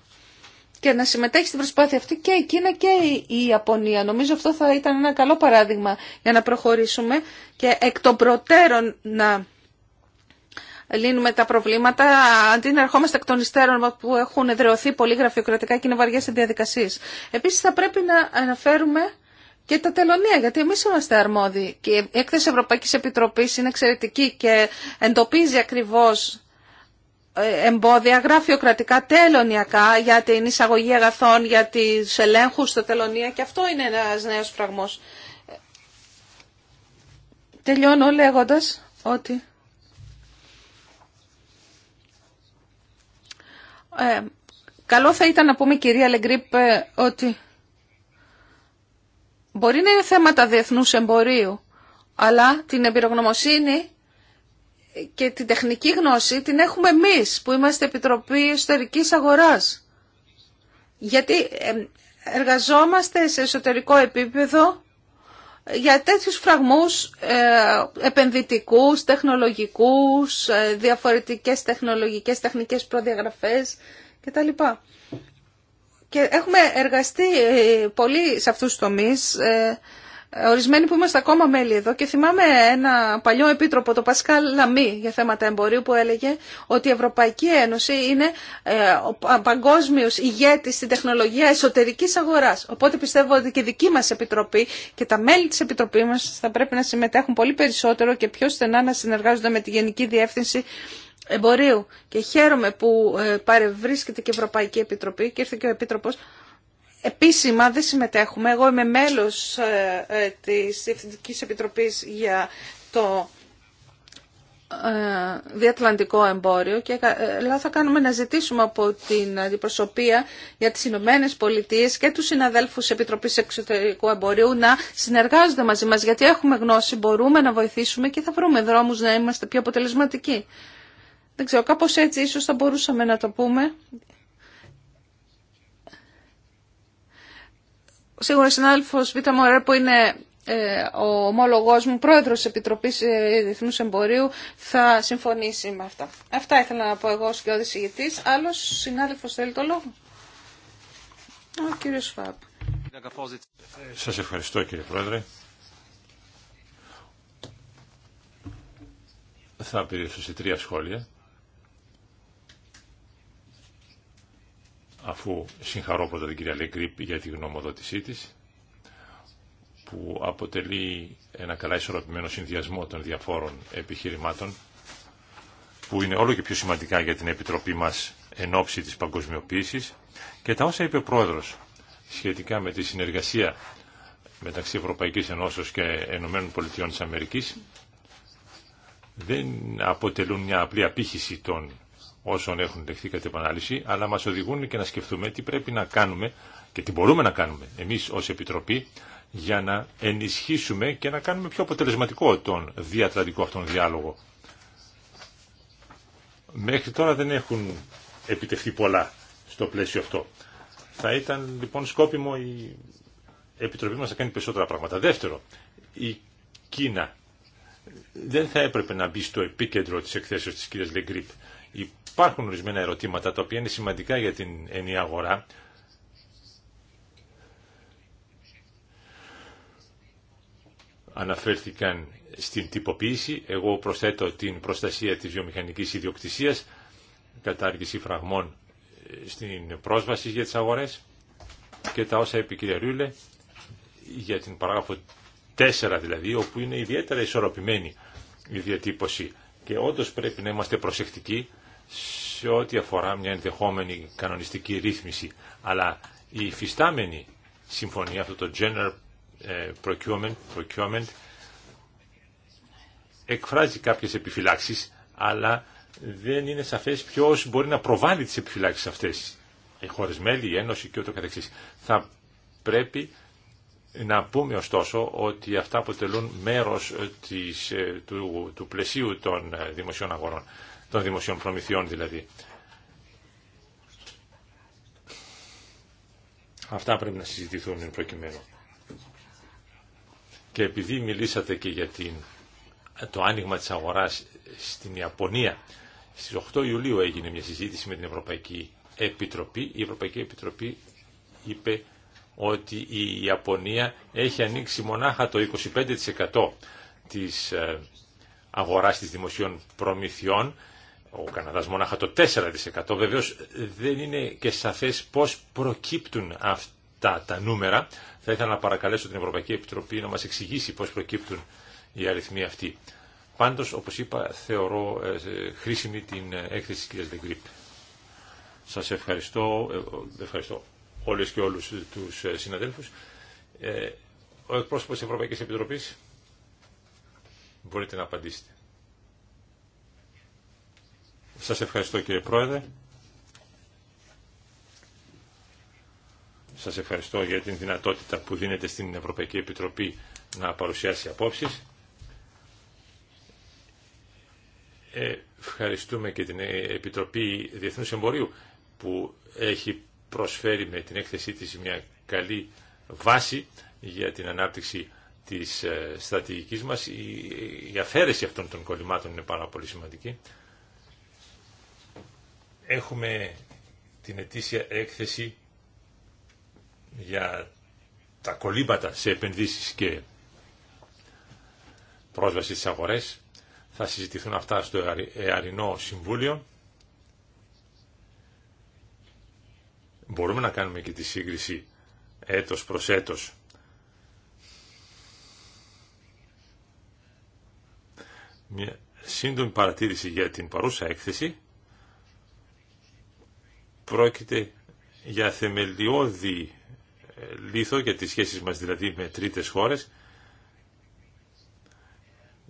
και να συμμετέχει στην προσπάθεια αυτή και η Κίνα και η Ιαπωνία. Νομίζω αυτό θα ήταν ένα καλό παράδειγμα για να προχωρήσουμε και εκ των προτέρων να λύνουμε τα προβλήματα, αντί να ερχόμαστε εκ των υστέρων που έχουν εδρεωθεί πολύ γραφειοκρατικά και είναι βαριές οι διαδικασίες. Επίσης θα πρέπει να αναφέρουμε και τα τελωνία, γιατί εμείς είμαστε αρμόδιοι και η έκθεση Ευρωπαϊκής Επιτροπής είναι εξαιρετική και εντοπίζει ακριβώς εμπόδια γραφειοκρατικά τελωνιακά για την εισαγωγή αγαθών, για τις ελέγχους στο τελωνία και αυτό είναι ένας νέος φραγμός. Τελειώνω λέγοντας ότι ε, καλό θα ήταν να πούμε κυρία Λεγκρίπ ε, ότι μπορεί να είναι θέματα διεθνούς εμπορίου αλλά την εμπειρογνωμοσύνη και την τεχνική γνώση την έχουμε εμείς που είμαστε Επιτροπή Εσωτερικής Αγοράς. Γιατί εργαζόμαστε σε εσωτερικό επίπεδο ε, για τέτοιους φραγμούς ε, επενδυτικούς, τεχνολογικούς, ε, διαφορετικές τεχνολογικές, τεχνικές προδιαγραφές κτλ. Και έχουμε εργαστεί πολύ σε αυτούς τους τομείς Ορισμένοι που είμαστε ακόμα μέλη εδώ και θυμάμαι ένα παλιό επίτροπο, το Πασκάλ Λαμι για θέματα εμπορίου που έλεγε ότι η Ευρωπαϊκή Ένωση είναι ε, ο παγκόσμιος ηγέτης στην τεχνολογία εσωτερικής αγοράς. Οπότε πιστεύω ότι και η δική μας Επιτροπή και τα μέλη της Επιτροπής μας θα πρέπει να συμμετέχουν πολύ περισσότερο και πιο στενά να συνεργάζονται με τη Γενική Διεύθυνση Εμπορίου. Και χαίρομαι που ε, παρευρίσκεται και η Ευρωπαϊκή Επιτροπή και ήρθε και ο Επίτροπος Επίσημα δεν συμμετέχουμε. Εγώ είμαι μέλος ε, ε, της Διευθυντικής Επιτροπής για το ε, διατλαντικό εμπόριο και αλλά θα κάνουμε να ζητήσουμε από την αντιπροσωπεία για τις Ηνωμένε Πολιτείε και τους συναδέλφους Επιτροπής Εξωτερικού Εμπορίου να συνεργάζονται μαζί μας γιατί έχουμε γνώση, μπορούμε να βοηθήσουμε και θα βρούμε δρόμους να είμαστε πιο αποτελεσματικοί. Δεν ξέρω, κάπως έτσι ίσως θα μπορούσαμε να το πούμε σίγουρα ο συνάδελφος Βίτα Μωρέ που είναι ε, ο ομόλογο μου, πρόεδρος της Επιτροπής ε, Διεθνού Εμπορίου, θα συμφωνήσει με αυτά. Αυτά ήθελα να πω εγώ ω και ο διηγητή. Άλλος συνάδελφος θέλει το λόγο. Ο κύριο Φαπ. Σας ευχαριστώ κύριε Πρόεδρε. Θα περιορίσω σε τρία σχόλια. αφού συγχαρώ πρώτα την κυρία Λεγκρίπ για τη γνωμοδότησή της, που αποτελεί ένα καλά ισορροπημένο συνδυασμό των διαφόρων επιχειρημάτων, που είναι όλο και πιο σημαντικά για την Επιτροπή μας εν ώψη της παγκοσμιοποίησης, και τα όσα είπε ο Πρόεδρος σχετικά με τη συνεργασία μεταξύ Ευρωπαϊκής Ενώσεως και Ενωμένων Πολιτειών της Αμερικής, δεν αποτελούν μια απλή απήχηση των όσων έχουν δεχθεί κατά επανάληψη, αλλά μας οδηγούν και να σκεφτούμε τι πρέπει να κάνουμε και τι μπορούμε να κάνουμε εμείς ως Επιτροπή για να ενισχύσουμε και να κάνουμε πιο αποτελεσματικό τον διατραντικό αυτόν διάλογο. Μέχρι τώρα δεν έχουν επιτευχθεί πολλά στο πλαίσιο αυτό. Θα ήταν λοιπόν σκόπιμο η Επιτροπή μας να κάνει περισσότερα πράγματα. Δεύτερο, η Κίνα δεν θα έπρεπε να μπει στο επίκεντρο της εκθέσεως της κυρίας Λεγκρίπ. Υπάρχουν ορισμένα ερωτήματα τα οποία είναι σημαντικά για την ενιαία αγορά. Αναφέρθηκαν στην τυποποίηση, εγώ προσθέτω την προστασία της βιομηχανικής ιδιοκτησίας, κατάργηση φραγμών ε, στην πρόσβαση για τις αγορές και τα όσα είπε Ρούλε για την παράγραφο 4 δηλαδή, όπου είναι ιδιαίτερα ισορροπημένη η διατύπωση και όντω πρέπει να είμαστε προσεκτικοί σε ό,τι αφορά μια ενδεχόμενη κανονιστική ρύθμιση. Αλλά η υφιστάμενη συμφωνία, αυτό το General ε, Procurement, procurement εκφράζει κάποιες επιφυλάξεις, αλλά δεν είναι σαφές ποιος μπορεί να προβάλλει τις επιφυλάξεις αυτές. Οι χώρες μέλη, η Ένωση και ούτω καθεξής. Θα πρέπει να πούμε ωστόσο ότι αυτά αποτελούν μέρος ε, της, ε, του, του πλαισίου των δημοσίων αγορών των δημοσίων προμηθειών δηλαδή. Αυτά πρέπει να συζητηθούν εν προκειμένου. Και επειδή μιλήσατε και για την, το άνοιγμα της αγοράς στην Ιαπωνία, στις 8 Ιουλίου έγινε μια συζήτηση με την Ευρωπαϊκή Επιτροπή. Η Ευρωπαϊκή Επιτροπή είπε ότι η Ιαπωνία έχει ανοίξει μονάχα το 25% της ε, αγοράς της δημοσίων προμηθειών ο Καναδάς μονάχα το 4%. Βεβαίως δεν είναι και σαφές πώς προκύπτουν αυτά τα νούμερα. Θα ήθελα να παρακαλέσω την Ευρωπαϊκή Επιτροπή να μας εξηγήσει πώς προκύπτουν οι αριθμοί αυτοί. Πάντως, όπως είπα, θεωρώ ε, χρήσιμη την ε, έκθεση της κυρίας Δεγκρίπ. Σας ευχαριστώ, ε, ευχαριστώ όλες και όλους τους συναδέλφους. ο εκπρόσωπος της Ευρωπαϊκής Επιτροπής μπορείτε να απαντήσετε. Σας ευχαριστώ κύριε Πρόεδρε. Σας ευχαριστώ για την δυνατότητα που δίνετε στην Ευρωπαϊκή Επιτροπή να παρουσιάσει απόψεις. Ευχαριστούμε και την Επιτροπή Διεθνούς Εμπορίου που έχει προσφέρει με την έκθεσή της μια καλή βάση για την ανάπτυξη της ε, στρατηγικής μας. Η αφαίρεση αυτών των κολλημάτων είναι πάρα πολύ σημαντική. Έχουμε την ετήσια έκθεση για τα κολύμπατα σε επενδύσεις και πρόσβαση στις αγορές. Θα συζητηθούν αυτά στο Εαρινό Συμβούλιο. Μπορούμε να κάνουμε και τη σύγκριση έτος προς έτος. Μια σύντομη παρατήρηση για την παρούσα έκθεση. Πρόκειται για θεμελιώδη ε, λίθο για τις σχέσεις μας δηλαδή με τρίτες χώρες,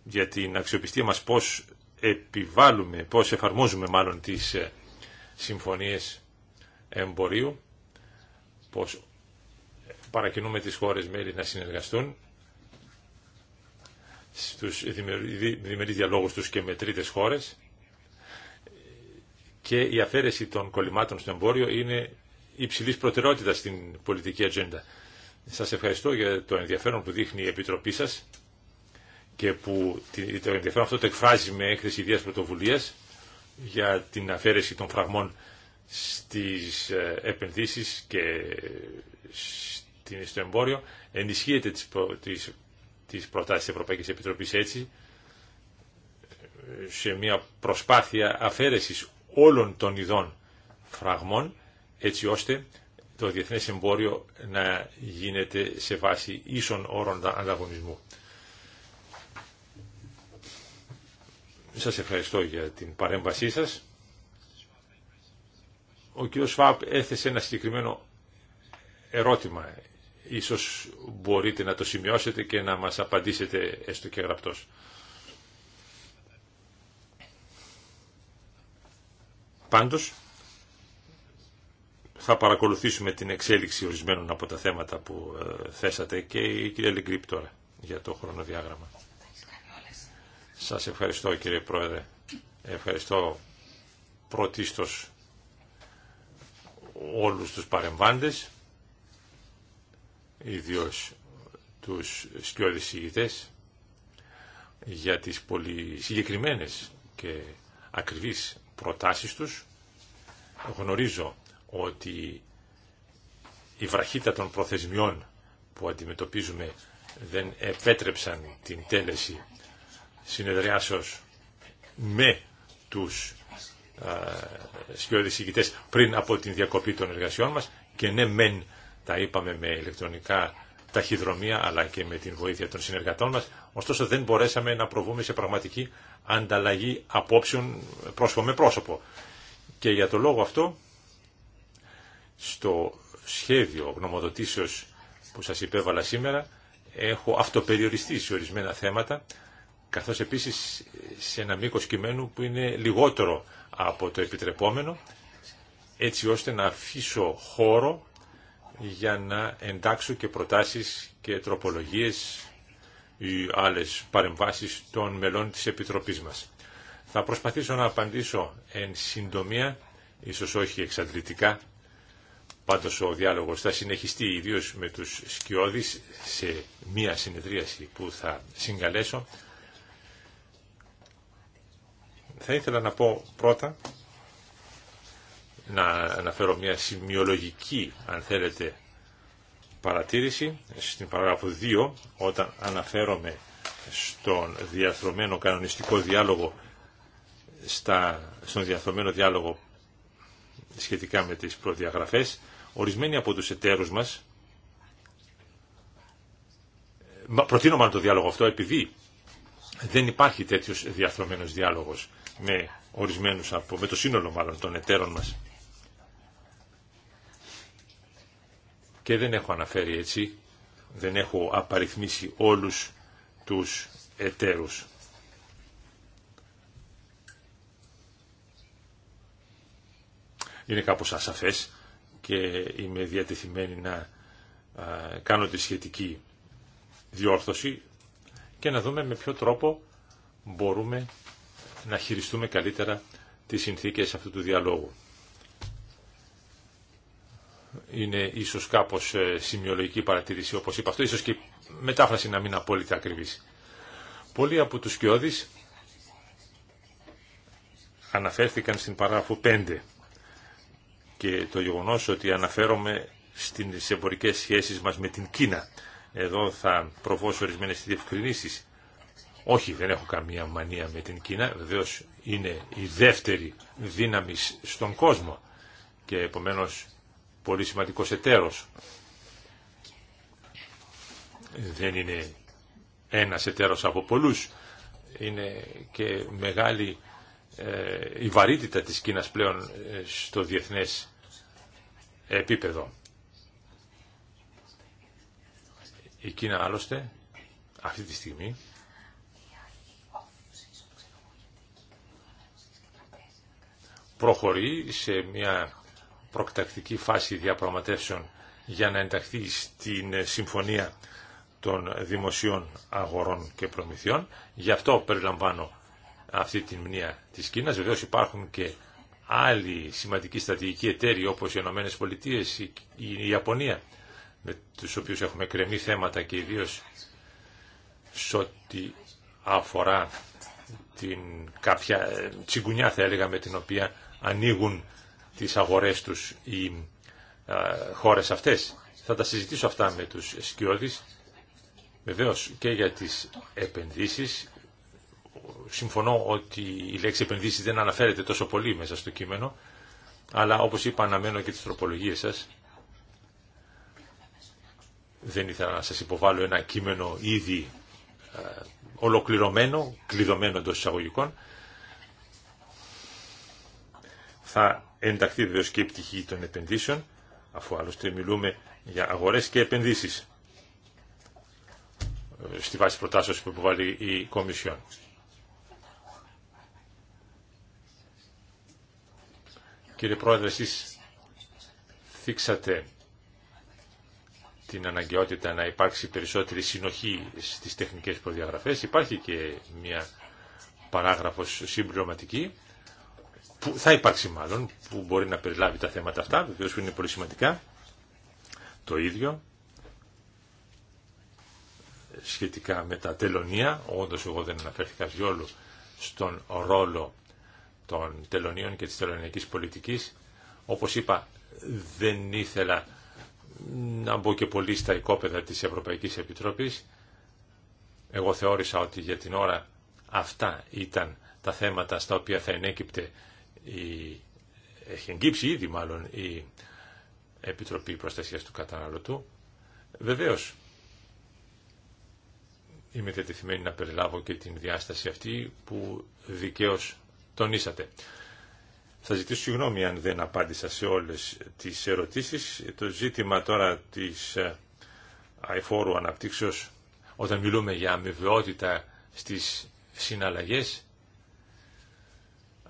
για την αξιοπιστία μας πώς επιβάλλουμε, πώς εφαρμόζουμε μάλλον τις ε, συμφωνίες εμπορίου, πώς παρακινούμε τις χώρες μέλη να συνεργαστούν στους δημιουργεί διαλόγους τους και με τρίτες χώρες και η αφαίρεση των κολλημάτων στο εμπόριο είναι υψηλής προτεραιότητας στην πολιτική ατζέντα. Σας ευχαριστώ για το ενδιαφέρον που δείχνει η Επιτροπή σας και που το ενδιαφέρον αυτό το εκφράζει με έκθεση ιδίας πρωτοβουλίας για την αφαίρεση των φραγμών στις ε, επενδύσεις και στο εμπόριο. Ενισχύεται τις, προ... τις... τις προτάσεις της Ευρωπαϊκής Επιτροπής έτσι σε μια προσπάθεια αφαίρεσης όλων των ειδών φραγμών, έτσι ώστε το διεθνές εμπόριο να γίνεται σε βάση ίσων όρων ανταγωνισμού. Σας ευχαριστώ για την παρέμβασή σας. Ο κ. Σφάπ έθεσε ένα συγκεκριμένο ερώτημα. Ίσως μπορείτε να το σημειώσετε και να μας απαντήσετε έστω και γραπτός. Πάντως, θα παρακολουθήσουμε την εξέλιξη ορισμένων από τα θέματα που ε, θέσατε και η κυρία Λεγκρίπ τώρα για το χρονοδιάγραμμα. Σας ευχαριστώ κύριε Πρόεδρε. Ευχαριστώ πρωτίστως όλους τους παρεμβάντες, ιδίως τους σκιώδης για τις πολύ συγκεκριμένες και ακριβείς προτάσεις τους. Γνωρίζω ότι η βραχύτητα των προθεσμιών που αντιμετωπίζουμε δεν επέτρεψαν την τέλεση συνεδριάσεως με τους σκιώδεις πριν από την διακοπή των εργασιών μας και ναι μεν τα είπαμε με ηλεκτρονικά ταχυδρομεία αλλά και με την βοήθεια των συνεργατών μας. Ωστόσο δεν μπορέσαμε να προβούμε σε πραγματική ανταλλαγή απόψεων πρόσωπο με πρόσωπο. Και για το λόγο αυτό, στο σχέδιο γνωμοδοτήσεως που σας υπέβαλα σήμερα, έχω αυτοπεριοριστεί σε ορισμένα θέματα, καθώς επίσης σε ένα μήκος κειμένου που είναι λιγότερο από το επιτρεπόμενο, έτσι ώστε να αφήσω χώρο για να εντάξω και προτάσεις και τροπολογίες ή άλλες παρεμβάσεις των μελών της Επιτροπής μας. Θα προσπαθήσω να απαντήσω εν συντομία, ίσως όχι εξαντλητικά, πάντως ο διάλογος θα συνεχιστεί ιδίως με τους σκιώδεις σε μία συνεδρίαση που θα συγκαλέσω. Θα ήθελα να πω πρώτα να αναφέρω μια σημειολογική, αν θέλετε, παρατήρηση στην παράγραφο 2, όταν αναφέρομαι στον διαθρωμένο κανονιστικό διάλογο, στα, στον διαθρωμένο διάλογο σχετικά με τις προδιαγραφές, ορισμένοι από τους εταίρους μας, προτείνω μάλλον το διάλογο αυτό επειδή δεν υπάρχει τέτοιος διαθρωμένος διάλογος με ορισμένους το σύνολο μάλλον των εταίρων μας. και δεν έχω αναφέρει έτσι, δεν έχω απαριθμίσει όλους τους εταίρους. Είναι κάπως ασαφές και είμαι διατεθειμένη να κάνω τη σχετική διόρθωση και να δούμε με ποιο τρόπο μπορούμε να χειριστούμε καλύτερα τις συνθήκες αυτού του διαλόγου είναι ίσως κάπως ε, σημειολογική παρατήρηση όπως είπα αυτό, ίσως και μετάφραση να μην απόλυτα ακριβή. Πολλοί από τους κοιόδης αναφέρθηκαν στην παράγραφο 5 και το γεγονός ότι αναφέρομαι στις εμπορικές σχέσεις μας με την Κίνα. Εδώ θα προβώσω ορισμένε ορισμένες διευκρινήσεις. Όχι, δεν έχω καμία μανία με την Κίνα, βεβαίω είναι η δεύτερη δύναμη στον κόσμο και επομένως πολύ σημαντικός εταίρος. Δεν είναι ένας εταίρος από πολλούς. Είναι και μεγάλη ε, η βαρύτητα της Κίνας πλέον ε, στο διεθνές επίπεδο. Η Κίνα άλλωστε αυτή τη στιγμή προχωρεί σε μια προκτακτική φάση διαπραγματεύσεων για να ενταχθεί στην ε, Συμφωνία των Δημοσίων Αγορών και Προμηθειών. Γι' αυτό περιλαμβάνω αυτή τη μνήμα της Κίνας. Βεβαίω υπάρχουν και άλλοι σημαντικοί στρατηγικοί εταίροι όπως οι Ηνωμένες Πολιτείες, η Ιαπωνία, με τους οποίους έχουμε κρεμεί θέματα και ιδίω σε ό,τι αφορά την κάποια ε, τσιγκουνιά θα έλεγα με την οποία ανοίγουν τις αγορές τους οι χώρες αυτές. Θα τα συζητήσω αυτά με τους σκιώδεις. Βεβαίω και για τις επενδύσεις. Συμφωνώ ότι η λέξη επενδύσεις δεν αναφέρεται τόσο πολύ μέσα στο κείμενο, αλλά όπως είπα αναμένω και τις τροπολογίες σας. Δεν ήθελα να σας υποβάλω ένα κείμενο ήδη ολοκληρωμένο, κλειδωμένο εντό εισαγωγικών. Θα ενταχθεί βεβαίω και η πτυχή των επενδύσεων, αφού άλλωστε μιλούμε για αγορές και επενδύσεις ε, στη βάση προτάσεως που υποβάλλει η Κομισιόν. Κύριε Πρόεδρε, εσείς θίξατε την αναγκαιότητα να υπάρξει περισσότερη συνοχή στις τεχνικές προδιαγραφές. Υπάρχει και μια παράγραφος συμπληρωματική που θα υπάρξει μάλλον, που μπορεί να περιλάβει τα θέματα αυτά, βεβαίως που είναι πολύ σημαντικά. Το ίδιο σχετικά με τα τελωνία, όντως εγώ δεν αναφέρθηκα διόλου στον ρόλο των τελωνίων και της τελωνιακής πολιτικής. Όπως είπα, δεν ήθελα να μπω και πολύ στα οικόπεδα της Ευρωπαϊκής Επιτροπής. Εγώ θεώρησα ότι για την ώρα αυτά ήταν τα θέματα στα οποία θα ενέκυπτε η, έχει εγκύψει ήδη μάλλον η Επιτροπή Προστασίας του Καταναλωτού. Βεβαίως, είμαι διατεθειμένη να περιλάβω και την διάσταση αυτή που δικαίως τονίσατε. Θα ζητήσω συγγνώμη αν δεν απάντησα σε όλες τις ερωτήσεις. Το ζήτημα τώρα της ε, αεφόρου αναπτύξεως, όταν μιλούμε για αμοιβαιότητα στις συναλλαγές,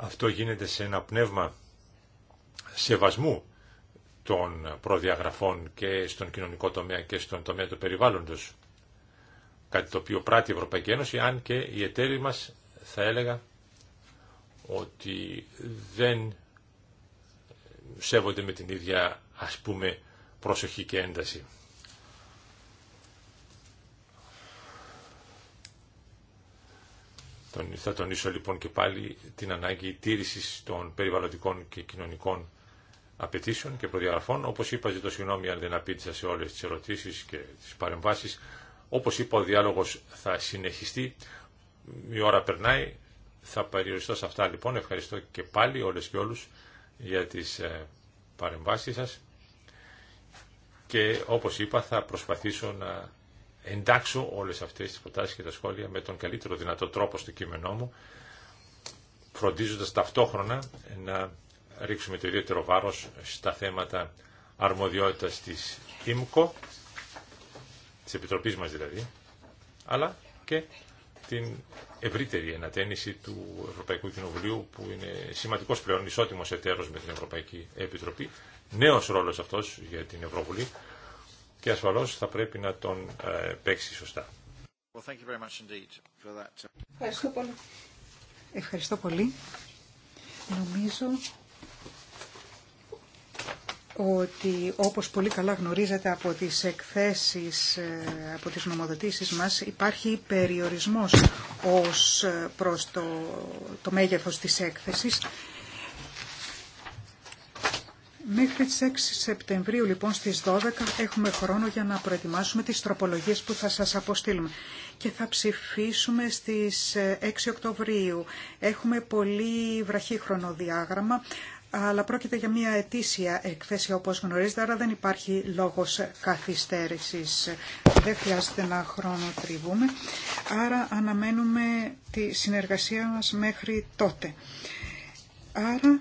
αυτό γίνεται σε ένα πνεύμα σεβασμού των προδιαγραφών και στον κοινωνικό τομέα και στον τομέα του περιβάλλοντος. Κάτι το οποίο πράττει η Ευρωπαϊκή Ένωση, αν και οι εταίροι μας θα έλεγα ότι δεν σέβονται με την ίδια ας πούμε προσοχή και ένταση. Θα τονίσω λοιπόν και πάλι την ανάγκη τήρησης των περιβαλλοντικών και κοινωνικών απαιτήσεων και προδιαγραφών. Όπως είπα, ζητώ συγγνώμη αν δεν απίτησα σε όλες τις ερωτήσεις και τις παρεμβάσεις. Όπως είπα, ο διάλογος θα συνεχιστεί. Η ώρα περνάει. Θα περιοριστώ σε αυτά λοιπόν. Ευχαριστώ και πάλι όλες και όλους για τις ε, παρεμβάσεις σας. Και όπως είπα θα προσπαθήσω να εντάξω όλες αυτές τις προτάσεις και τα σχόλια με τον καλύτερο δυνατό τρόπο στο κείμενό μου, φροντίζοντας ταυτόχρονα να ρίξουμε το ιδιαίτερο βάρος στα θέματα αρμοδιότητας της ΕΜΚΟ της Επιτροπής μας δηλαδή, αλλά και την ευρύτερη ενατένιση του Ευρωπαϊκού Κοινοβουλίου που είναι σημαντικός πλέον ισότιμος εταίρος με την Ευρωπαϊκή Επιτροπή. Νέος ρόλος αυτός για την Ευρωβουλή και ασφαλώς θα πρέπει να τον ε, παίξει σωστά. Well, thank you very much for that. Uh, Ευχαριστώ πολύ. Ευχαριστώ πολύ. Νομίζω ότι όπως πολύ καλά γνωρίζετε από τις εκθέσεις, ε, από τις νομοδοτήσεις μας, υπάρχει περιορισμός ως ε, προς το, το μέγεθος της έκθεσης Μέχρι τις 6 Σεπτεμβρίου λοιπόν στις 12 έχουμε χρόνο για να προετοιμάσουμε τις τροπολογίες που θα σας αποστείλουμε και θα ψηφίσουμε στις 6 ε, Οκτωβρίου. Έχουμε πολύ βραχή χρονοδιάγραμμα αλλά πρόκειται για μια ετήσια εκθέση όπως γνωρίζετε, άρα δεν υπάρχει λόγος καθυστέρησης. Δεν χρειάζεται να χρονοτριβούμε, άρα αναμένουμε τη συνεργασία μας μέχρι τότε. Άρα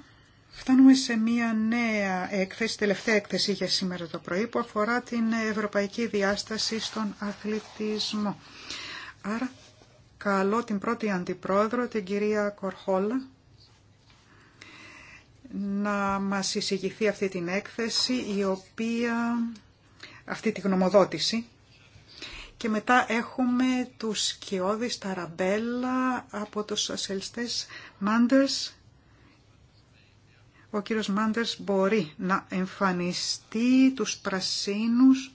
Φτάνουμε σε μία νέα έκθεση, τελευταία έκθεση για σήμερα το πρωί, που αφορά την ευρωπαϊκή διάσταση στον αθλητισμό. Άρα, καλώ την πρώτη αντιπρόεδρο, την κυρία Κορχόλα, να μας εισηγηθεί αυτή την έκθεση, η οποία, αυτή τη γνωμοδότηση, και μετά έχουμε τους Τα Ταραμπέλα από τους ασελστές Μάντερς ο κύριος Μάντερς μπορεί να εμφανιστεί τους πρασίνους.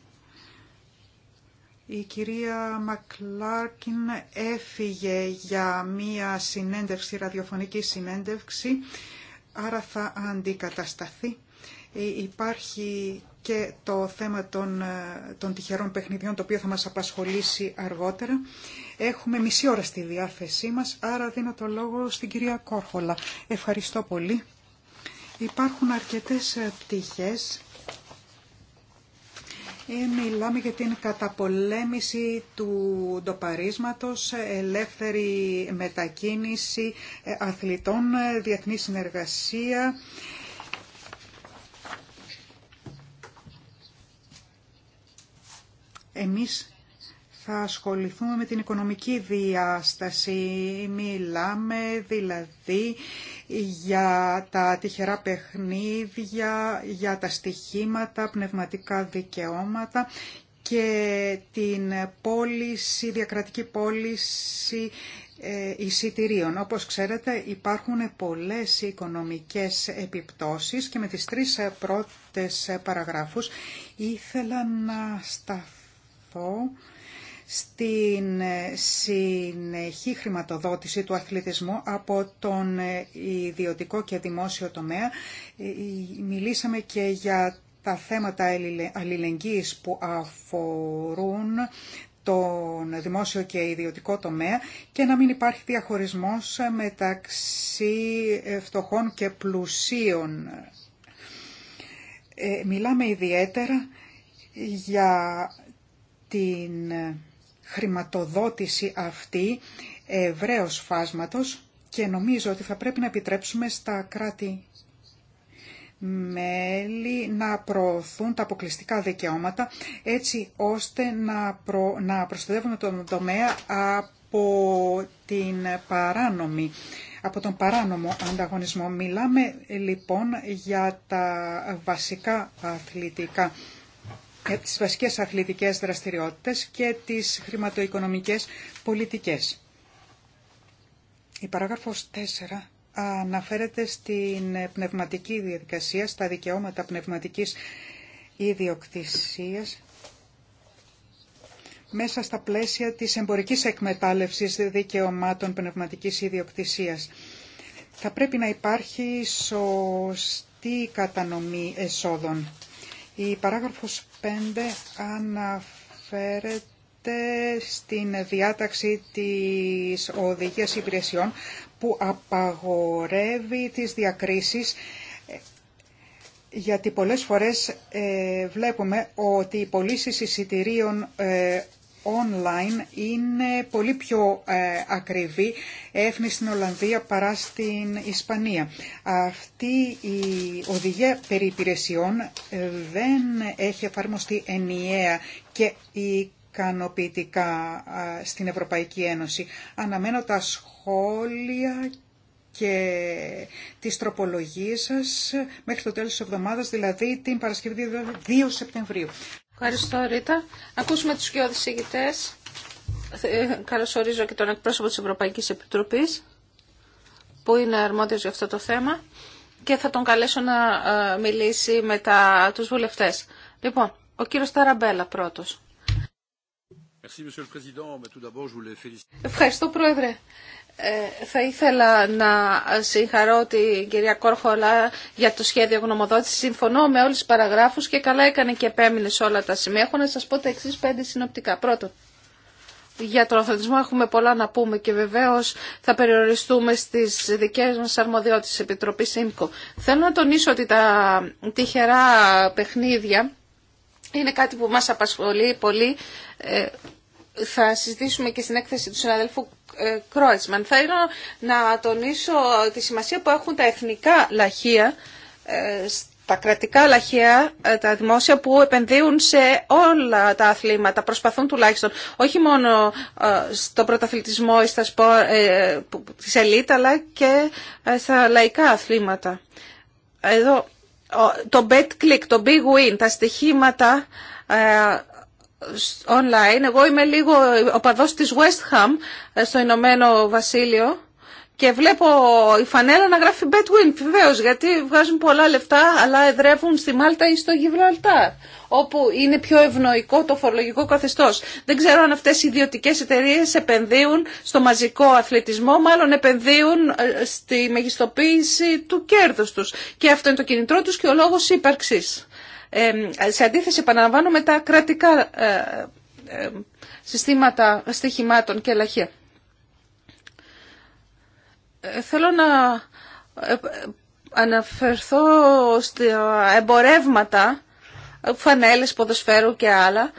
Η κυρία Μακλάρκιν έφυγε για μία συνέντευξη, ραδιοφωνική συνέντευξη, άρα θα αντικατασταθεί. Ε, υπάρχει και το θέμα των, ε, των τυχερών παιχνιδιών, το οποίο θα μας απασχολήσει αργότερα. Έχουμε μισή ώρα στη διάθεσή μας, άρα δίνω το λόγο στην κυρία Κόρχολα. Ευχαριστώ πολύ. Υπάρχουν αρκετές ε, πτυχές. Ε, μιλάμε για την καταπολέμηση του ντοπαρίσματος, ε, ελεύθερη μετακίνηση αθλητών, διεθνή συνεργασία, εμείς θα ασχοληθούμε με την οικονομική διάσταση. Μιλάμε δηλαδή για τα τυχερά παιχνίδια, για τα στοιχήματα, πνευματικά δικαιώματα και την πώληση, διακρατική πώληση ε, εισιτηρίων. Όπως ξέρετε υπάρχουν πολλές οικονομικές επιπτώσεις και με τις τρεις πρώτες παραγράφους ήθελα να σταθώ στην ε, συνεχή χρηματοδότηση του αθλητισμού από τον ε, ιδιωτικό και δημόσιο τομέα. Ε, μιλήσαμε και για τα θέματα αλληλεγγύης που αφορούν τον δημόσιο και ιδιωτικό τομέα και να μην υπάρχει διαχωρισμός μεταξύ φτωχών και πλουσίων. μιλάμε ιδιαίτερα για την χρηματοδότηση αυτή ευρέως φάσματος και νομίζω ότι θα πρέπει να επιτρέψουμε στα κράτη μέλη να προωθούν τα αποκλειστικά δικαιώματα έτσι ώστε να, προ, να προστατεύουμε τον τομέα από, την παράνομη, από τον παράνομο ανταγωνισμό. Μιλάμε λοιπόν για τα βασικά αθλητικά τις βασικές αθλητικές δραστηριότητες και τις χρηματοοικονομικές πολιτικές. Η παράγραφος 4 αναφέρεται στην πνευματική διαδικασία, στα δικαιώματα πνευματικής ιδιοκτησίας μέσα στα πλαίσια της εμπορικής εκμετάλλευσης δικαιωμάτων πνευματικής ιδιοκτησίας. Θα πρέπει να υπάρχει σωστή κατανομή εσόδων. Η παράγραφος αναφέρεται στην διάταξη της οδηγίας υπηρεσιών που απαγορεύει τις διακρίσεις γιατί πολλές φορές ε, βλέπουμε ότι οι πωλήσει εισιτηρίων ε, online είναι πολύ πιο ε, ακριβή έφνη στην Ολλανδία παρά στην Ισπανία. Αυτή η οδηγία περί ε, δεν έχει εφαρμοστεί ενιαία και ικανοποιητικά ε, στην Ευρωπαϊκή Ένωση. Αναμένω τα σχόλια και τις τροπολογίες σας μέχρι το τέλος της εβδομάδας, δηλαδή την Παρασκευή 2 Σεπτεμβρίου. Ευχαριστώ, Ρίτα. Ακούσουμε τους δυο Καλώς ε, Καλωσορίζω και τον εκπρόσωπο της Ευρωπαϊκής Επιτροπής, που είναι αρμόδιος για αυτό το θέμα, και θα τον καλέσω να ε, μιλήσει με τα, τους βουλευτές. Λοιπόν, ο κύριος Ταραμπέλα πρώτος. Ευχαριστώ, Πρόεδρε. Ε, θα ήθελα να συγχαρώ την κυρία Κόρχολα για το σχέδιο γνωμοδότηση. Συμφωνώ με όλους τι παραγράφου και καλά έκανε και επέμεινε σε όλα τα σημεία. Έχω να σα πω τα εξή πέντε συνοπτικά. Πρώτον, για τον αθλητισμό έχουμε πολλά να πούμε και βεβαίω θα περιοριστούμε στις δικές μας αρμοδιότητες Επιτροπή ΣΥΜΚΟ. Θέλω να τονίσω ότι τα τυχερά παιχνίδια είναι κάτι που μας απασχολεί πολύ. Ε, θα συζητήσουμε και στην έκθεση του συναδέλφου ε, Κρόιτσμαν. Θα ήθελα να τονίσω τη σημασία που έχουν τα εθνικά λαχεία, ε, τα κρατικά λαχεία, τα δημόσια που επενδύουν σε όλα τα αθλήματα, προσπαθούν τουλάχιστον, όχι μόνο στο πρωταθλητισμό ή στα της ελίτ, αλλά και στα λαϊκά αθλήματα. Εδώ το BetClick, click, το big win, τα στοιχήματα ε, online. Εγώ είμαι λίγο οπαδός της West Ham ε, στο Ηνωμένο Βασίλειο και βλέπω η φανέλα να γράφει Betwin, βεβαίω, γιατί βγάζουν πολλά λεφτά, αλλά εδρεύουν στη Μάλτα ή στο Γιβραλτάρ, όπου είναι πιο ευνοϊκό το φορολογικό καθεστώ. Δεν ξέρω αν αυτέ οι ιδιωτικέ εταιρείε επενδύουν στο μαζικό αθλητισμό, μάλλον επενδύουν ε, στη μεγιστοποίηση του κέρδου του. Και αυτό είναι το κινητρό του και ο λόγο ύπαρξη. Ε, σε αντίθεση, επαναλαμβάνω, με τα κρατικά ε, ε, συστήματα στοιχημάτων και ελαχεία. Θέλω να ε, αναφερθώ στα εμπορεύματα, φανέλες ποδοσφαίρου και άλλα,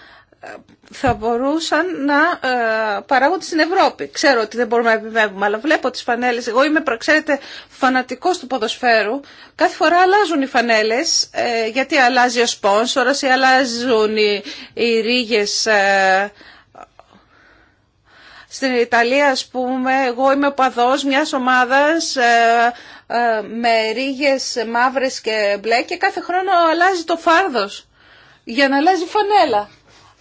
θα μπορούσαν να ε, παράγονται στην Ευρώπη. Ξέρω ότι δεν μπορούμε να επιβεύουμε, αλλά βλέπω τις φανέλες. Εγώ είμαι, ξέρετε, φανατικός του ποδοσφαίρου. Κάθε φορά αλλάζουν οι φανέλες, ε, γιατί αλλάζει ο σπόνσορας ή αλλάζουν οι, οι ρίγες στην Ιταλία, ας πούμε, εγώ είμαι παδός μιας ομάδας ε, ε, με ρίγες μαύρες και μπλε και κάθε χρόνο αλλάζει το φάρδος για να αλλάζει φανέλα.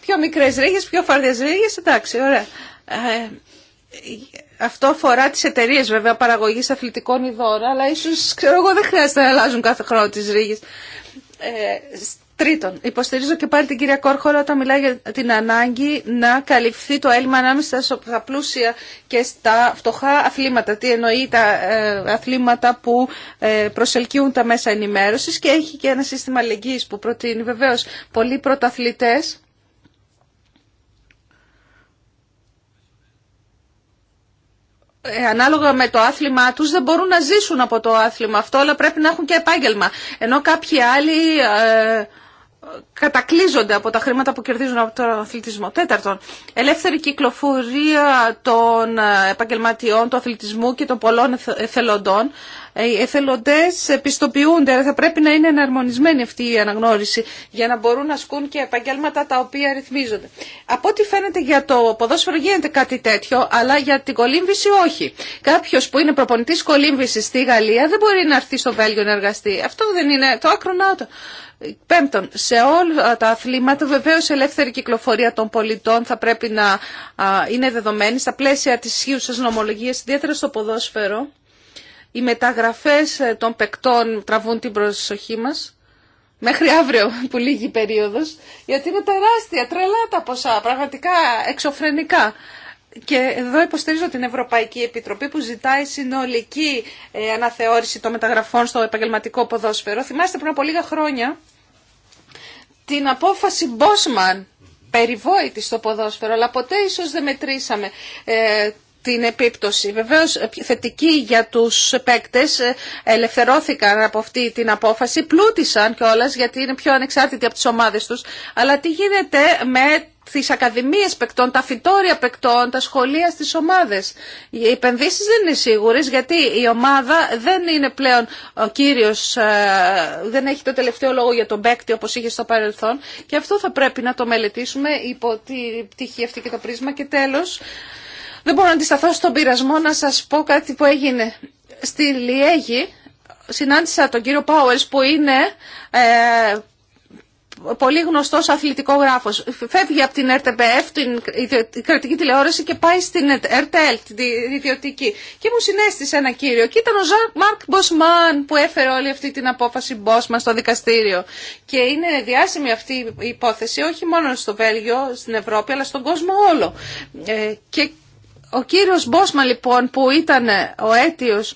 Πιο μικρές ρίγες, πιο φαρδιές ρίγες, εντάξει, ωραία. Ε, αυτό αφορά τι εταιρείε βέβαια παραγωγή αθλητικών ειδών, αλλά ίσω ξέρω εγώ δεν χρειάζεται να αλλάζουν κάθε χρόνο τι ρίγε. Τρίτον, υποστηρίζω και πάλι την κυρία Κόρχολα όταν μιλάει για την ανάγκη να καλυφθεί το έλλειμμα ανάμεσα στα πλούσια και στα φτωχά αθλήματα. Τι εννοεί τα ε, αθλήματα που ε, προσελκύουν τα μέσα ενημέρωσης και έχει και ένα σύστημα αλληλεγγύης που προτείνει βεβαίως πολλοί πρωταθλητές. Ε, ανάλογα με το άθλημά τους δεν μπορούν να ζήσουν από το άθλημα αυτό, αλλά πρέπει να έχουν και επάγγελμα. Ενώ κάποιοι άλλοι κατακλείζονται από τα χρήματα που κερδίζουν από τον αθλητισμό. Τέταρτον, ελεύθερη κυκλοφορία των επαγγελματιών του αθλητισμού και των πολλών εθελοντών. Ε, οι εθελοντές πιστοποιούνται, θα πρέπει να είναι εναρμονισμένη αυτή η αναγνώριση για να μπορούν να ασκούν και επαγγέλματα τα οποία ρυθμίζονται. Από ό,τι φαίνεται για το ποδόσφαιρο γίνεται κάτι τέτοιο, αλλά για την κολύμβηση όχι. Κάποιο που είναι προπονητή κολύμβηση στη Γαλλία δεν μπορεί να έρθει στο Βέλγιο να εργαστεί. Αυτό δεν είναι το άκρο Πέμπτον, σε όλα τα αθλήματα βεβαίω η ελεύθερη κυκλοφορία των πολιτών θα πρέπει να είναι δεδομένη στα πλαίσια της ισχύουσα νομολογίας, ιδιαίτερα στο ποδόσφαιρο. Οι μεταγραφές ε, των παικτών τραβούν την προσοχή μας μέχρι αύριο που λύγει η περίοδος, γιατί είναι τεράστια, τρελά τα ποσά, πραγματικά εξωφρενικά. Και εδώ υποστηρίζω την Ευρωπαϊκή Επιτροπή που ζητάει συνολική ε, αναθεώρηση των μεταγραφών στο επαγγελματικό ποδόσφαιρο. Θυμάστε πριν από λίγα χρόνια την απόφαση Μπόσμαν, περιβόητη στο ποδόσφαιρο, αλλά ποτέ ίσως δεν μετρήσαμε ε, την επίπτωση. Βεβαίως θετική για τους παίκτες, ε, ελευθερώθηκαν από αυτή την απόφαση, πλούτησαν κιόλα γιατί είναι πιο ανεξάρτητοι από τις ομάδες τους, αλλά τι γίνεται με στις ακαδημίες παικτών, τα φυτόρια παικτών, τα σχολεία στις ομάδες. Οι επενδύσεις δεν είναι σίγουρες γιατί η ομάδα δεν είναι πλέον ο κύριος, ε, δεν έχει το τελευταίο λόγο για τον παίκτη όπως είχε στο παρελθόν και αυτό θα πρέπει να το μελετήσουμε υπό τη πτυχή αυτή και το πρίσμα και τέλος. Δεν μπορώ να αντισταθώ στον πειρασμό να σας πω κάτι που έγινε στη Λιέγη. Συνάντησα τον κύριο Πάουερς που είναι ε, πολύ γνωστός γράφο. Φεύγει από την RTBF, την κρατική τηλεόραση και πάει στην RTL, την ιδιωτική. Και μου συνέστησε ένα κύριο και ήταν ο Ζαν Μαρκ Μποσμάν που έφερε όλη αυτή την απόφαση Μποσμαν στο δικαστήριο. Και είναι διάσημη αυτή η υπόθεση όχι μόνο στο Βέλγιο, στην Ευρώπη, αλλά στον κόσμο όλο. Ε, και ο κύριος Μπόσμαν λοιπόν που ήταν ο αίτιος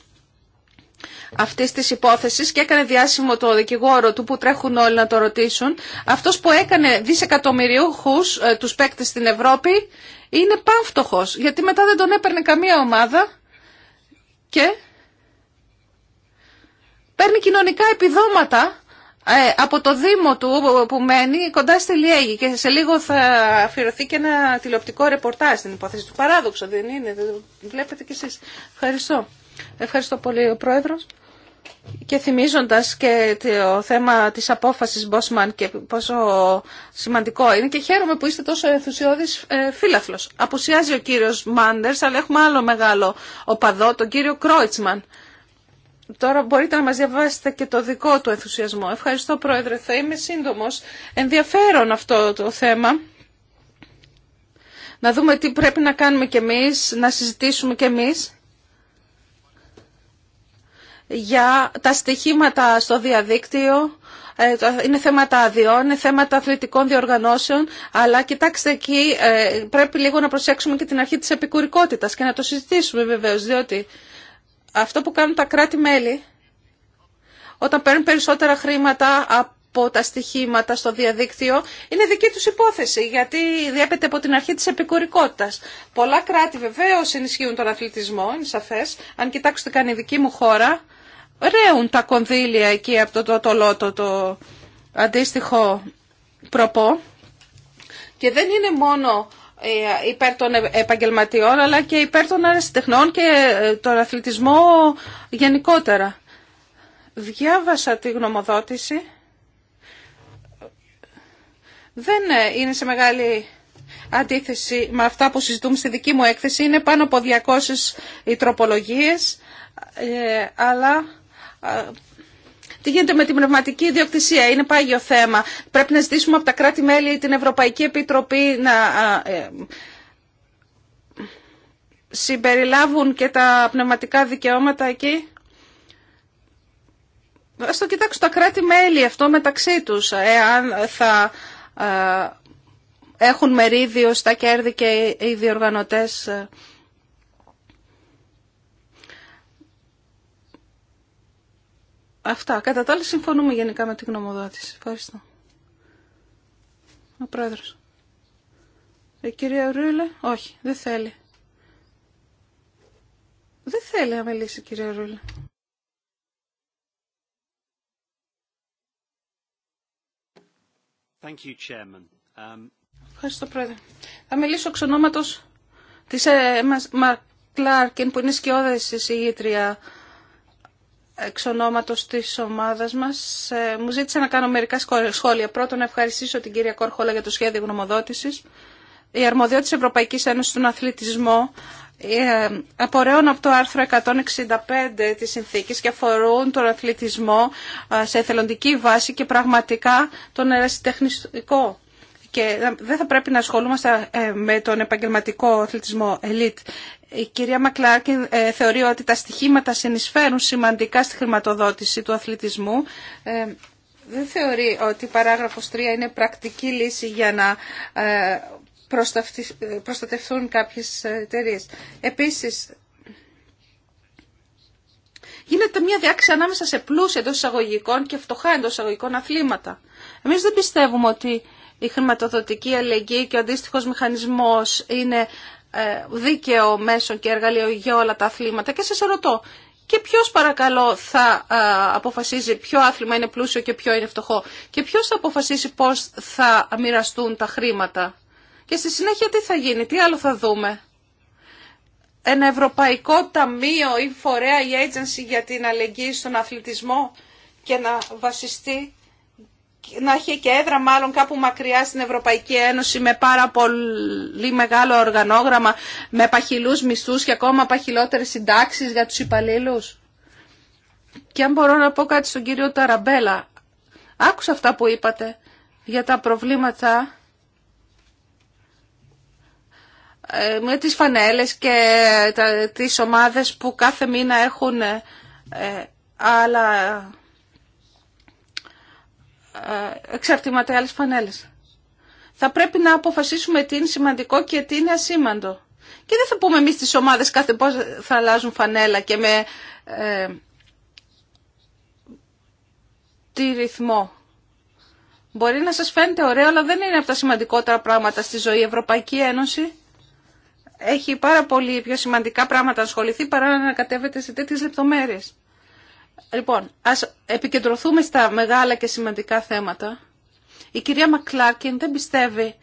αυτή τη υπόθεση και έκανε διάσημο το δικηγόρο του που τρέχουν όλοι να το ρωτήσουν. Αυτό που έκανε δισεκατομμυριούχου ε, του παίκτε στην Ευρώπη είναι πανφτωχό. Γιατί μετά δεν τον έπαιρνε καμία ομάδα και παίρνει κοινωνικά επιδόματα ε, από το Δήμο του που μένει κοντά στη Λιέγη και σε λίγο θα αφιερωθεί και ένα τηλεοπτικό ρεπορτάζ στην υπόθεση του. Παράδοξο δεν είναι, βλέπετε κι εσείς. Ευχαριστώ. Ευχαριστώ πολύ ο Πρόεδρος. Και θυμίζοντας και το θέμα της απόφασης Μπόσμαν και πόσο σημαντικό είναι και χαίρομαι που είστε τόσο ενθουσιώδης ε, φίλαθλος. Αποουσιάζει ο κύριος Μάντερς, αλλά έχουμε άλλο μεγάλο οπαδό, τον κύριο Κρόιτσμαν. Τώρα μπορείτε να μας διαβάσετε και το δικό του ενθουσιασμό. Ευχαριστώ Πρόεδρε, θα είμαι σύντομος. Ενδιαφέρον αυτό το θέμα. Να δούμε τι πρέπει να κάνουμε κι εμείς, να συζητήσουμε κι εμείς για τα στοιχήματα στο διαδίκτυο, ε, είναι θέματα αδειών, είναι θέματα αθλητικών διοργανώσεων, αλλά κοιτάξτε εκεί ε, πρέπει λίγο να προσέξουμε και την αρχή της επικουρικότητας και να το συζητήσουμε βεβαίως, διότι αυτό που κάνουν τα κράτη-μέλη, όταν παίρνουν περισσότερα χρήματα από τα στοιχήματα στο διαδίκτυο, είναι δική τους υπόθεση, γιατί διέπεται από την αρχή της επικουρικότητας. Πολλά κράτη βεβαίως ενισχύουν τον αθλητισμό, είναι σαφές. Αν κοιτάξετε καν η δική μου χώρα, ρέουν τα κονδύλια εκεί από το τολότο, το αντίστοιχο προπό και δεν είναι μόνο ε, υπέρ των ε, επαγγελματιών αλλά και υπέρ των αριστεχνών και ε, τον αθλητισμό γενικότερα. Διάβασα τη γνωμοδότηση. Δεν είναι σε μεγάλη αντίθεση με αυτά που συζητούμε στη δική μου έκθεση. Είναι πάνω από 200 οι τροπολογίες, αλλά τι γίνεται με την πνευματική ιδιοκτησία, είναι πάγιο θέμα. Πρέπει να ζητήσουμε από τα κράτη-μέλη την Ευρωπαϊκή Επιτροπή να ε, συμπεριλάβουν και τα πνευματικά δικαιώματα εκεί. Ας το κοιτάξουν τα κράτη-μέλη αυτό μεταξύ τους, εάν θα έχουν μερίδιο στα κέρδη και οι διοργανωτές Αυτά. Κατά τα άλλα συμφωνούμε γενικά με την γνωμοδότηση. Ευχαριστώ. Ο πρόεδρος. Η κυρία Ρούλε, όχι, δεν θέλει. Δεν θέλει να μιλήσει η κυρία Ρούλε. Um, Ευχαριστώ, Πρόεδρε. Θα μιλήσω εξ ονόματος της ε, Μαρκ που είναι σκιώδης εισηγήτρια εξ ονόματος της ομάδας μας ε, μου ζήτησε να κάνω μερικά σχόλια. Πρώτον, να ευχαριστήσω την κυρία Κόρχολα για το σχέδιο γνωμοδότησης. Η αρμοδιότητα της Ευρωπαϊκής Ένωσης στον αθλητισμό ε, απορρέουν από το άρθρο 165 της συνθήκης και αφορούν τον αθλητισμό ε, σε εθελοντική βάση και πραγματικά τον ερασιτεχνιστικό και δεν θα πρέπει να ασχολούμαστε με τον επαγγελματικό αθλητισμό ελίτ. Η κυρία Μακλάρκιν ε, θεωρεί ότι τα στοιχήματα συνεισφέρουν σημαντικά στη χρηματοδότηση του αθλητισμού. Ε, δεν θεωρεί ότι η παράγραφος 3 είναι πρακτική λύση για να ε, προστατευτούν κάποιες εταιρείε. Επίσης, γίνεται μια διάξη ανάμεσα σε πλούσια εντός εισαγωγικών και φτωχά εντό εισαγωγικών αθλήματα. Εμείς δεν πιστεύουμε ότι η χρηματοδοτική αλληλεγγύη και ο αντίστοιχος μηχανισμός είναι ε, δίκαιο μέσο και εργαλείο για όλα τα αθλήματα και σας ρωτώ και ποιο παρακαλώ θα ε, αποφασίζει ποιο άθλημα είναι πλούσιο και ποιο είναι φτωχό και ποιο θα αποφασίσει πώς θα μοιραστούν τα χρήματα και στη συνέχεια τι θα γίνει, τι άλλο θα δούμε. Ένα ευρωπαϊκό ταμείο ή φορέα ή agency για την αλληλεγγύη στον αθλητισμό και να βασιστεί να έχει και έδρα μάλλον κάπου μακριά στην Ευρωπαϊκή Ένωση με πάρα πολύ μεγάλο οργανόγραμμα, με παχυλούς μισθούς και ακόμα παχυλότερες συντάξεις για τους υπαλλήλους. Και αν μπορώ να πω κάτι στον κύριο Ταραμπέλα, άκουσα αυτά που είπατε για τα προβλήματα ε, με τις φανέλες και τις ομάδες που κάθε μήνα έχουν ε, άλλα ε, εξαρτήματα άλλες Θα πρέπει να αποφασίσουμε τι είναι σημαντικό και τι είναι ασήμαντο. Και δεν θα πούμε εμείς τις ομάδες κάθε πώς θα αλλάζουν φανέλα και με ε, τι ρυθμό. Μπορεί να σας φαίνεται ωραίο, αλλά δεν είναι από τα σημαντικότερα πράγματα στη ζωή. Η Ευρωπαϊκή Ένωση έχει πάρα πολύ πιο σημαντικά πράγματα να ασχοληθεί παρά να ανακατεύεται σε τέτοιες λεπτομέρειες. Λοιπόν, ας επικεντρωθούμε στα μεγάλα και σημαντικά θέματα. Η κυρία Μακλάκιν δεν πιστεύει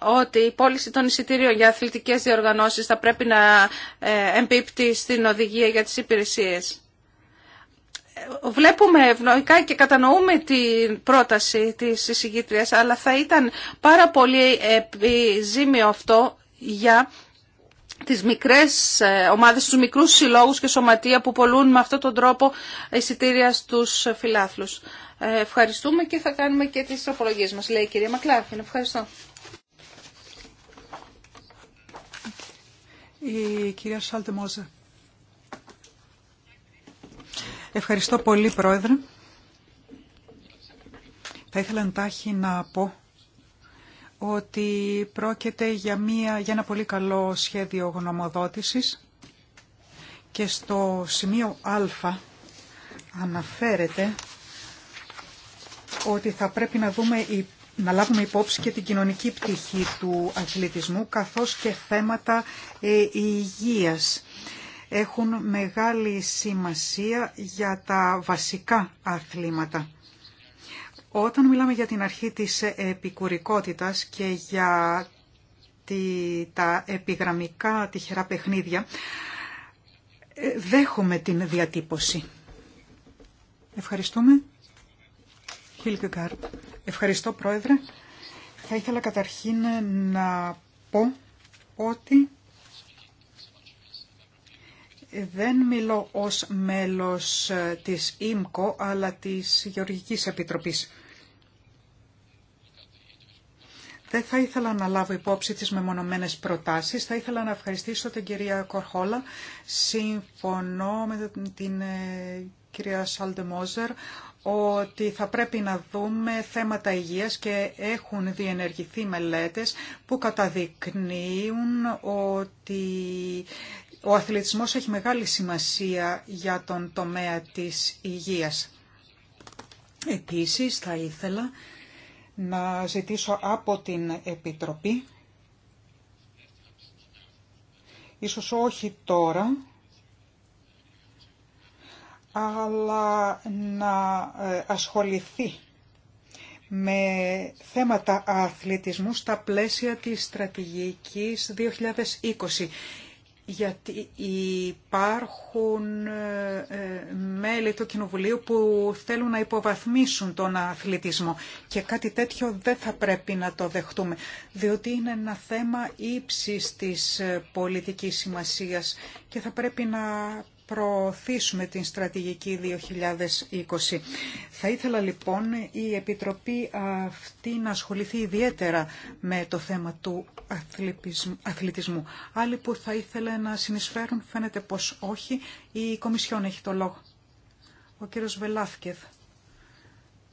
ότι η πώληση των εισιτήριων για αθλητικές διοργανώσεις θα πρέπει να ε, εμπίπτει στην οδηγία για τις υπηρεσίες. Βλέπουμε ευνοϊκά και κατανοούμε την πρόταση της εισηγήτριας, αλλά θα ήταν πάρα πολύ ζήμιο αυτό για τις μικρές ε, ομάδες, τους μικρούς συλλόγους και σωματεία που πολλούν με αυτόν τον τρόπο εισιτήρια στους φιλάθλους. Ε, ευχαριστούμε και θα κάνουμε και τις τροπολογίες μας, λέει η κυρία Μακλάφιν. Ευχαριστώ. Η κυρία Σάλτε Μόζε. Ευχαριστώ πολύ, Πρόεδρε. Θα ήθελα εντάχει να πω ότι πρόκειται για, μια, για ένα πολύ καλό σχέδιο γνωμοδότησης και στο σημείο Α αναφέρεται ότι θα πρέπει να, δούμε, να λάβουμε υπόψη και την κοινωνική πτυχή του αθλητισμού καθώς και θέματα ε, υγείας έχουν μεγάλη σημασία για τα βασικά αθλήματα. Όταν μιλάμε για την αρχή της επικουρικότητας και για τη, τα επιγραμμικά τυχερά παιχνίδια, ε, δέχομαι την διατύπωση. Ευχαριστούμε. Ευχαριστώ, Πρόεδρε. Θα ήθελα καταρχήν να πω ότι δεν μιλώ ως μέλος ε, της ΙΜΚΟ, αλλά της Γεωργικής Επιτροπής. Δεν θα ήθελα να λάβω υπόψη τις μεμονωμένες προτάσεις. Θα ήθελα να ευχαριστήσω την κυρία Κορχόλα. Συμφωνώ με την ε, κυρία Σαλτεμόζερ ότι θα πρέπει να δούμε θέματα υγείας και έχουν διενεργηθεί μελέτες που καταδεικνύουν ότι ο αθλητισμός έχει μεγάλη σημασία για τον τομέα της υγείας. Επίσης θα ήθελα να ζητήσω από την Επιτροπή, ίσως όχι τώρα, αλλά να ε, ασχοληθεί με θέματα αθλητισμού στα πλαίσια της στρατηγικής 2020 γιατί υπάρχουν ε, ε, μέλη του Κοινοβουλίου που θέλουν να υποβαθμίσουν τον αθλητισμό και κάτι τέτοιο δεν θα πρέπει να το δεχτούμε, διότι είναι ένα θέμα ύψης της ε, πολιτικής σημασίας και θα πρέπει να προωθήσουμε την στρατηγική 2020. Θα ήθελα λοιπόν η Επιτροπή αυτή να ασχοληθεί ιδιαίτερα με το θέμα του αθλητισμού. Άλλοι που θα ήθελε να συνεισφέρουν φαίνεται πως όχι. Η Κομισιόν έχει το λόγο. Ο κύριος Βελάφκεθ.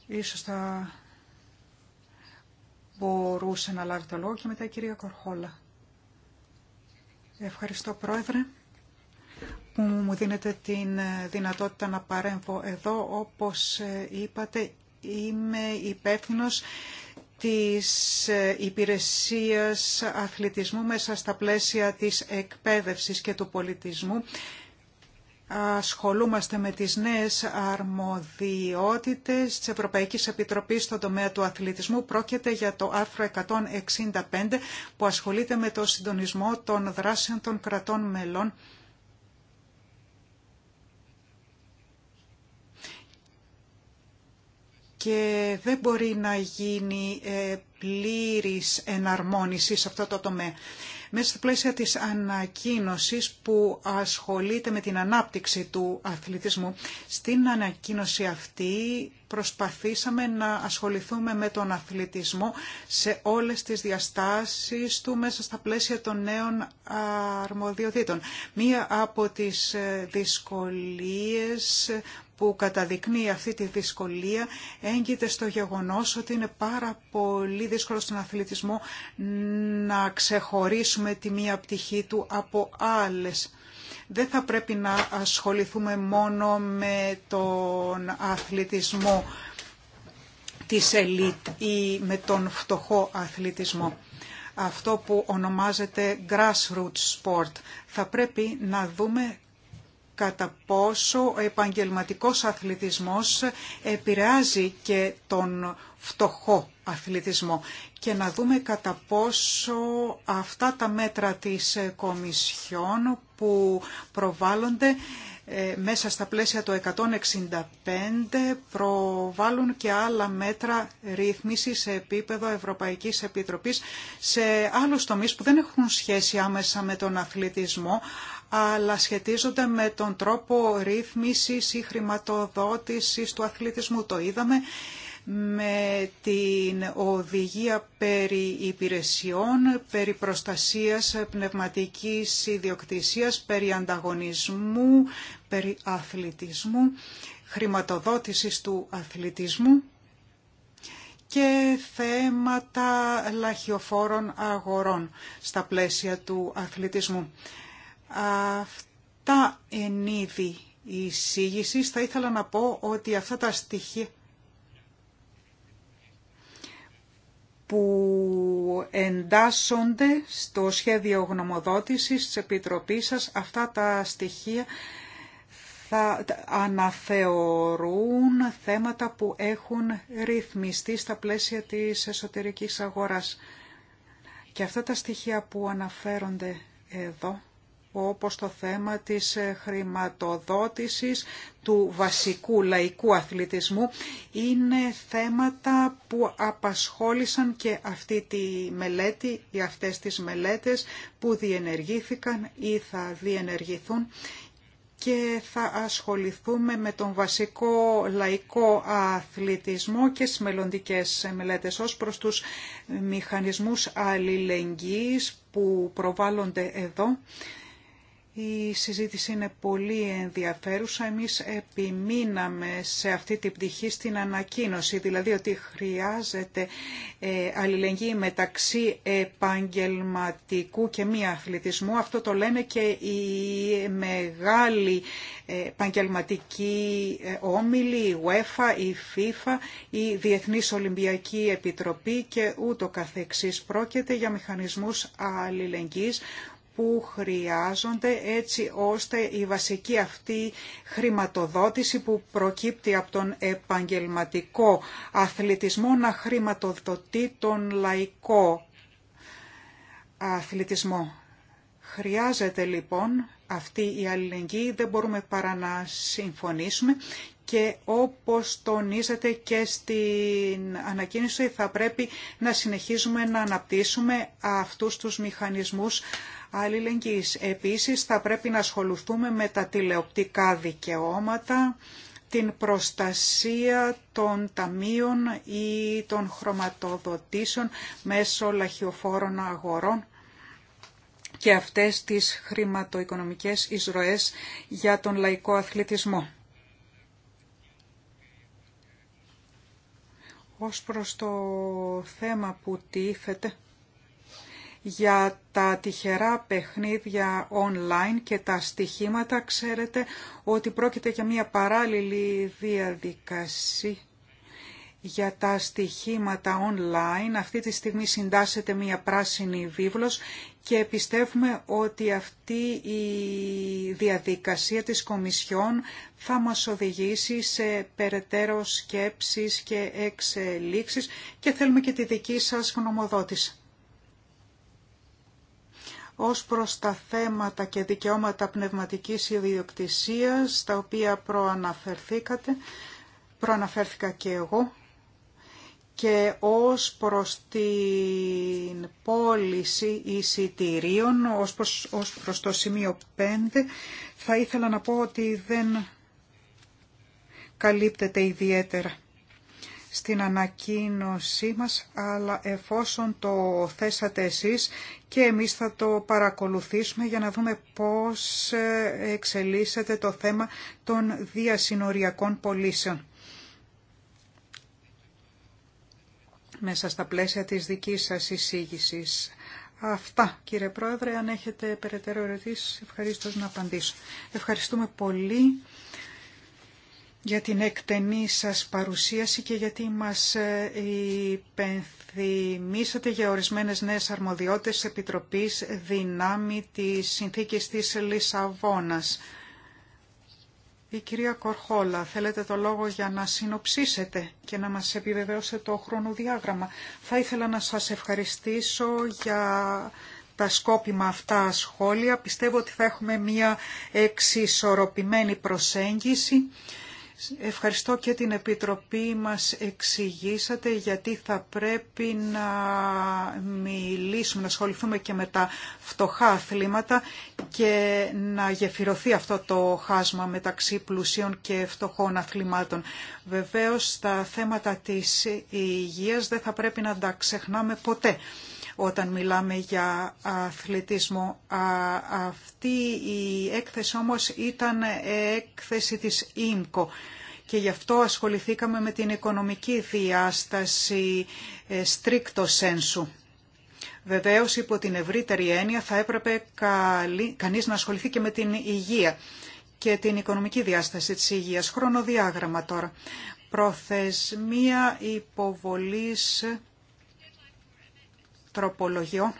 Ίσως θα μπορούσε να λάβει το λόγο και μετά η κυρία Κορχόλα. Ευχαριστώ Πρόεδρε που μου δίνετε την δυνατότητα να παρέμβω εδώ. Όπως ε, είπατε, είμαι υπεύθυνο της ε, υπηρεσίας αθλητισμού μέσα στα πλαίσια της εκπαίδευσης και του πολιτισμού. Ασχολούμαστε με τις νέες αρμοδιότητες της Ευρωπαϊκής Επιτροπής στον τομέα του αθλητισμού. Πρόκειται για το άρθρο 165 που ασχολείται με το συντονισμό των δράσεων των κρατών μελών και δεν μπορεί να γίνει ε, πλήρης εναρμόνιση σε αυτό το τομέα. Μέσα στα πλαίσια της ανακοίνωσης που ασχολείται με την ανάπτυξη του αθλητισμού, στην ανακοίνωση αυτή προσπαθήσαμε να ασχοληθούμε με τον αθλητισμό σε όλες τις διαστάσεις του μέσα στα πλαίσια των νέων αρμοδιοτήτων. Μία από τις ε, δυσκολίες που καταδεικνύει αυτή τη δυσκολία έγκυται στο γεγονός ότι είναι πάρα πολύ δύσκολο στον αθλητισμό να ξεχωρίσουμε τη μία πτυχή του από άλλες δεν θα πρέπει να ασχοληθούμε μόνο με τον αθλητισμό της ελίτ ή με τον φτωχό αθλητισμό. Αυτό που ονομάζεται grassroots sport. Θα πρέπει να δούμε κατά πόσο ο επαγγελματικός αθλητισμός επηρεάζει και τον φτωχό αθλητισμό και να δούμε κατά πόσο αυτά τα μέτρα της ε, Κομισιόν που προβάλλονται ε, μέσα στα πλαίσια το 165 προβάλλουν και άλλα μέτρα ρύθμισης σε επίπεδο Ευρωπαϊκής Επιτροπής σε άλλους τομείς που δεν έχουν σχέση άμεσα με τον αθλητισμό αλλά σχετίζονται με τον τρόπο ρύθμισης ή χρηματοδότησης του αθλητισμού. Το είδαμε με την οδηγία περί υπηρεσιών, περί προστασίας πνευματικής ιδιοκτησίας, περί ανταγωνισμού, περί αθλητισμού, χρηματοδότησης του αθλητισμού και θέματα λαχιοφόρων αγορών στα πλαίσια του αθλητισμού. Αυτά εν είδη εισήγησης θα ήθελα να πω ότι αυτά τα στοιχεία που εντάσσονται στο σχέδιο γνωμοδότησης της Επιτροπής σας. Αυτά τα στοιχεία θα αναθεωρούν θέματα που έχουν ρυθμιστεί στα πλαίσια της εσωτερικής αγοράς. Και αυτά τα στοιχεία που αναφέρονται εδώ όπως το θέμα της ε, χρηματοδότησης του βασικού λαϊκού αθλητισμού είναι θέματα που απασχόλησαν και αυτή τη μελέτη ή αυτές τις μελέτες που διενεργήθηκαν ή θα διενεργηθούν και θα ασχοληθούμε με τον βασικό λαϊκό αθλητισμό και στις μελλοντικές μελέτες ως προς τους μηχανισμούς αλληλεγγύης που προβάλλονται εδώ η συζήτηση είναι πολύ ενδιαφέρουσα. Εμείς επιμείναμε σε αυτή την πτυχή στην ανακοίνωση, δηλαδή ότι χρειάζεται ε, αλληλεγγύη μεταξύ επαγγελματικού και μη αθλητισμού. Αυτό το λένε και οι μεγάλοι ε, επαγγελματικοί ε, όμιλοι, η UEFA, η FIFA, η Διεθνής Ολυμπιακή Επιτροπή και ούτω καθεξής. Πρόκειται για μηχανισμούς αλληλεγγύης που χρειάζονται έτσι ώστε η βασική αυτή χρηματοδότηση που προκύπτει από τον επαγγελματικό αθλητισμό να χρηματοδοτεί τον λαϊκό αθλητισμό. Χρειάζεται λοιπόν αυτή η αλληλεγγύη, δεν μπορούμε παρά να συμφωνήσουμε και όπως τονίσατε και στην ανακοίνωση θα πρέπει να συνεχίζουμε να αναπτύσσουμε αυτούς τους μηχανισμούς αλληλεγγύης. Επίσης θα πρέπει να ασχοληθούμε με τα τηλεοπτικά δικαιώματα, την προστασία των ταμείων ή των χρωματοδοτήσεων μέσω λαχιοφόρων αγορών και αυτές τις χρηματοοικονομικές εισρωές για τον λαϊκό αθλητισμό. Ως προς το θέμα που τίθεται για τα τυχερά παιχνίδια online και τα στοιχήματα, ξέρετε ότι πρόκειται για μια παράλληλη διαδικασία για τα στοιχήματα online. Αυτή τη στιγμή συντάσσεται μία πράσινη βίβλος και πιστεύουμε ότι αυτή η διαδικασία της Κομισιόν θα μας οδηγήσει σε περαιτέρω σκέψεις και εξελίξεις και θέλουμε και τη δική σας γνωμοδότηση. Ως προς τα θέματα και δικαιώματα πνευματικής ιδιοκτησίας, τα οποία προαναφερθήκατε, προαναφέρθηκα και εγώ, και ως προς την πώληση εισιτηρίων, ως προς, ως προς το σημείο 5, θα ήθελα να πω ότι δεν καλύπτεται ιδιαίτερα στην ανακοίνωσή μας, αλλά εφόσον το θέσατε εσείς και εμείς θα το παρακολουθήσουμε για να δούμε πώς ε, εξελίσσεται το θέμα των διασυνοριακών πωλήσεων. μέσα στα πλαίσια της δικής σας εισήγησης. Αυτά, κύριε Πρόεδρε, αν έχετε περαιτέρω ερωτήσεις, ευχαριστώ να απαντήσω. Ευχαριστούμε πολύ για την εκτενή σας παρουσίαση και γιατί μας ε, υπενθυμίσατε για ορισμένες νέες αρμοδιότητες Επιτροπής Δυνάμει της Συνθήκης της Λισαβόνας. Η κυρία Κορχόλα, θέλετε το λόγο για να συνοψίσετε και να μας επιβεβαιώσετε το χρονοδιάγραμμα. Θα ήθελα να σας ευχαριστήσω για τα σκόπιμα αυτά σχόλια. Πιστεύω ότι θα έχουμε μια εξισορροπημένη προσέγγιση Ευχαριστώ και την Επιτροπή μας εξηγήσατε γιατί θα πρέπει να μιλήσουμε, να ασχοληθούμε και με τα φτωχά αθλήματα και να γεφυρωθεί αυτό το χάσμα μεταξύ πλουσίων και φτωχών αθλημάτων. Βεβαίως τα θέματα της υγείας δεν θα πρέπει να τα ξεχνάμε ποτέ όταν μιλάμε για αθλητισμό. Αυτή η έκθεση όμως ήταν έκθεση της ΙΜΚΟ και γι' αυτό ασχοληθήκαμε με την οικονομική διάσταση ε, στρίκτο σένσου. Βεβαίως υπό την ευρύτερη έννοια θα έπρεπε κανείς να ασχοληθεί και με την υγεία και την οικονομική διάσταση της υγείας. Χρονοδιάγραμμα τώρα. Προθεσμία υποβολής τροπολογιών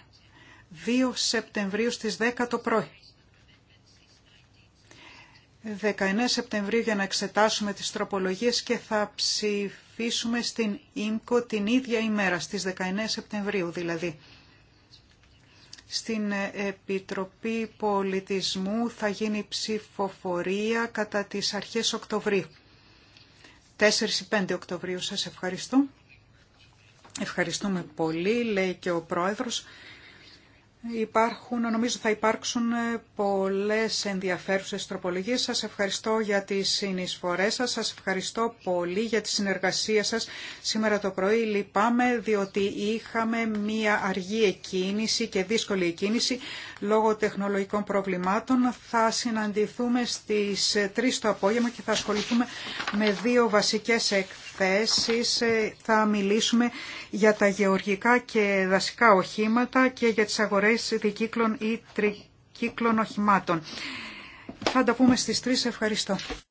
2 Σεπτεμβρίου στις 10 το πρωί. 19 Σεπτεμβρίου για να εξετάσουμε τις τροπολογίες και θα ψηφίσουμε στην ΙΜΚΟ την ίδια ημέρα, στις 19 Σεπτεμβρίου δηλαδή. Στην Επιτροπή Πολιτισμού θα γίνει ψηφοφορία κατά τις αρχές Οκτωβρίου. 4-5 Οκτωβρίου σας ευχαριστώ. Ευχαριστούμε πολύ, λέει και ο Πρόεδρος. Υπάρχουν, νομίζω θα υπάρξουν ε, πολλές ενδιαφέρουσες τροπολογίες. Σας ευχαριστώ για τις συνεισφορές σας, σας ευχαριστώ πολύ για τη συνεργασία σας. Σήμερα το πρωί λυπάμαι διότι είχαμε μία αργή εκκίνηση και δύσκολη εκκίνηση λόγω τεχνολογικών προβλημάτων. Θα συναντηθούμε στις 3 το απόγευμα και θα ασχοληθούμε με δύο βασικές εκθέσεις θέσεις. Ε, θα μιλήσουμε για τα γεωργικά και δασικά οχήματα και για τις αγορές δικύκλων ή τρικύκλων οχημάτων. Θα τα πούμε στις 3. Ευχαριστώ.